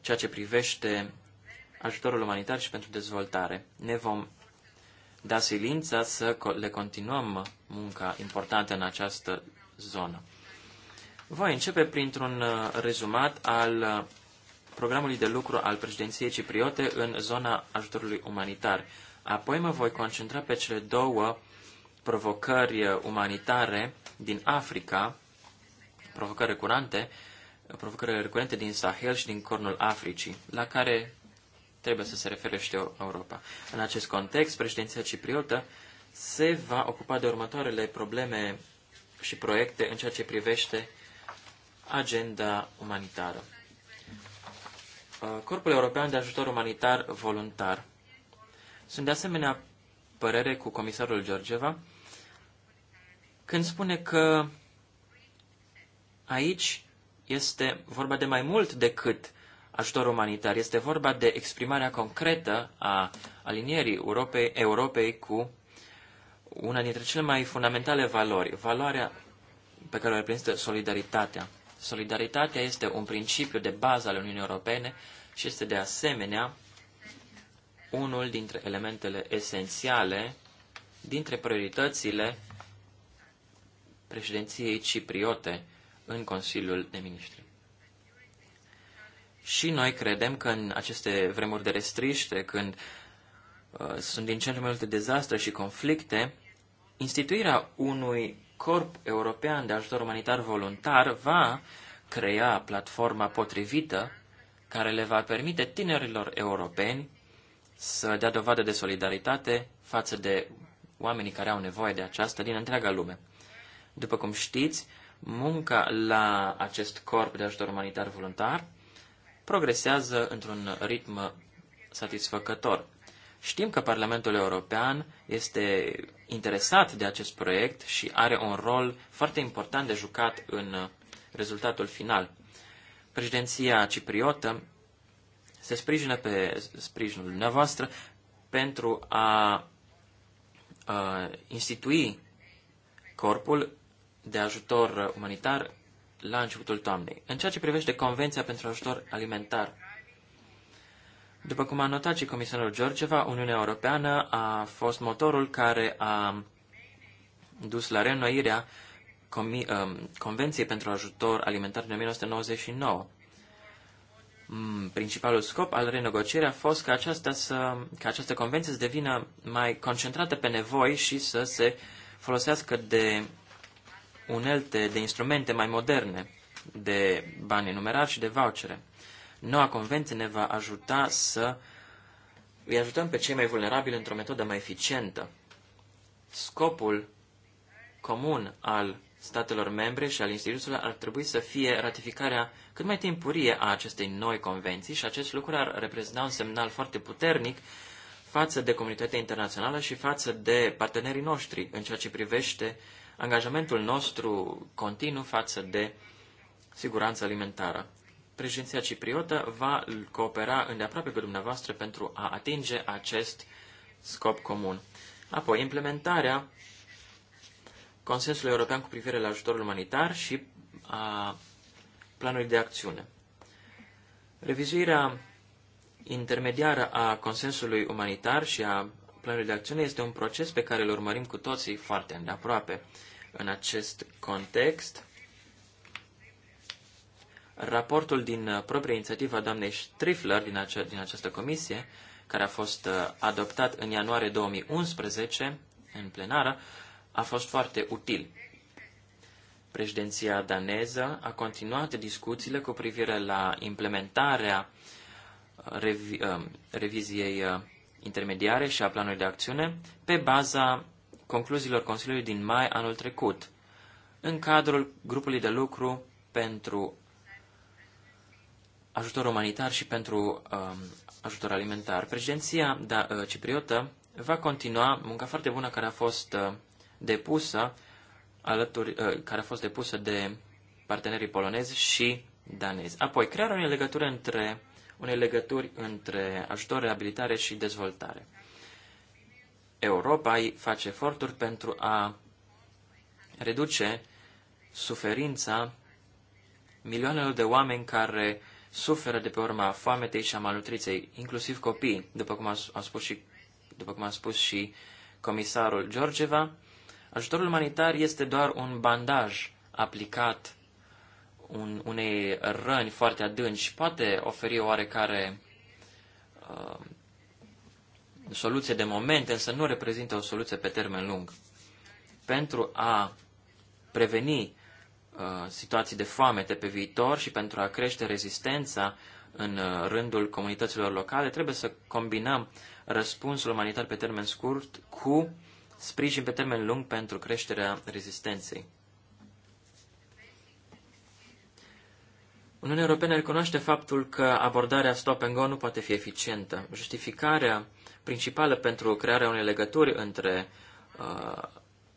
Speaker 3: ceea ce privește ajutorul umanitar și pentru dezvoltare. Ne vom da silința să le continuăm munca importantă în această zonă. Voi începe printr-un uh, rezumat al uh, programului de lucru al președinției cipriote în zona ajutorului umanitar. Apoi mă voi concentra pe cele două provocări umanitare din Africa, provocări recurente, provocări recurente din Sahel și din Cornul Africii, la care trebuie să se refere și Europa. În acest context, președinția cipriotă se va ocupa de următoarele probleme și proiecte în ceea ce privește agenda umanitară. Corpul European de Ajutor Umanitar Voluntar. Sunt de asemenea părere cu comisarul Georgeva când spune că aici este vorba de mai mult decât ajutor umanitar. Este vorba de exprimarea concretă a alinierii Europei, Europei cu una dintre cele mai fundamentale valori, valoarea pe care o reprezintă solidaritatea. Solidaritatea este un principiu de bază al Uniunii Europene și este de asemenea unul dintre elementele esențiale dintre prioritățile președinției cipriote în Consiliul de Ministri. Și noi credem că în aceste vremuri de restriște, când uh, sunt din ce în ce mai multe dezastre și conflicte, instituirea unui corp european de ajutor umanitar voluntar va crea platforma potrivită care le va permite tinerilor europeni să dea dovadă de solidaritate față de oamenii care au nevoie de aceasta din întreaga lume. După cum știți, munca la acest corp de ajutor umanitar voluntar progresează într-un ritm satisfăcător. Știm că Parlamentul European este interesat de acest proiect și are un rol foarte important de jucat în rezultatul final. Președinția cipriotă se sprijină pe sprijinul dumneavoastră pentru a, a institui corpul de ajutor umanitar la începutul toamnei. În ceea ce privește Convenția pentru ajutor alimentar, după cum a notat și comisarul Georgeva, Uniunea Europeană a fost motorul care a dus la reînnoirea um, Convenției pentru ajutor alimentar din 1999. Mm, principalul scop al renegocierii a fost ca aceasta, să, ca această convenție să devină mai concentrată pe nevoi și să se folosească de unelte, de instrumente mai moderne, de bani numerari și de vouchere. Noua convenție ne va ajuta să îi ajutăm pe cei mai vulnerabili într-o metodă mai eficientă. Scopul comun al statelor membre și al instituțiilor ar trebui să fie ratificarea cât mai timpurie a acestei noi convenții și acest lucru ar reprezenta un semnal foarte puternic față de comunitatea internațională și față de partenerii noștri în ceea ce privește angajamentul nostru continuu față de siguranța alimentară. Președinția cipriotă va coopera îndeaproape cu dumneavoastră pentru a atinge acest scop comun. Apoi, implementarea Consensul European cu privire la ajutorul umanitar și a planului de acțiune. Revizuirea intermediară a consensului umanitar și a planului de acțiune este un proces pe care îl urmărim cu toții foarte îndeaproape. În acest context, raportul din proprie inițiativă a doamnei Strifler din, ace- din această comisie, care a fost uh, adoptat în ianuarie 2011 în plenară, a fost foarte util. Președinția daneză a continuat discuțiile cu privire la implementarea revi, uh, reviziei uh, intermediare și a planului de acțiune pe baza concluziilor Consiliului din mai anul trecut, în cadrul grupului de lucru pentru ajutor umanitar și pentru um, ajutor alimentar. Președinția da, uh, cipriotă va continua munca foarte bună care a fost uh, depusă alături, uh, care a fost depusă de partenerii polonezi și danezi. Apoi, crearea unei legături între, unei legături între ajutor, reabilitare și dezvoltare. Europa face eforturi pentru a reduce suferința milioanelor de oameni care suferă de pe urma foametei și a malnutriței, inclusiv copii, după cum a spus și, după cum a spus și comisarul Georgeva, Ajutorul umanitar este doar un bandaj aplicat un, unei răni foarte adânci. Poate oferi oarecare uh, soluție de moment, însă nu reprezintă o soluție pe termen lung. Pentru a preveni uh, situații de foamete pe viitor și pentru a crește rezistența în uh, rândul comunităților locale, trebuie să combinăm răspunsul umanitar pe termen scurt cu sprijin pe termen lung pentru creșterea rezistenței. Uniunea Europeană recunoaște faptul că abordarea stop and go nu poate fi eficientă. Justificarea principală pentru crearea unei legături între uh,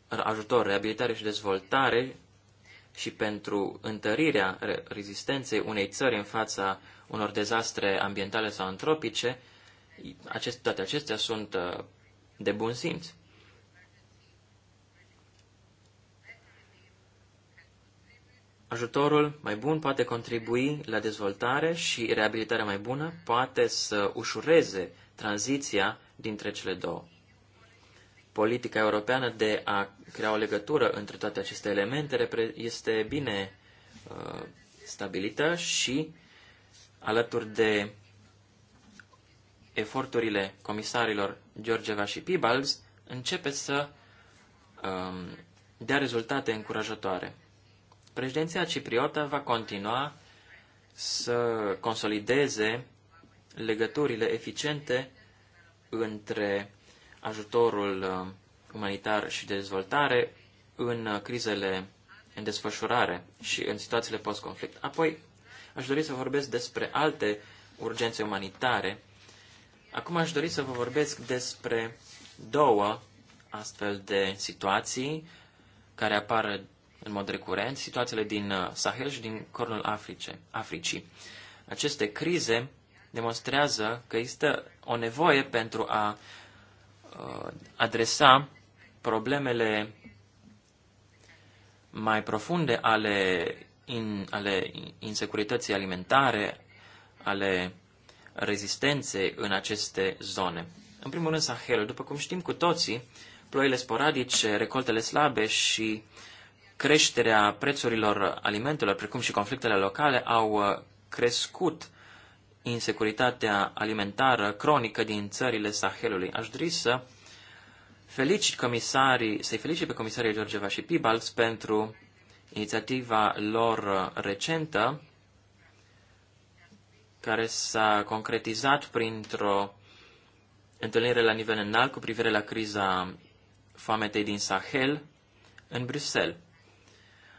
Speaker 3: ajutor, reabilitare și dezvoltare și pentru întărirea rezistenței unei țări în fața unor dezastre ambientale sau antropice, acest, toate acestea sunt uh, de bun simț. Ajutorul mai bun poate contribui la dezvoltare și reabilitarea mai bună poate să ușureze tranziția dintre cele două. Politica europeană de a crea o legătură între toate aceste elemente este bine uh, stabilită și alături de eforturile comisarilor Georgeva și Pibals începe să um, dea rezultate încurajatoare. Președinția cipriotă va continua să consolideze legăturile eficiente între ajutorul uh, umanitar și de dezvoltare în crizele în desfășurare și în situațiile post-conflict. Apoi, aș dori să vorbesc despre alte urgențe umanitare. Acum aș dori să vă vorbesc despre două astfel de situații care apar în mod recurent situațiile din uh, Sahel și din cornul Africe, Africii. Aceste crize demonstrează că există o nevoie pentru a uh, adresa problemele mai profunde ale, in, ale insecurității alimentare, ale rezistenței în aceste zone. În primul rând, Sahelul. După cum știm cu toții, ploile sporadice, recoltele slabe și creșterea prețurilor alimentelor, precum și conflictele locale, au uh, crescut insecuritatea alimentară cronică din țările Sahelului. Aș dori să felicit comisarii, să-i felicit pe comisarii Georgeva și Pibals pentru inițiativa lor uh, recentă, care s-a concretizat printr-o întâlnire la nivel înalt cu privire la criza foametei din Sahel în Bruxelles.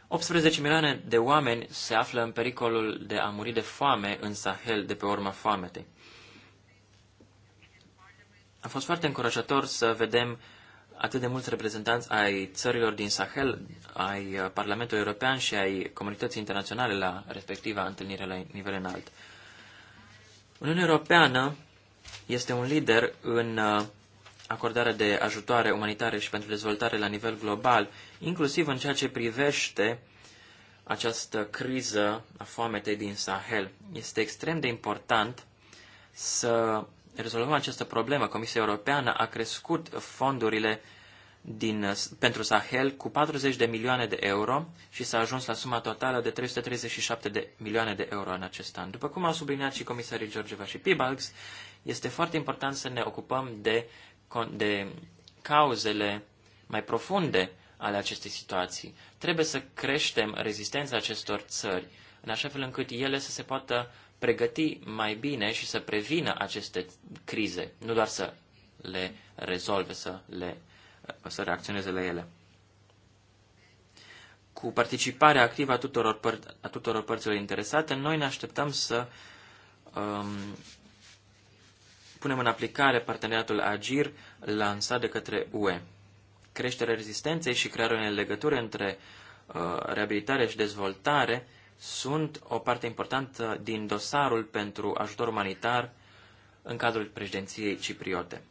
Speaker 3: 18 milioane de oameni se află în pericolul de a muri de foame în Sahel de pe urma foametei. A fost foarte încurajator să vedem atât de mulți reprezentanți ai țărilor din Sahel, ai Parlamentului European și ai comunității internaționale la respectiva întâlnire la nivel înalt. Uniunea Europeană este un lider în uh, acordarea de ajutoare umanitare și pentru dezvoltare la nivel global, inclusiv în ceea ce privește această criză a foametei din Sahel. Este extrem de important să rezolvăm această problemă. Comisia Europeană a crescut fondurile din, pentru Sahel cu 40 de milioane de euro și s-a ajuns la suma totală de 337 de milioane de euro în acest an. După cum au subliniat și comisarii Georgeva și Pibalx, este foarte important să ne ocupăm de de cauzele mai profunde ale acestei situații. Trebuie să creștem rezistența acestor țări, în așa fel încât ele să se poată pregăti mai bine și să prevină aceste crize, nu doar să le rezolve, să, le, să reacționeze la ele. Cu participarea activă a tuturor, păr- a tuturor părților interesate, noi ne așteptăm să um, punem în aplicare parteneriatul AGIR lansat de către UE. Creșterea rezistenței și crearea unei legături între uh, reabilitare și dezvoltare sunt o parte importantă din dosarul pentru ajutor umanitar în cadrul președinției cipriote.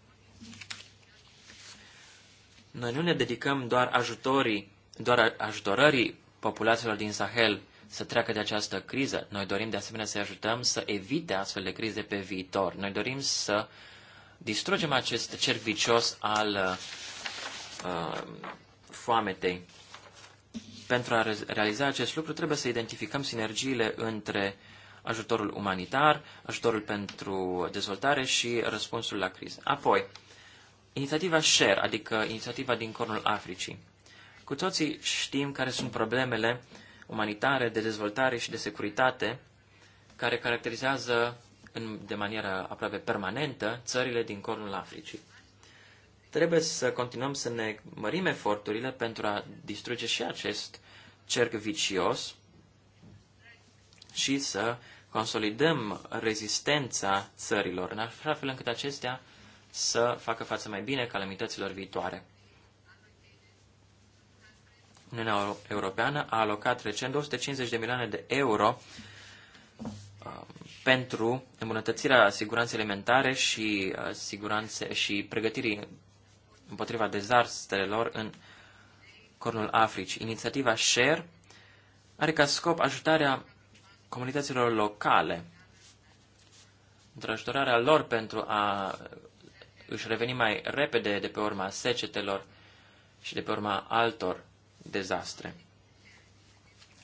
Speaker 3: Noi nu ne dedicăm doar ajutorii, doar ajutorării populațiilor din Sahel, să treacă de această criză. Noi dorim de asemenea să-i ajutăm să evite astfel de crize pe viitor. Noi dorim să distrugem acest cer vicios al uh, foametei. Pentru a realiza acest lucru trebuie să identificăm sinergiile între ajutorul umanitar, ajutorul pentru dezvoltare și răspunsul la criză. Apoi, inițiativa SHARE, adică inițiativa din Cornul Africii. Cu toții știm care sunt problemele uh, umanitare, de dezvoltare și de securitate, care caracterizează în, de manieră aproape permanentă țările din cornul Africii. Trebuie să continuăm să ne mărim eforturile pentru a distruge și acest cerc vicios și să consolidăm rezistența țărilor, în așa fel încât acestea să facă față mai bine calamităților viitoare. Uniunea Europeană a alocat recent 250 de milioane de euro um, pentru îmbunătățirea siguranței alimentare și, uh, siguranțe, și pregătirii împotriva dezastrelor în Cornul Africii. Inițiativa SHARE are ca scop ajutarea comunităților locale într ajutorarea lor pentru a își reveni mai repede de pe urma secetelor și de pe urma altor dezastre.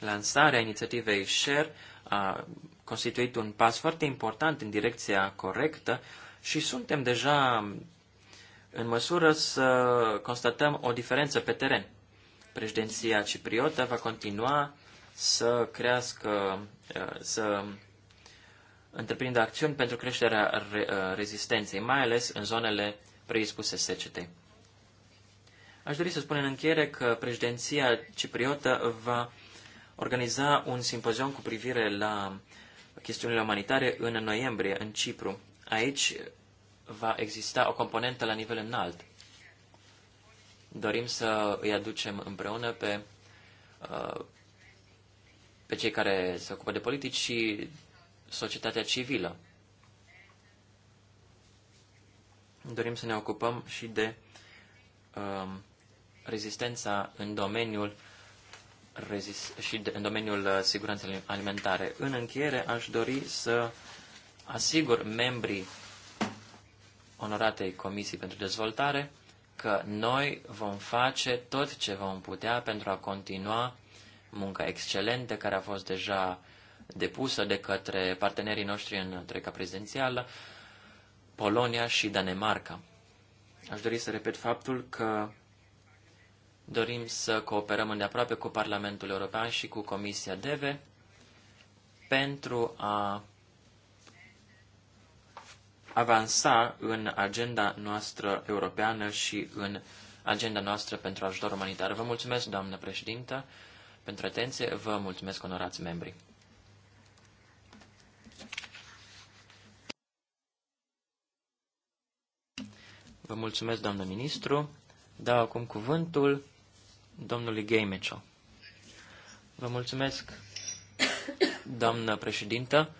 Speaker 3: Lansarea inițiativei SHARE a constituit un pas foarte important în direcția corectă și suntem deja în măsură să constatăm o diferență pe teren. Președinția cipriotă va continua să crească, uh, să întreprindă acțiuni pentru creșterea uh, rezistenței, mai ales în zonele predispuse secetei. Aș dori să spun în încheiere că președinția cipriotă va organiza un simpozion cu privire la chestiunile umanitare în noiembrie, în Cipru. Aici va exista o componentă la nivel înalt. Dorim să îi aducem împreună pe, uh, pe cei care se ocupă de politici și societatea civilă. Dorim să ne ocupăm și de um, rezistența în domeniul și în domeniul uh, siguranței alimentare. În încheiere, aș dori să asigur membrii onoratei Comisii pentru Dezvoltare că noi vom face tot ce vom putea pentru a continua munca excelentă care a fost deja depusă de către partenerii noștri în treca prezidențială, Polonia și Danemarca. Aș dori să repet faptul că Dorim să cooperăm îndeaproape cu Parlamentul European și cu Comisia DEVE pentru a avansa în agenda noastră europeană și în agenda noastră pentru ajutor umanitar. Vă mulțumesc, doamnă președintă, pentru atenție. Vă mulțumesc, onorați membri. Vă mulțumesc, doamnă ministru. Dau acum cuvântul domnului Gay Mitchell. Vă mulțumesc, doamnă președintă.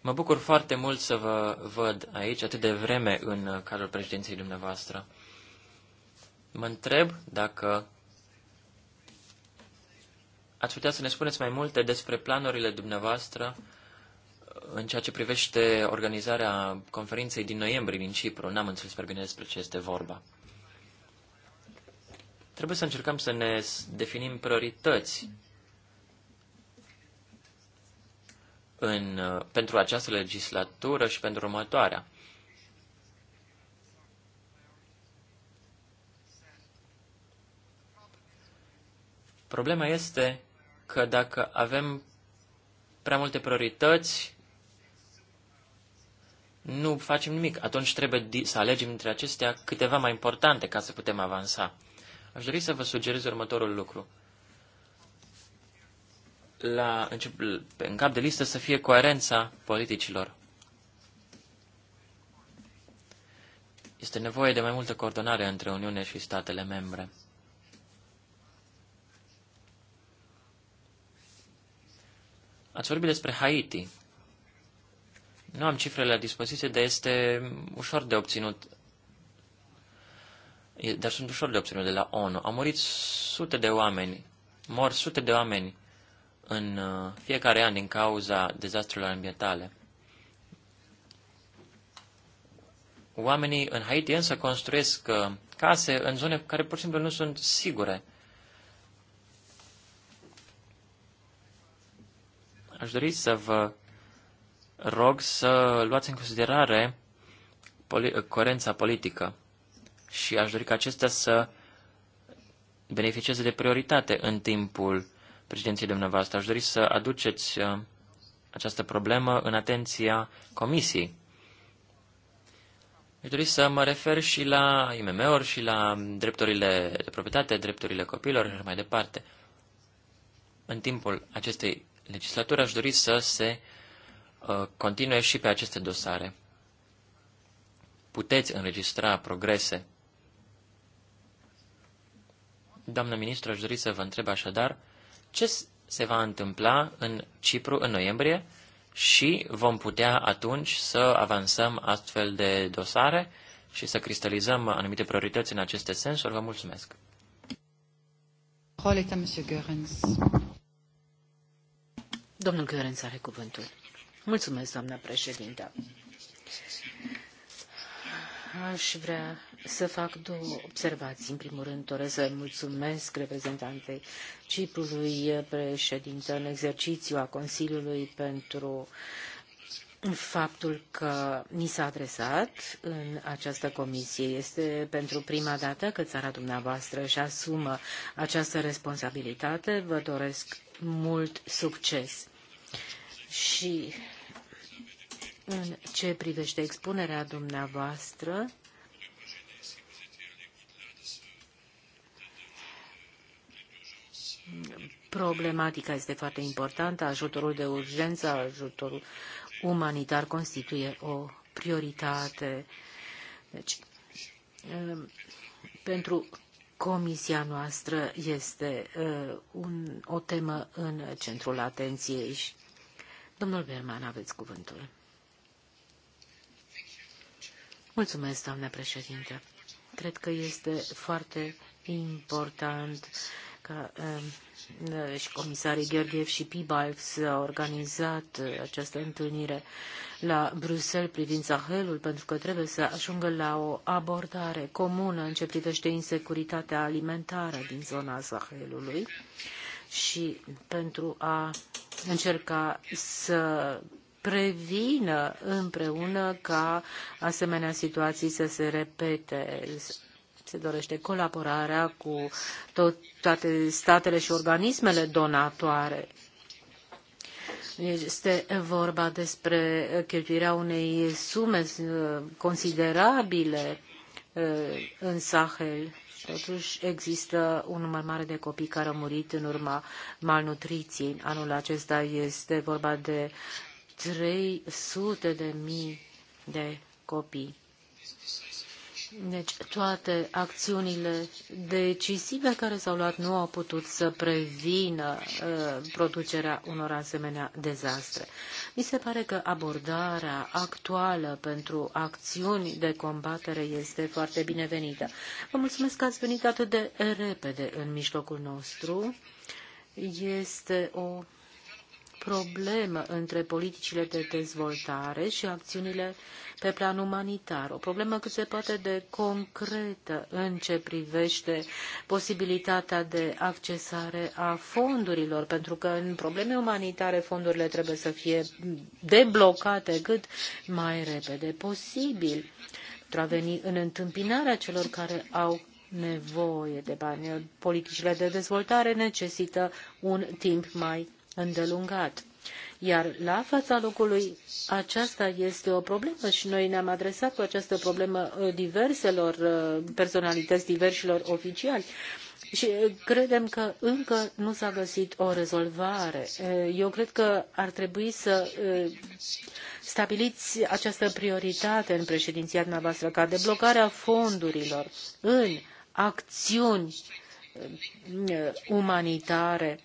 Speaker 3: Mă bucur foarte mult să vă văd aici atât de vreme în cadrul președinției dumneavoastră. Mă întreb dacă ați putea să ne spuneți mai multe despre planurile dumneavoastră în ceea ce privește organizarea conferinței din noiembrie din Cipru, n-am înțeles prea bine despre ce este vorba. Trebuie să încercăm să ne definim priorități în, pentru această legislatură și pentru următoarea. Problema este că dacă avem prea multe priorități, nu facem nimic. Atunci trebuie să alegem dintre acestea câteva mai importante ca să putem avansa. Aș dori să vă sugerez următorul lucru. La, în cap de listă să fie coerența politicilor. Este nevoie de mai multă coordonare între Uniune și statele membre. Ați vorbit despre Haiti. Nu am cifrele la dispoziție, dar este ușor de obținut. Dar sunt ușor de obținut de la ONU. Au murit sute de oameni, mor sute de oameni în uh, fiecare an din cauza dezastrelor ambientale. Oamenii în Haiti însă construiesc uh, case în zone care pur și simplu nu sunt sigure. Aș dori să vă rog să luați în considerare poli- coerența politică și aș dori ca acestea să beneficieze de prioritate în timpul președinției dumneavoastră. Aș dori să aduceți uh, această problemă în atenția Comisiei. Aș dori să mă refer și la IMM-uri și la drepturile de proprietate, drepturile copiilor și mai departe. În timpul acestei legislaturi aș dori să se Uh, continue și pe aceste dosare. Puteți înregistra progrese. Doamnă ministru, aș dori să vă întreb așadar ce se va întâmpla în Cipru în noiembrie și vom putea atunci să avansăm astfel de dosare și să cristalizăm anumite priorități în aceste sensuri. Vă mulțumesc.
Speaker 2: Domnul Görens are cuvântul. Mulțumesc, doamnă președintă. Aș vrea să fac două observații. În primul rând, doresc să mulțumesc reprezentantei Ciprului, președintă în exercițiu a Consiliului, pentru faptul că ni s-a adresat în această comisie. Este pentru prima dată că țara dumneavoastră își asumă această responsabilitate. Vă doresc mult succes. Și în ce privește expunerea dumneavoastră, problematica este foarte importantă, ajutorul de urgență, ajutorul umanitar constituie o prioritate. Deci, um, pentru comisia noastră este uh, un, o temă în centrul atenției. Domnul Berman, aveți cuvântul. Mulțumesc, doamnă președinte. Cred că este foarte important ca um, uh, și comisarii Gheorghev și Pibalx au organizat uh, această întâlnire la Bruxelles privind Sahelul, pentru că trebuie să ajungă la o abordare comună în ce privește insecuritatea alimentară din zona Sahelului. Uh, și pentru a încerca să prevină împreună ca asemenea situații să se repete. Se dorește colaborarea cu tot, toate statele și organismele donatoare. Este vorba despre cheltuirea unei sume uh, considerabile uh, în Sahel Totuși există un număr mare de copii care au murit în urma malnutriției. Anul acesta este vorba de 300 de mii de copii. Deci toate acțiunile decisive care s-au luat nu au putut să prevină uh, producerea unor asemenea dezastre. Mi se pare că abordarea actuală pentru acțiuni de combatere este foarte binevenită. Vă mulțumesc că ați venit atât de repede în mijlocul nostru. Este o problemă între politicile de dezvoltare și acțiunile pe plan umanitar, o problemă cât se poate de concretă în ce privește posibilitatea de accesare a fondurilor, pentru că în probleme umanitare fondurile trebuie să fie deblocate cât mai repede posibil pentru a veni în întâmpinarea celor care au nevoie de bani. Politicile de dezvoltare necesită un timp mai îndelungat. Iar la fața locului aceasta este o problemă și noi ne-am adresat cu această problemă uh, diverselor uh, personalități, diversilor oficiali. Și uh, credem că încă nu s-a găsit o rezolvare. Eu cred că ar trebui să stabiliți această prioritate în președinția dumneavoastră ca deblocarea fondurilor în acțiuni umanitare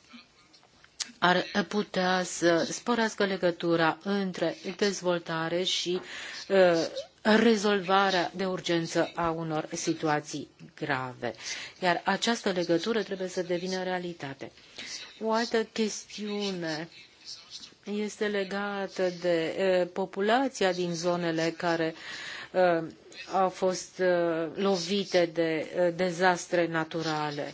Speaker 2: ar putea să sporească legătura între dezvoltare și uh, rezolvarea de urgență a unor situații grave. Iar această legătură trebuie să devină realitate. O altă chestiune este legată de uh, populația din zonele care uh, au fost lovite de dezastre naturale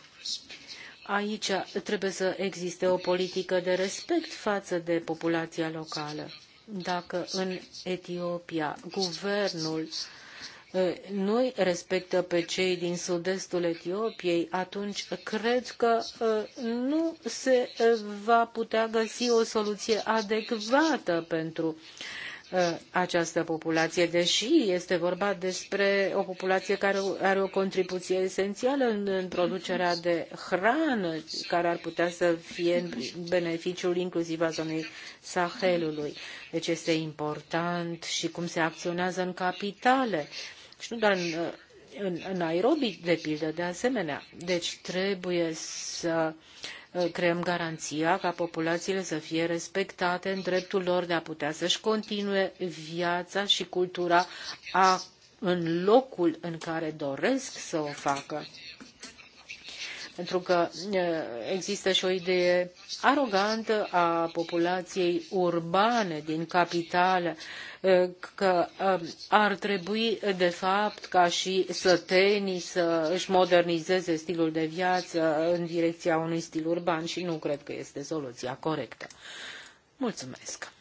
Speaker 2: aici trebuie să existe o politică de respect față de populația locală. Dacă în Etiopia guvernul eh, nu respectă pe cei din sud-estul Etiopiei, atunci cred că eh, nu se eh, va putea găsi o soluție adecvată pentru Uh, această populație, deși este vorba despre o populație care are o contribuție esențială în, în producerea de hrană, care ar putea să fie în beneficiul inclusiv a zonei Sahelului. Deci este important și cum se acționează în capitale și nu doar în, în, uh, în Nairobi, de pildă, de asemenea. Deci trebuie să uh, Uh, creăm garanția ca populațiile să fie respectate în dreptul lor de a putea să-și continue viața și cultura a, în locul în care doresc să o facă pentru că există și o idee arogantă a populației urbane din capitală că ar trebui de fapt ca și sătenii să își modernizeze stilul de viață în direcția unui stil urban și nu cred că este soluția corectă. Mulțumesc.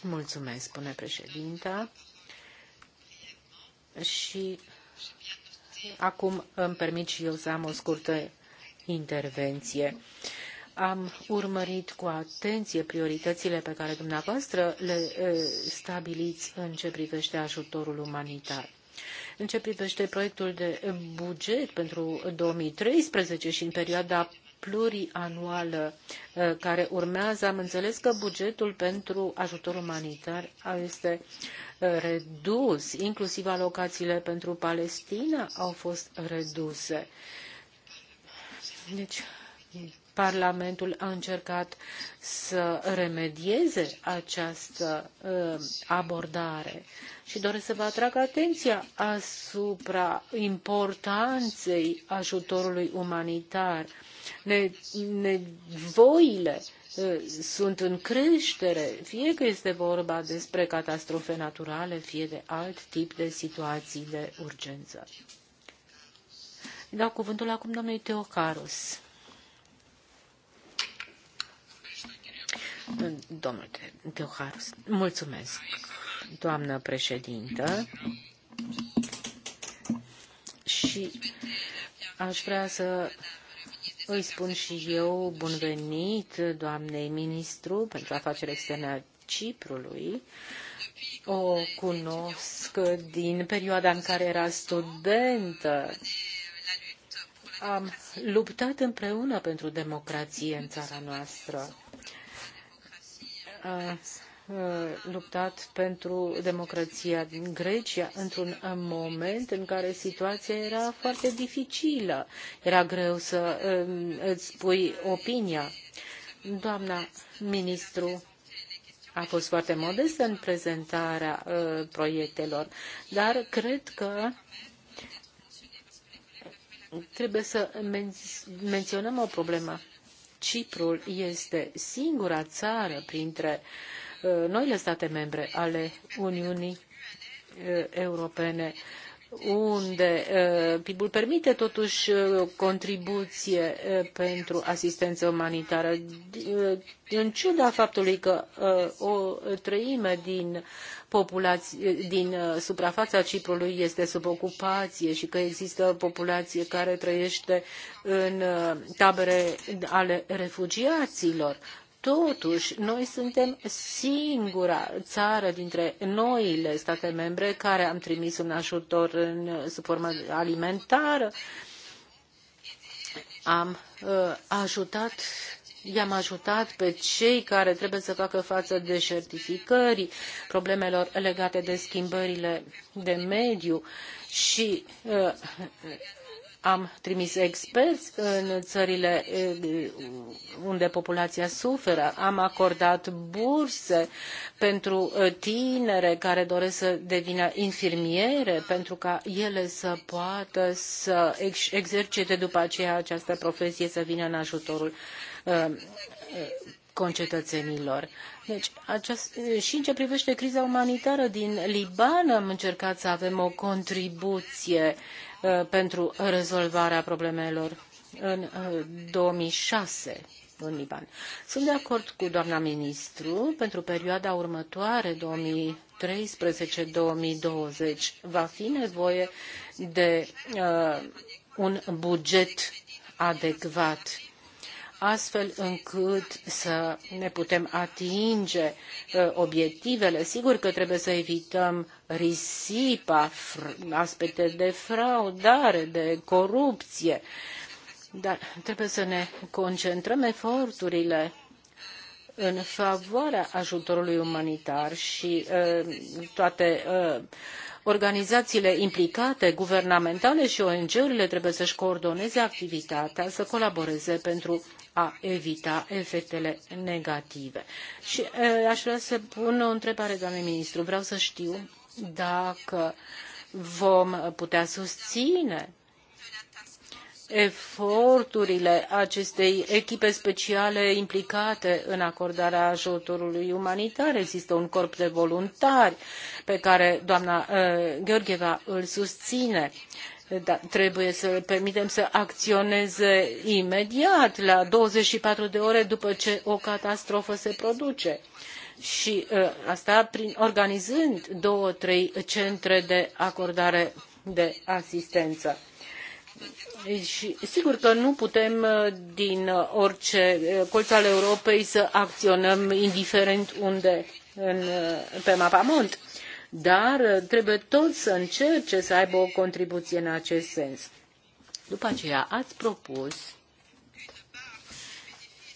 Speaker 2: Mulțumesc, spune președinta. Și acum îmi permit și eu să am o scurtă intervenție. Am urmărit cu atenție prioritățile pe care dumneavoastră le stabiliți în ce privește ajutorul umanitar. În ce privește proiectul de buget pentru 2013 și în perioada plurianuală care urmează, am înțeles că bugetul pentru ajutor umanitar este redus, inclusiv alocațiile pentru Palestina au fost reduse. Deci, Parlamentul a încercat să remedieze această ă, abordare și doresc să vă atrag atenția asupra importanței ajutorului umanitar. Ne, nevoile ă, sunt în creștere, fie că este vorba despre catastrofe naturale, fie de alt tip de situații de urgență. Dau cuvântul acum domnului Teocarus. domnule Teoharus, mulțumesc, doamnă președintă. Și aș vrea să îi spun și eu bun venit doamnei ministru pentru afaceri externe a Ciprului. O cunosc din perioada în care era studentă am luptat împreună pentru democrație în țara noastră. A uh, luptat pentru democrația din Grecia într-un moment în care situația era foarte dificilă. Era greu să um, îți pui opinia. Doamna ministru a fost foarte modestă în prezentarea uh, proiectelor, dar cred că trebuie să menționăm o problemă. Ciprul este singura țară printre uh, noile state membre ale Uniunii uh, Europene unde uh, PIB-ul permite totuși o contribuție pentru asistență umanitară. În ciuda faptului că o treime din din uh, suprafața Ciprului este sub ocupație și că există o populație care trăiește în uh, tabere ale refugiaților. Totuși, noi suntem singura țară dintre noile state membre care am trimis un ajutor în, uh, sub formă alimentară. Am uh, ajutat i-am ajutat pe cei care trebuie să facă față deșertificării, problemelor legate de schimbările de mediu și uh, am trimis experți în țările uh, unde populația suferă, am acordat burse pentru uh, tinere care doresc să devină infirmiere, pentru ca ele să poată să exercite după aceea această profesie, să vină în ajutorul concetățenilor. Deci, aceast, și în ce privește criza umanitară din Liban, am încercat să avem o contribuție uh, pentru rezolvarea problemelor în 2006 uh, în Liban. Sunt de acord cu doamna ministru, pentru perioada următoare, 2013-2020, va fi nevoie de uh, un buget adecvat astfel încât să ne putem atinge uh, obiectivele. Sigur că trebuie să evităm risipa, aspecte de fraudare, de corupție, dar trebuie să ne concentrăm eforturile în favoarea ajutorului umanitar și toate organizațiile implicate, guvernamentale și ONG-urile trebuie să-și coordoneze activitatea, să colaboreze pentru a evita efectele negative. Și aș vrea să pun o întrebare, doamne ministru. Vreau să știu dacă vom putea susține eforturile acestei echipe speciale implicate în acordarea ajutorului umanitar. Există un corp de voluntari pe care doamna uh, georgieva îl susține. dar trebuie să le permitem să acționeze imediat, la 24 de ore după ce o catastrofă se produce. Și uh, asta prin organizând două, trei centre de acordare de asistență și sigur că nu putem uh, din uh, orice uh, colț al Europei să acționăm indiferent unde în, pe mapamont, dar trebuie toți să încerce să aibă o contribuție în acest sens. După aceea ați propus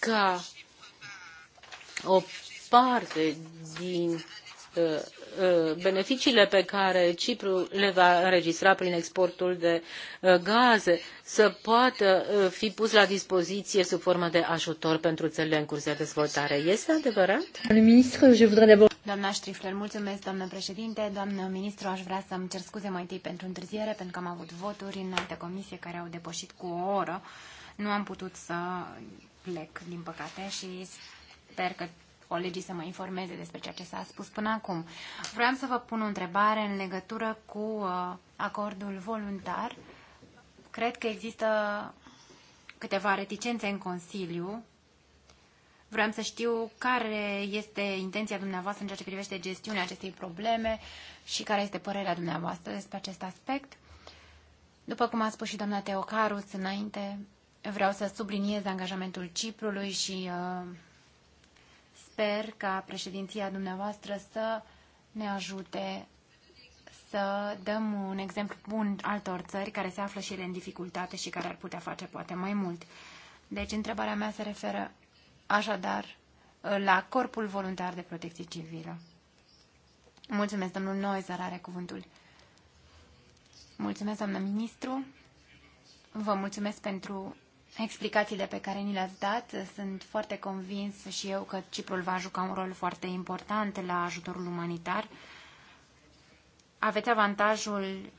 Speaker 2: ca o parte din Uh, uh, beneficiile pe care Cipru le va înregistra prin exportul de uh, gaze să poată fi pus la dispoziție sub formă de ajutor pentru țările în curs de dezvoltare. Este adevărat?
Speaker 4: Doamna Strifler, mulțumesc, doamnă președinte. Doamnă ministru, aș vrea să-mi cer scuze mai întâi pentru întârziere, pentru că am avut voturi în alte comisie care au depășit cu o oră. Nu am putut să plec, din păcate, și sper că colegii să mă informeze despre ceea ce s-a spus până acum. Vreau să vă pun o întrebare în legătură cu uh, acordul voluntar. Cred că există câteva reticențe în Consiliu. Vreau să știu care este intenția dumneavoastră în ceea ce privește gestiunea acestei probleme și care este părerea dumneavoastră despre acest aspect. După cum a spus și doamna Teocarus înainte, vreau să subliniez angajamentul Ciprului și uh, sper ca președinția dumneavoastră să ne ajute să dăm un exemplu bun altor țări care se află și ele în dificultate și care ar putea face poate mai mult. Deci întrebarea mea se referă așadar la Corpul Voluntar de Protecție Civilă. Mulțumesc, domnul Noizar, are cuvântul. Mulțumesc, doamnă ministru. Vă mulțumesc pentru explicațiile pe care ni le-ați dat. Sunt foarte convins și eu că Ciprul va juca un rol foarte important la ajutorul umanitar. Aveți avantajul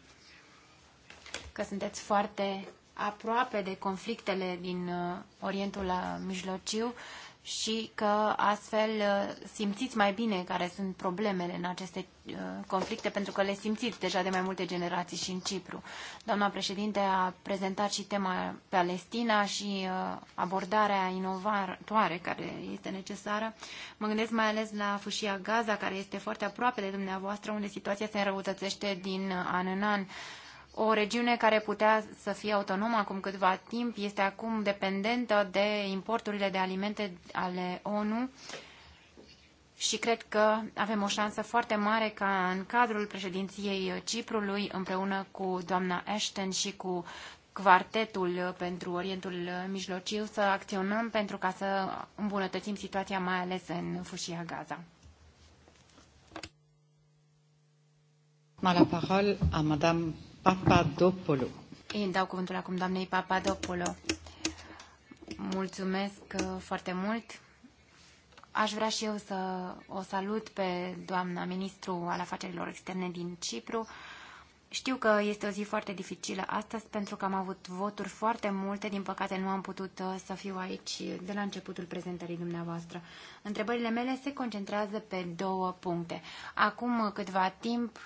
Speaker 4: că sunteți foarte aproape de conflictele din uh, Orientul Mijlociu și că astfel uh, simțiți mai bine care sunt problemele în aceste uh, conflicte, pentru că le simțiți deja de mai multe generații și în Cipru. Doamna președinte a prezentat și tema Palestina și uh, abordarea inovatoare care este necesară. Mă gândesc mai ales la fâșia Gaza, care este foarte aproape de dumneavoastră, unde situația se înrăutățește din an în an. O regiune care putea să fie autonomă acum câtva timp este acum dependentă de importurile de alimente ale ONU și cred că avem o șansă foarte mare ca în cadrul președinției Ciprului, împreună cu doamna Ashton și cu Quartetul pentru Orientul Mijlociu, să acționăm pentru ca să îmbunătățim situația, mai ales în Fâșia Gaza.
Speaker 1: Ma la parole a Madame Papadopoulou.
Speaker 4: Îi dau cuvântul acum doamnei Papadopoulou. Mulțumesc uh, foarte mult. Aș vrea și eu să o salut pe doamna ministru al afacerilor externe din Cipru. Știu că este o zi foarte dificilă astăzi pentru că am avut voturi foarte multe. Din păcate nu am putut uh, să fiu aici de la începutul prezentării dumneavoastră. Întrebările mele se concentrează pe două puncte. Acum câtva timp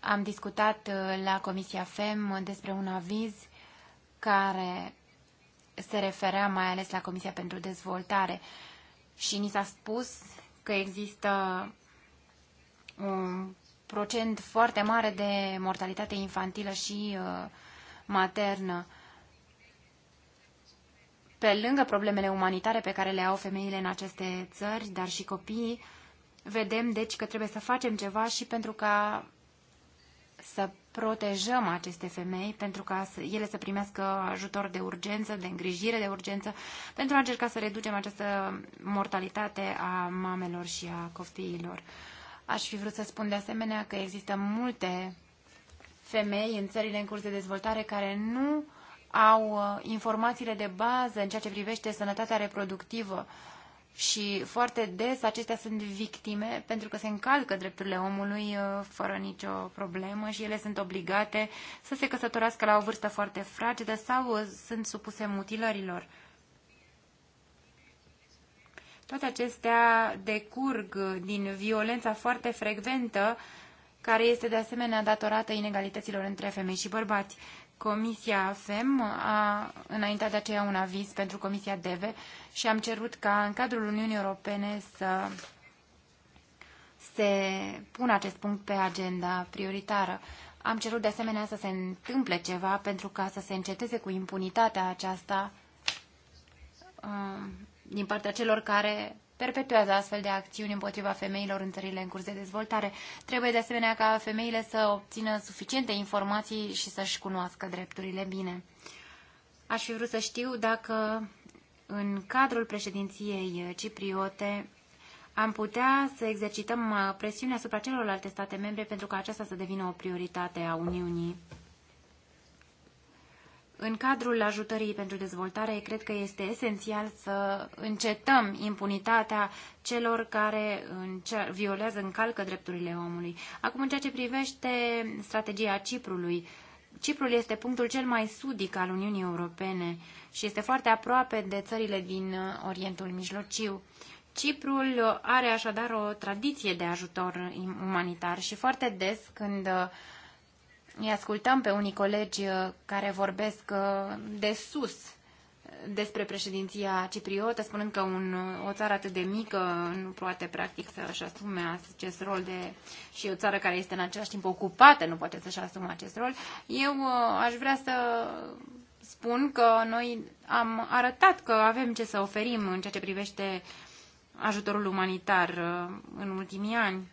Speaker 4: am discutat uh, la Comisia FEM despre un aviz care se referea mai ales la Comisia pentru Dezvoltare și ni s-a spus că există un procent foarte mare de mortalitate infantilă și uh, maternă. Pe lângă problemele umanitare pe care le au femeile în aceste țări, dar și copiii, vedem deci că trebuie să facem ceva și pentru ca să protejăm aceste femei pentru ca ele să primească ajutor de urgență, de îngrijire de urgență, pentru a încerca să reducem această mortalitate a mamelor și a copiilor. Aș fi vrut să spun de asemenea că există multe femei în țările în curs de dezvoltare care nu au uh, informațiile de bază în ceea ce privește sănătatea reproductivă și foarte des acestea sunt victime pentru că se încalcă drepturile omului uh, fără nicio problemă și ele sunt obligate să se căsătorească la o vârstă foarte fragedă sau uh, sunt supuse mutilărilor. Toate acestea decurg uh, din violența foarte frecventă care este de asemenea datorată inegalităților între femei și bărbați. Comisia FEM a înaintat de aceea un aviz pentru Comisia DEVE și am cerut ca în cadrul Uniunii Europene să se pună acest punct pe agenda prioritară. Am cerut de asemenea să se întâmple ceva pentru ca să se înceteze cu impunitatea aceasta uh, din partea celor care perpetuează astfel de acțiuni împotriva femeilor în țările în curs de dezvoltare. Trebuie de asemenea ca femeile să obțină suficiente informații și să-și cunoască drepturile bine. Aș fi vrut să știu dacă în cadrul președinției cipriote am putea să exercităm uh, presiunea asupra celorlalte state membre pentru ca aceasta să devină o prioritate a Uniunii în cadrul ajutării pentru dezvoltare, cred că este esențial să încetăm impunitatea celor care violează, încalcă drepturile omului. Acum, în ceea ce privește strategia Ciprului, Ciprul este punctul cel mai sudic al Uniunii Europene și este foarte aproape de țările din Orientul Mijlociu. Ciprul are așadar o tradiție de ajutor umanitar și foarte des când îi ascultăm pe unii colegi uh, care vorbesc uh, de sus uh, despre președinția cipriotă, spunând că un, o țară atât de mică nu poate practic să-și asume acest rol de, și o țară care este în același timp ocupată nu poate să-și asume acest rol. Eu aș vrea să spun că noi am arătat că avem ce să oferim în ceea ce privește ajutorul umanitar în ultimii ani.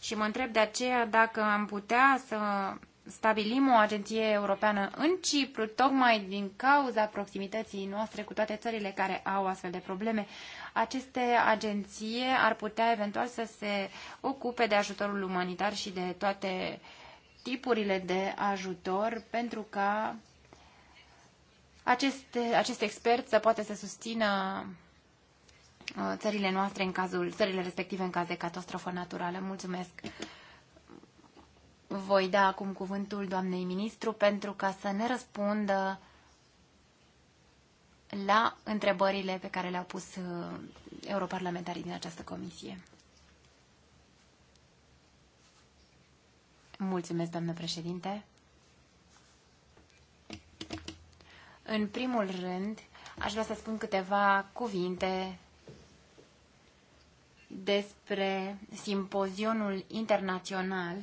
Speaker 4: Și mă întreb de aceea dacă am putea să stabilim o agenție europeană în Cipru, tocmai din cauza proximității noastre cu toate țările care au astfel de probleme. Aceste agenție ar putea eventual să se ocupe de ajutorul umanitar și de toate tipurile de ajutor pentru ca aceste, acest expert să poată să susțină uh, țările noastre în cazul, țările respective în caz de catastrofă naturală. Mulțumesc! voi da acum cuvântul doamnei ministru pentru ca să ne răspundă la întrebările pe care le-au pus uh, europarlamentarii din această comisie. Mulțumesc, doamnă președinte. În primul rând, aș vrea să spun câteva cuvinte despre simpozionul internațional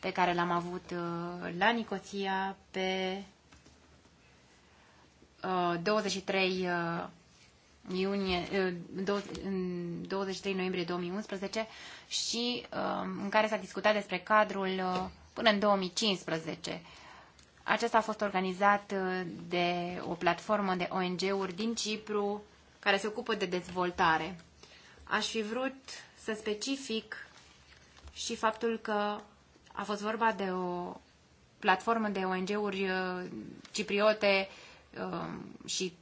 Speaker 4: pe care l-am avut uh, la Nicoția pe 23 uh, uh, iunie, 23 noiembrie 2011 și în care s-a discutat despre cadrul până în 2015. Acesta a fost organizat de o platformă de ONG-uri din Cipru care se ocupă de dezvoltare. Aș fi vrut să specific și faptul că a fost vorba de o platformă de ONG-uri uh, cipriote um, și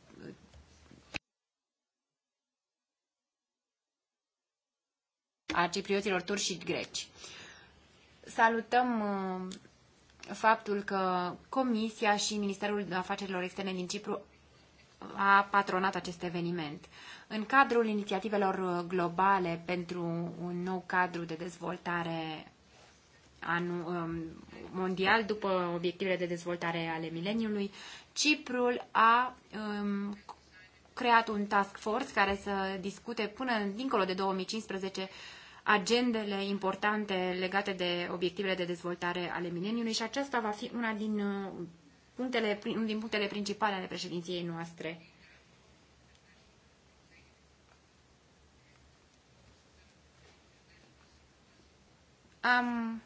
Speaker 4: a ciprioților turci și greci. Salutăm uh, faptul că Comisia și Ministerul Afacerilor Externe din Cipru a patronat acest eveniment. În cadrul inițiativelor uh, globale pentru un nou cadru de dezvoltare anul, um, mondial după obiectivele de dezvoltare ale mileniului, Ciprul a um, creat un task force care să discute până dincolo de 2015 agendele importante legate de obiectivele de dezvoltare ale mileniului și aceasta va fi una din uh, punctele, unul din punctele principale ale președinției noastre. Am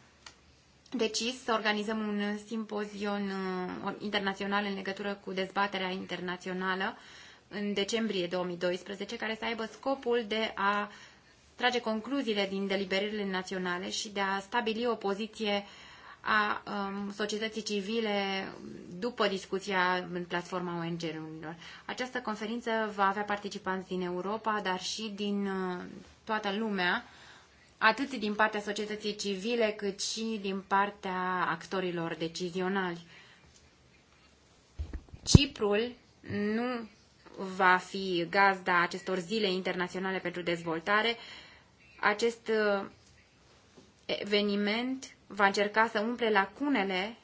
Speaker 4: decis să organizăm un simpozion uh, internațional în legătură cu dezbaterea internațională în decembrie 2012, care să aibă scopul de a trage concluziile din deliberările naționale și de a stabili o poziție a um, societății civile după discuția în platforma ONG-urilor. Această conferință va avea participanți din Europa, dar și din uh, toată lumea atât din partea societății civile, cât și din partea actorilor decizionali. Ciprul nu va fi gazda acestor zile internaționale pentru dezvoltare. Acest uh, eveniment va încerca să umple lacunele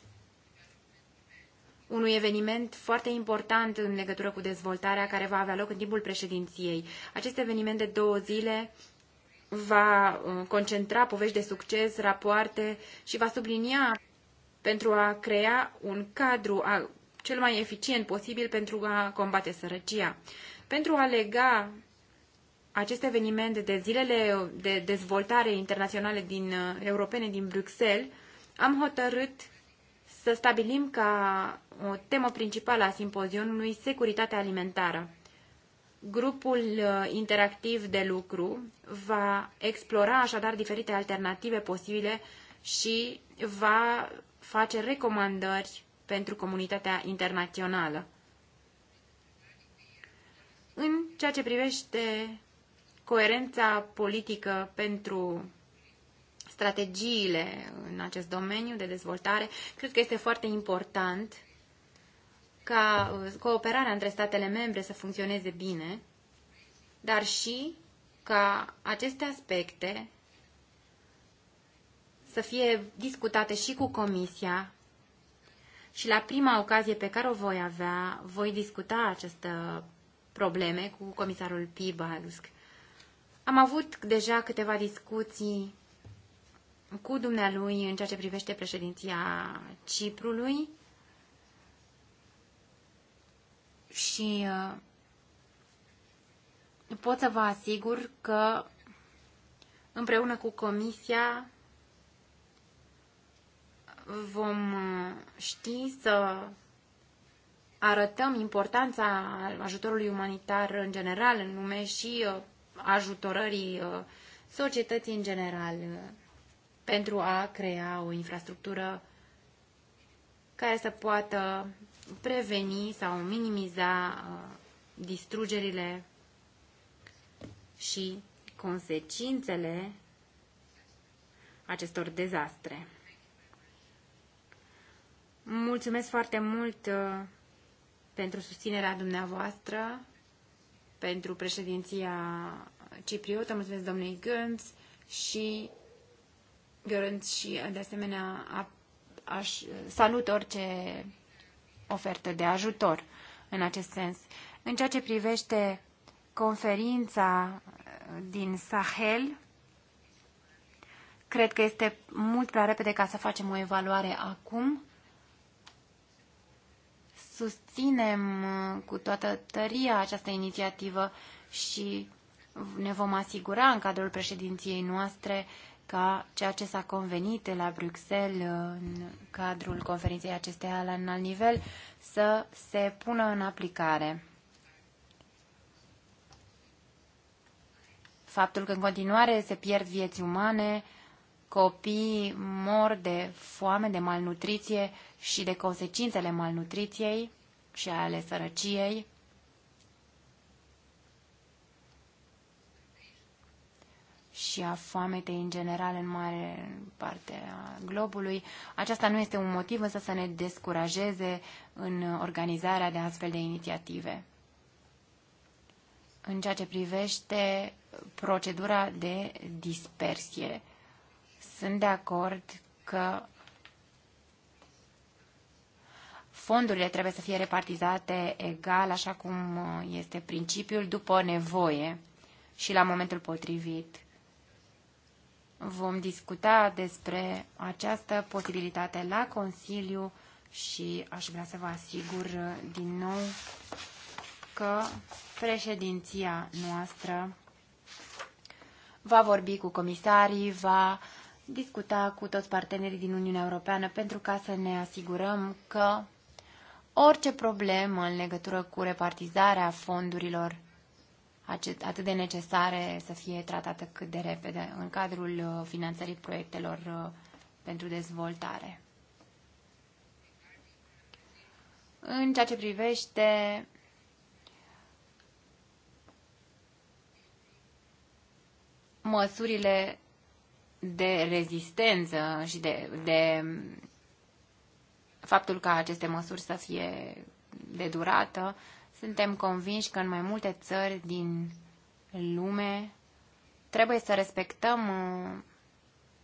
Speaker 4: unui eveniment foarte important în legătură cu dezvoltarea care va avea loc în timpul președinției. Acest eveniment de două zile va uh, concentra povești de succes, rapoarte și va sublinia pentru a crea un cadru a, cel mai eficient posibil pentru a combate sărăcia. Pentru a lega acest eveniment de zilele de dezvoltare internaționale din, uh, europene din Bruxelles, am hotărât să stabilim ca uh, o temă principală a simpozionului securitatea alimentară. Grupul uh, interactiv de lucru va explora așadar diferite alternative posibile și va face recomandări pentru comunitatea internațională. În ceea ce privește coerența politică pentru strategiile în acest domeniu de dezvoltare, cred că este foarte important ca uh, cooperarea între statele membre să funcționeze bine, dar și ca aceste aspecte să fie discutate și cu Comisia și la prima ocazie pe care o voi avea, voi discuta aceste probleme cu comisarul Pibalsk. Am avut deja câteva discuții cu dumnealui în ceea ce privește președinția Ciprului și uh, pot să vă asigur că împreună cu Comisia vom uh, ști să arătăm importanța ajutorului umanitar în general în lume și uh, ajutorării societății în general pentru a crea o infrastructură care să poată preveni sau minimiza uh, distrugerile și consecințele acestor dezastre. Mulțumesc foarte mult uh, pentru susținerea dumneavoastră, pentru președinția cipriotă, mulțumesc domnului Gânț și Gărânț și de asemenea a, aș salut orice ofertă de ajutor în acest sens. În ceea ce privește conferința uh, din Sahel, cred că este mult prea repede ca să facem o evaluare acum. Susținem uh, cu toată tăria această inițiativă și ne vom asigura în cadrul președinției noastre ca ceea ce s-a convenit la Bruxelles în cadrul conferinței acesteia la înalt nivel să se pună în aplicare. Faptul că în continuare se pierd vieți umane, copii mor de foame, de malnutriție și de consecințele malnutriției și ale sărăciei, și a foametei în general în mare parte a globului. Aceasta nu este un motiv însă să ne descurajeze în organizarea de astfel de inițiative. În ceea ce privește procedura de dispersie, sunt de acord că fondurile trebuie să fie repartizate egal, așa cum este principiul, după nevoie și la momentul potrivit vom discuta despre această posibilitate la Consiliu și aș vrea să vă asigur din nou că președinția noastră va vorbi cu comisarii, va discuta cu toți partenerii din Uniunea Europeană pentru ca să ne asigurăm că orice problemă în legătură cu repartizarea fondurilor atât de necesare să fie tratată cât de repede în cadrul uh, finanțării proiectelor uh, pentru dezvoltare. În ceea ce privește măsurile de rezistență și de, de faptul ca aceste măsuri să fie de durată, suntem convinși că în mai multe țări din lume trebuie să respectăm uh,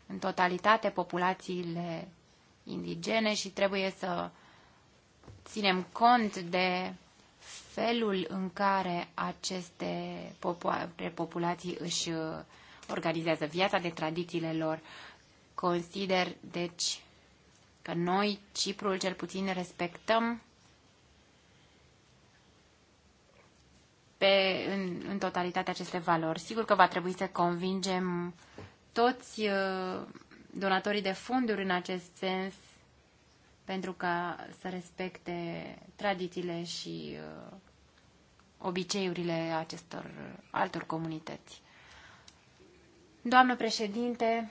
Speaker 4: în totalitate populațiile indigene și trebuie să ținem cont de felul în care aceste populații își uh, organizează viața de tradițiile lor. Consider, deci, că noi, Ciprul, cel puțin respectăm pe, în, în totalitate aceste valori. Sigur că va trebui să convingem toți uh, donatorii de fonduri în acest sens pentru ca să respecte tradițiile și uh, obiceiurile acestor altor comunități. Doamnă președinte,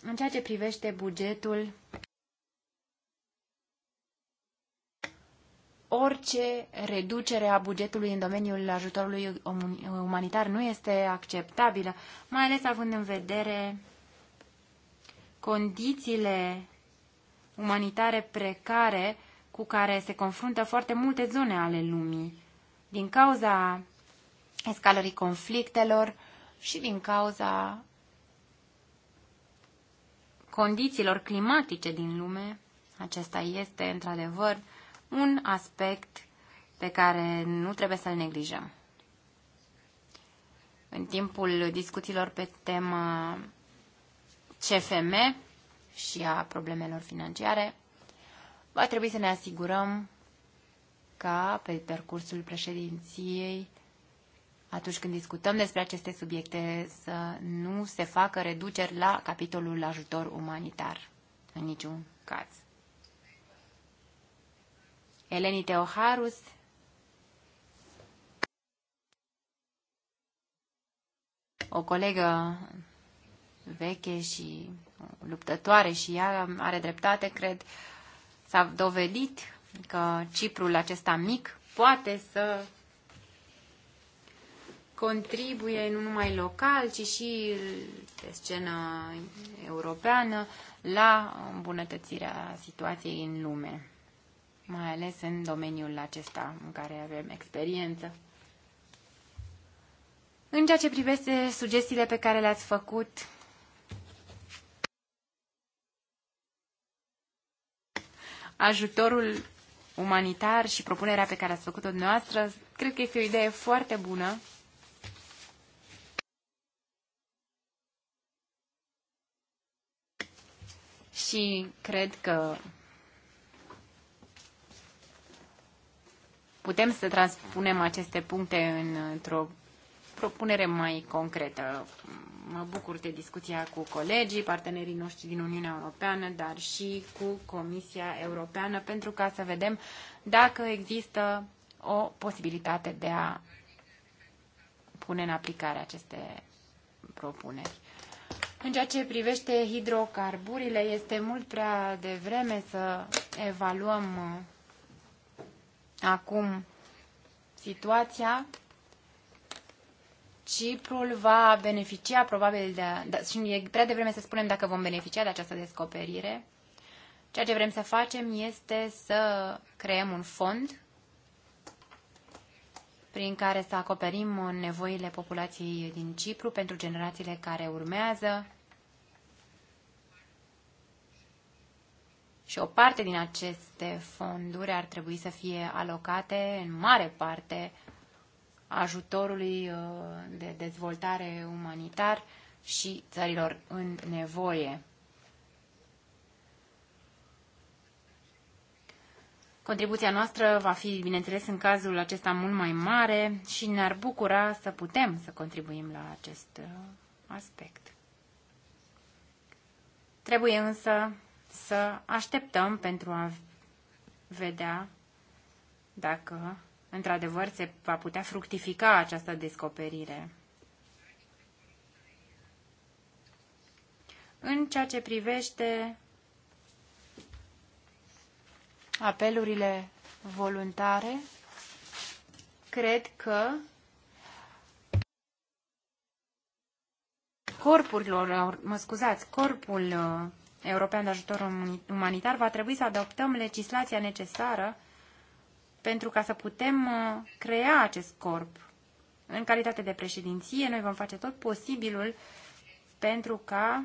Speaker 4: în ceea ce privește bugetul, orice reducere a bugetului în domeniul ajutorului umanitar nu este acceptabilă, mai ales având în vedere condițiile umanitare precare cu care se confruntă foarte multe zone ale lumii, din cauza escalării conflictelor și din cauza condițiilor climatice din lume. Acesta este, într-adevăr, un aspect pe care nu trebuie să-l neglijăm. În timpul discuțiilor pe tema CFM și a problemelor financiare, va trebui să ne asigurăm ca pe percursul președinției, atunci când discutăm despre aceste subiecte, să nu se facă reduceri la capitolul ajutor umanitar în niciun caz. Eleni Teoharus, o colegă veche și luptătoare și ea are dreptate, cred, s-a dovedit că Ciprul acesta mic poate să contribuie nu numai local, ci și pe scenă europeană la îmbunătățirea situației în lume mai ales în domeniul acesta în care avem experiență. În ceea ce privește sugestiile pe care le-ați făcut, ajutorul umanitar și propunerea pe care ați făcut-o dumneavoastră, cred că este o idee foarte bună. Și cred că putem să transpunem aceste puncte într-o propunere mai concretă. Mă bucur de discuția cu colegii, partenerii noștri din Uniunea Europeană, dar și cu Comisia Europeană, pentru ca să vedem dacă există o posibilitate de a pune în aplicare aceste propuneri. În ceea ce privește hidrocarburile, este mult prea devreme să evaluăm acum situația. Ciprul va beneficia probabil de... Da, și e prea devreme să spunem dacă vom beneficia de această descoperire. Ceea ce vrem să facem este să creăm un fond prin care să acoperim nevoile populației din Cipru pentru generațiile care urmează și o parte din aceste fonduri ar trebui să fie alocate în mare parte ajutorului uh, de dezvoltare umanitar și țărilor în nevoie. Contribuția noastră va fi, bineînțeles, în cazul acesta mult mai mare și ne-ar bucura să putem să contribuim la acest uh, aspect. Trebuie însă să așteptăm pentru a vedea dacă într-adevăr se va putea fructifica această descoperire. În ceea ce privește apelurile voluntare, cred că corpurilor, mă scuzați, corpul uh, European de Ajutor Umanitar, va trebui să adoptăm legislația necesară pentru ca să putem uh, crea acest corp. În calitate de președinție, noi vom face tot posibilul pentru ca,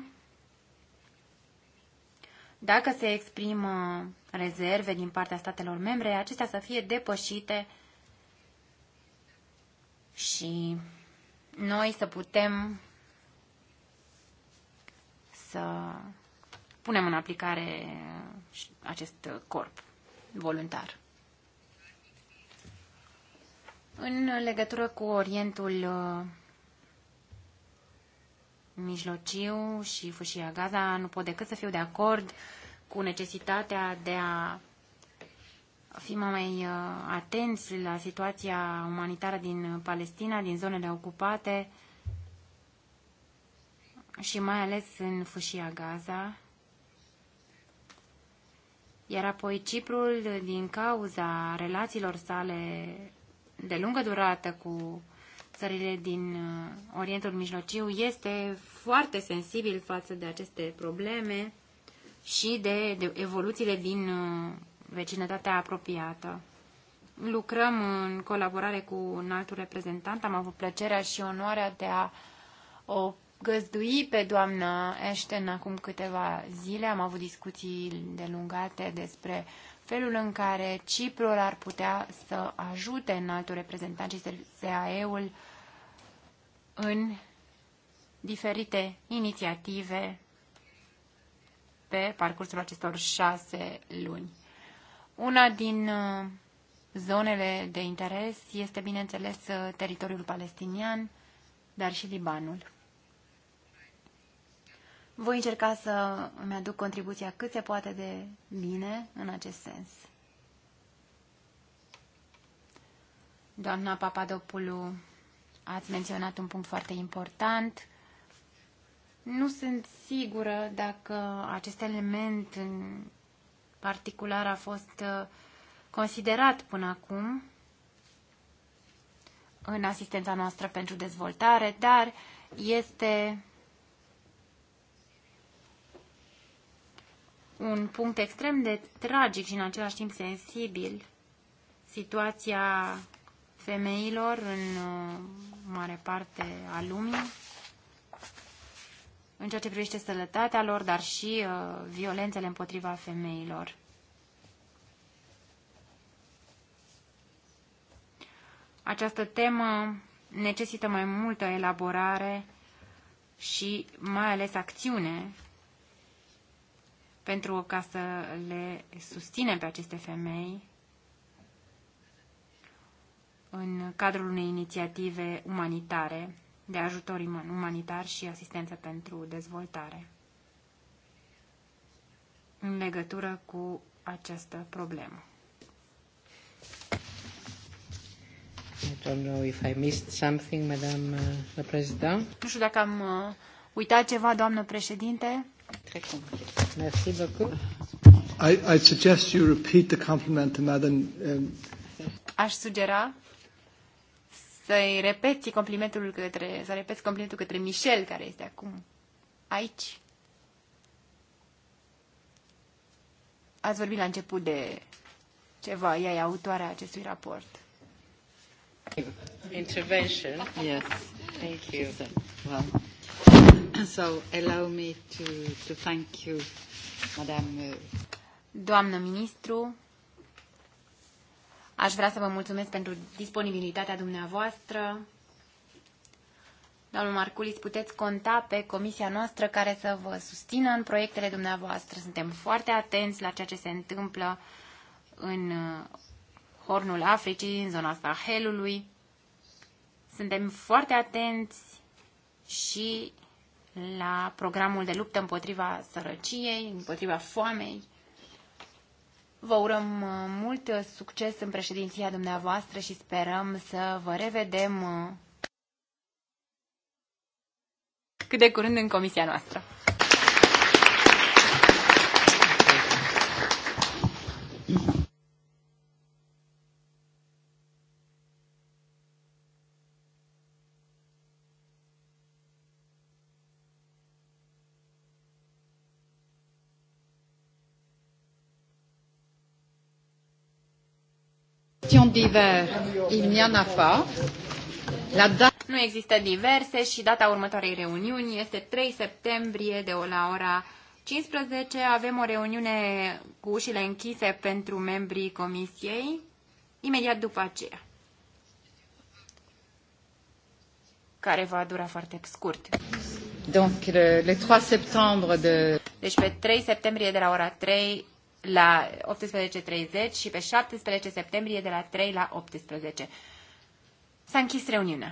Speaker 4: dacă se exprimă rezerve din partea statelor membre, acestea să fie depășite și noi să putem să punem în aplicare acest corp voluntar. În legătură cu Orientul uh, Mijlociu și Fâșia Gaza, nu pot decât să fiu de acord cu necesitatea de a fi mai uh, atenți la situația umanitară din Palestina, din zonele ocupate și mai ales în Fâșia Gaza iar apoi Ciprul, din cauza relațiilor sale de lungă durată cu țările din uh, Orientul Mijlociu, este foarte sensibil față de aceste probleme și de, de evoluțiile din uh, vecinătatea apropiată. Lucrăm în colaborare cu un alt reprezentant. Am avut plăcerea și onoarea de a o găzdui pe doamna Ashton acum câteva zile. Am avut discuții delungate despre felul în care Ciprul ar putea să ajute în altul reprezentant și SAE-ul în diferite inițiative pe parcursul acestor șase luni. Una din uh, zonele de interes este, bineînțeles, uh, teritoriul palestinian, dar și Libanul. Voi încerca să îmi aduc contribuția cât se poate de bine în acest sens. Doamna Papadopoulou, ați menționat un punct foarte important. Nu sunt sigură dacă acest element în particular a fost uh, considerat până acum în asistența noastră pentru dezvoltare, dar este un punct extrem de tragic și în același timp sensibil, situația femeilor în uh, mare parte a lumii, în ceea ce privește sănătatea lor, dar și uh, violențele împotriva femeilor. Această temă necesită mai multă elaborare și mai ales acțiune pentru ca să le susținem pe aceste femei în cadrul unei inițiative umanitare de ajutor umanitar și asistență pentru dezvoltare în legătură cu această problemă.
Speaker 2: I don't know if I missed something, Madame uh, la
Speaker 4: Nu știu dacă am uh, uitat ceva, doamnă președinte très compliqué. Merci beaucoup.
Speaker 2: I, I suggest you repeat the compliment to Um...
Speaker 4: Aș sugera să-i repeți complimentul către, să repeți complimentul către Michel, care este acum aici. Ați vorbit la început de ceva, ea e autoarea acestui
Speaker 1: raport. Intervention. Yes. Thank you. Well. So allow me to, to thank you, Madame. Uh, Doamnă ministru,
Speaker 4: aș vrea să vă mulțumesc pentru disponibilitatea dumneavoastră. Domnul Marculis, puteți conta pe comisia noastră care să vă susțină în proiectele dumneavoastră. Suntem foarte atenți la ceea ce se întâmplă în uh, Hornul Africii, în zona Sahelului. Suntem foarte atenți și la programul de luptă împotriva sărăciei, împotriva foamei. Vă urăm uh, mult succes în președinția dumneavoastră și sperăm să vă revedem uh, cât de curând în comisia noastră.
Speaker 1: il n'y en a pas. La
Speaker 4: date... Nu există diverse și data următoarei reuniuni este 3 septembrie de la ora 15. Avem o reuniune cu ușile închise pentru membrii comisiei imediat după aceea, care va dura
Speaker 1: foarte scurt. Donc, le, le 3 septembre de...
Speaker 4: Deci pe 3 septembrie de la ora 3 la 18.30 și pe 17 septembrie de la 3 la 18. S-a închis reuniunea.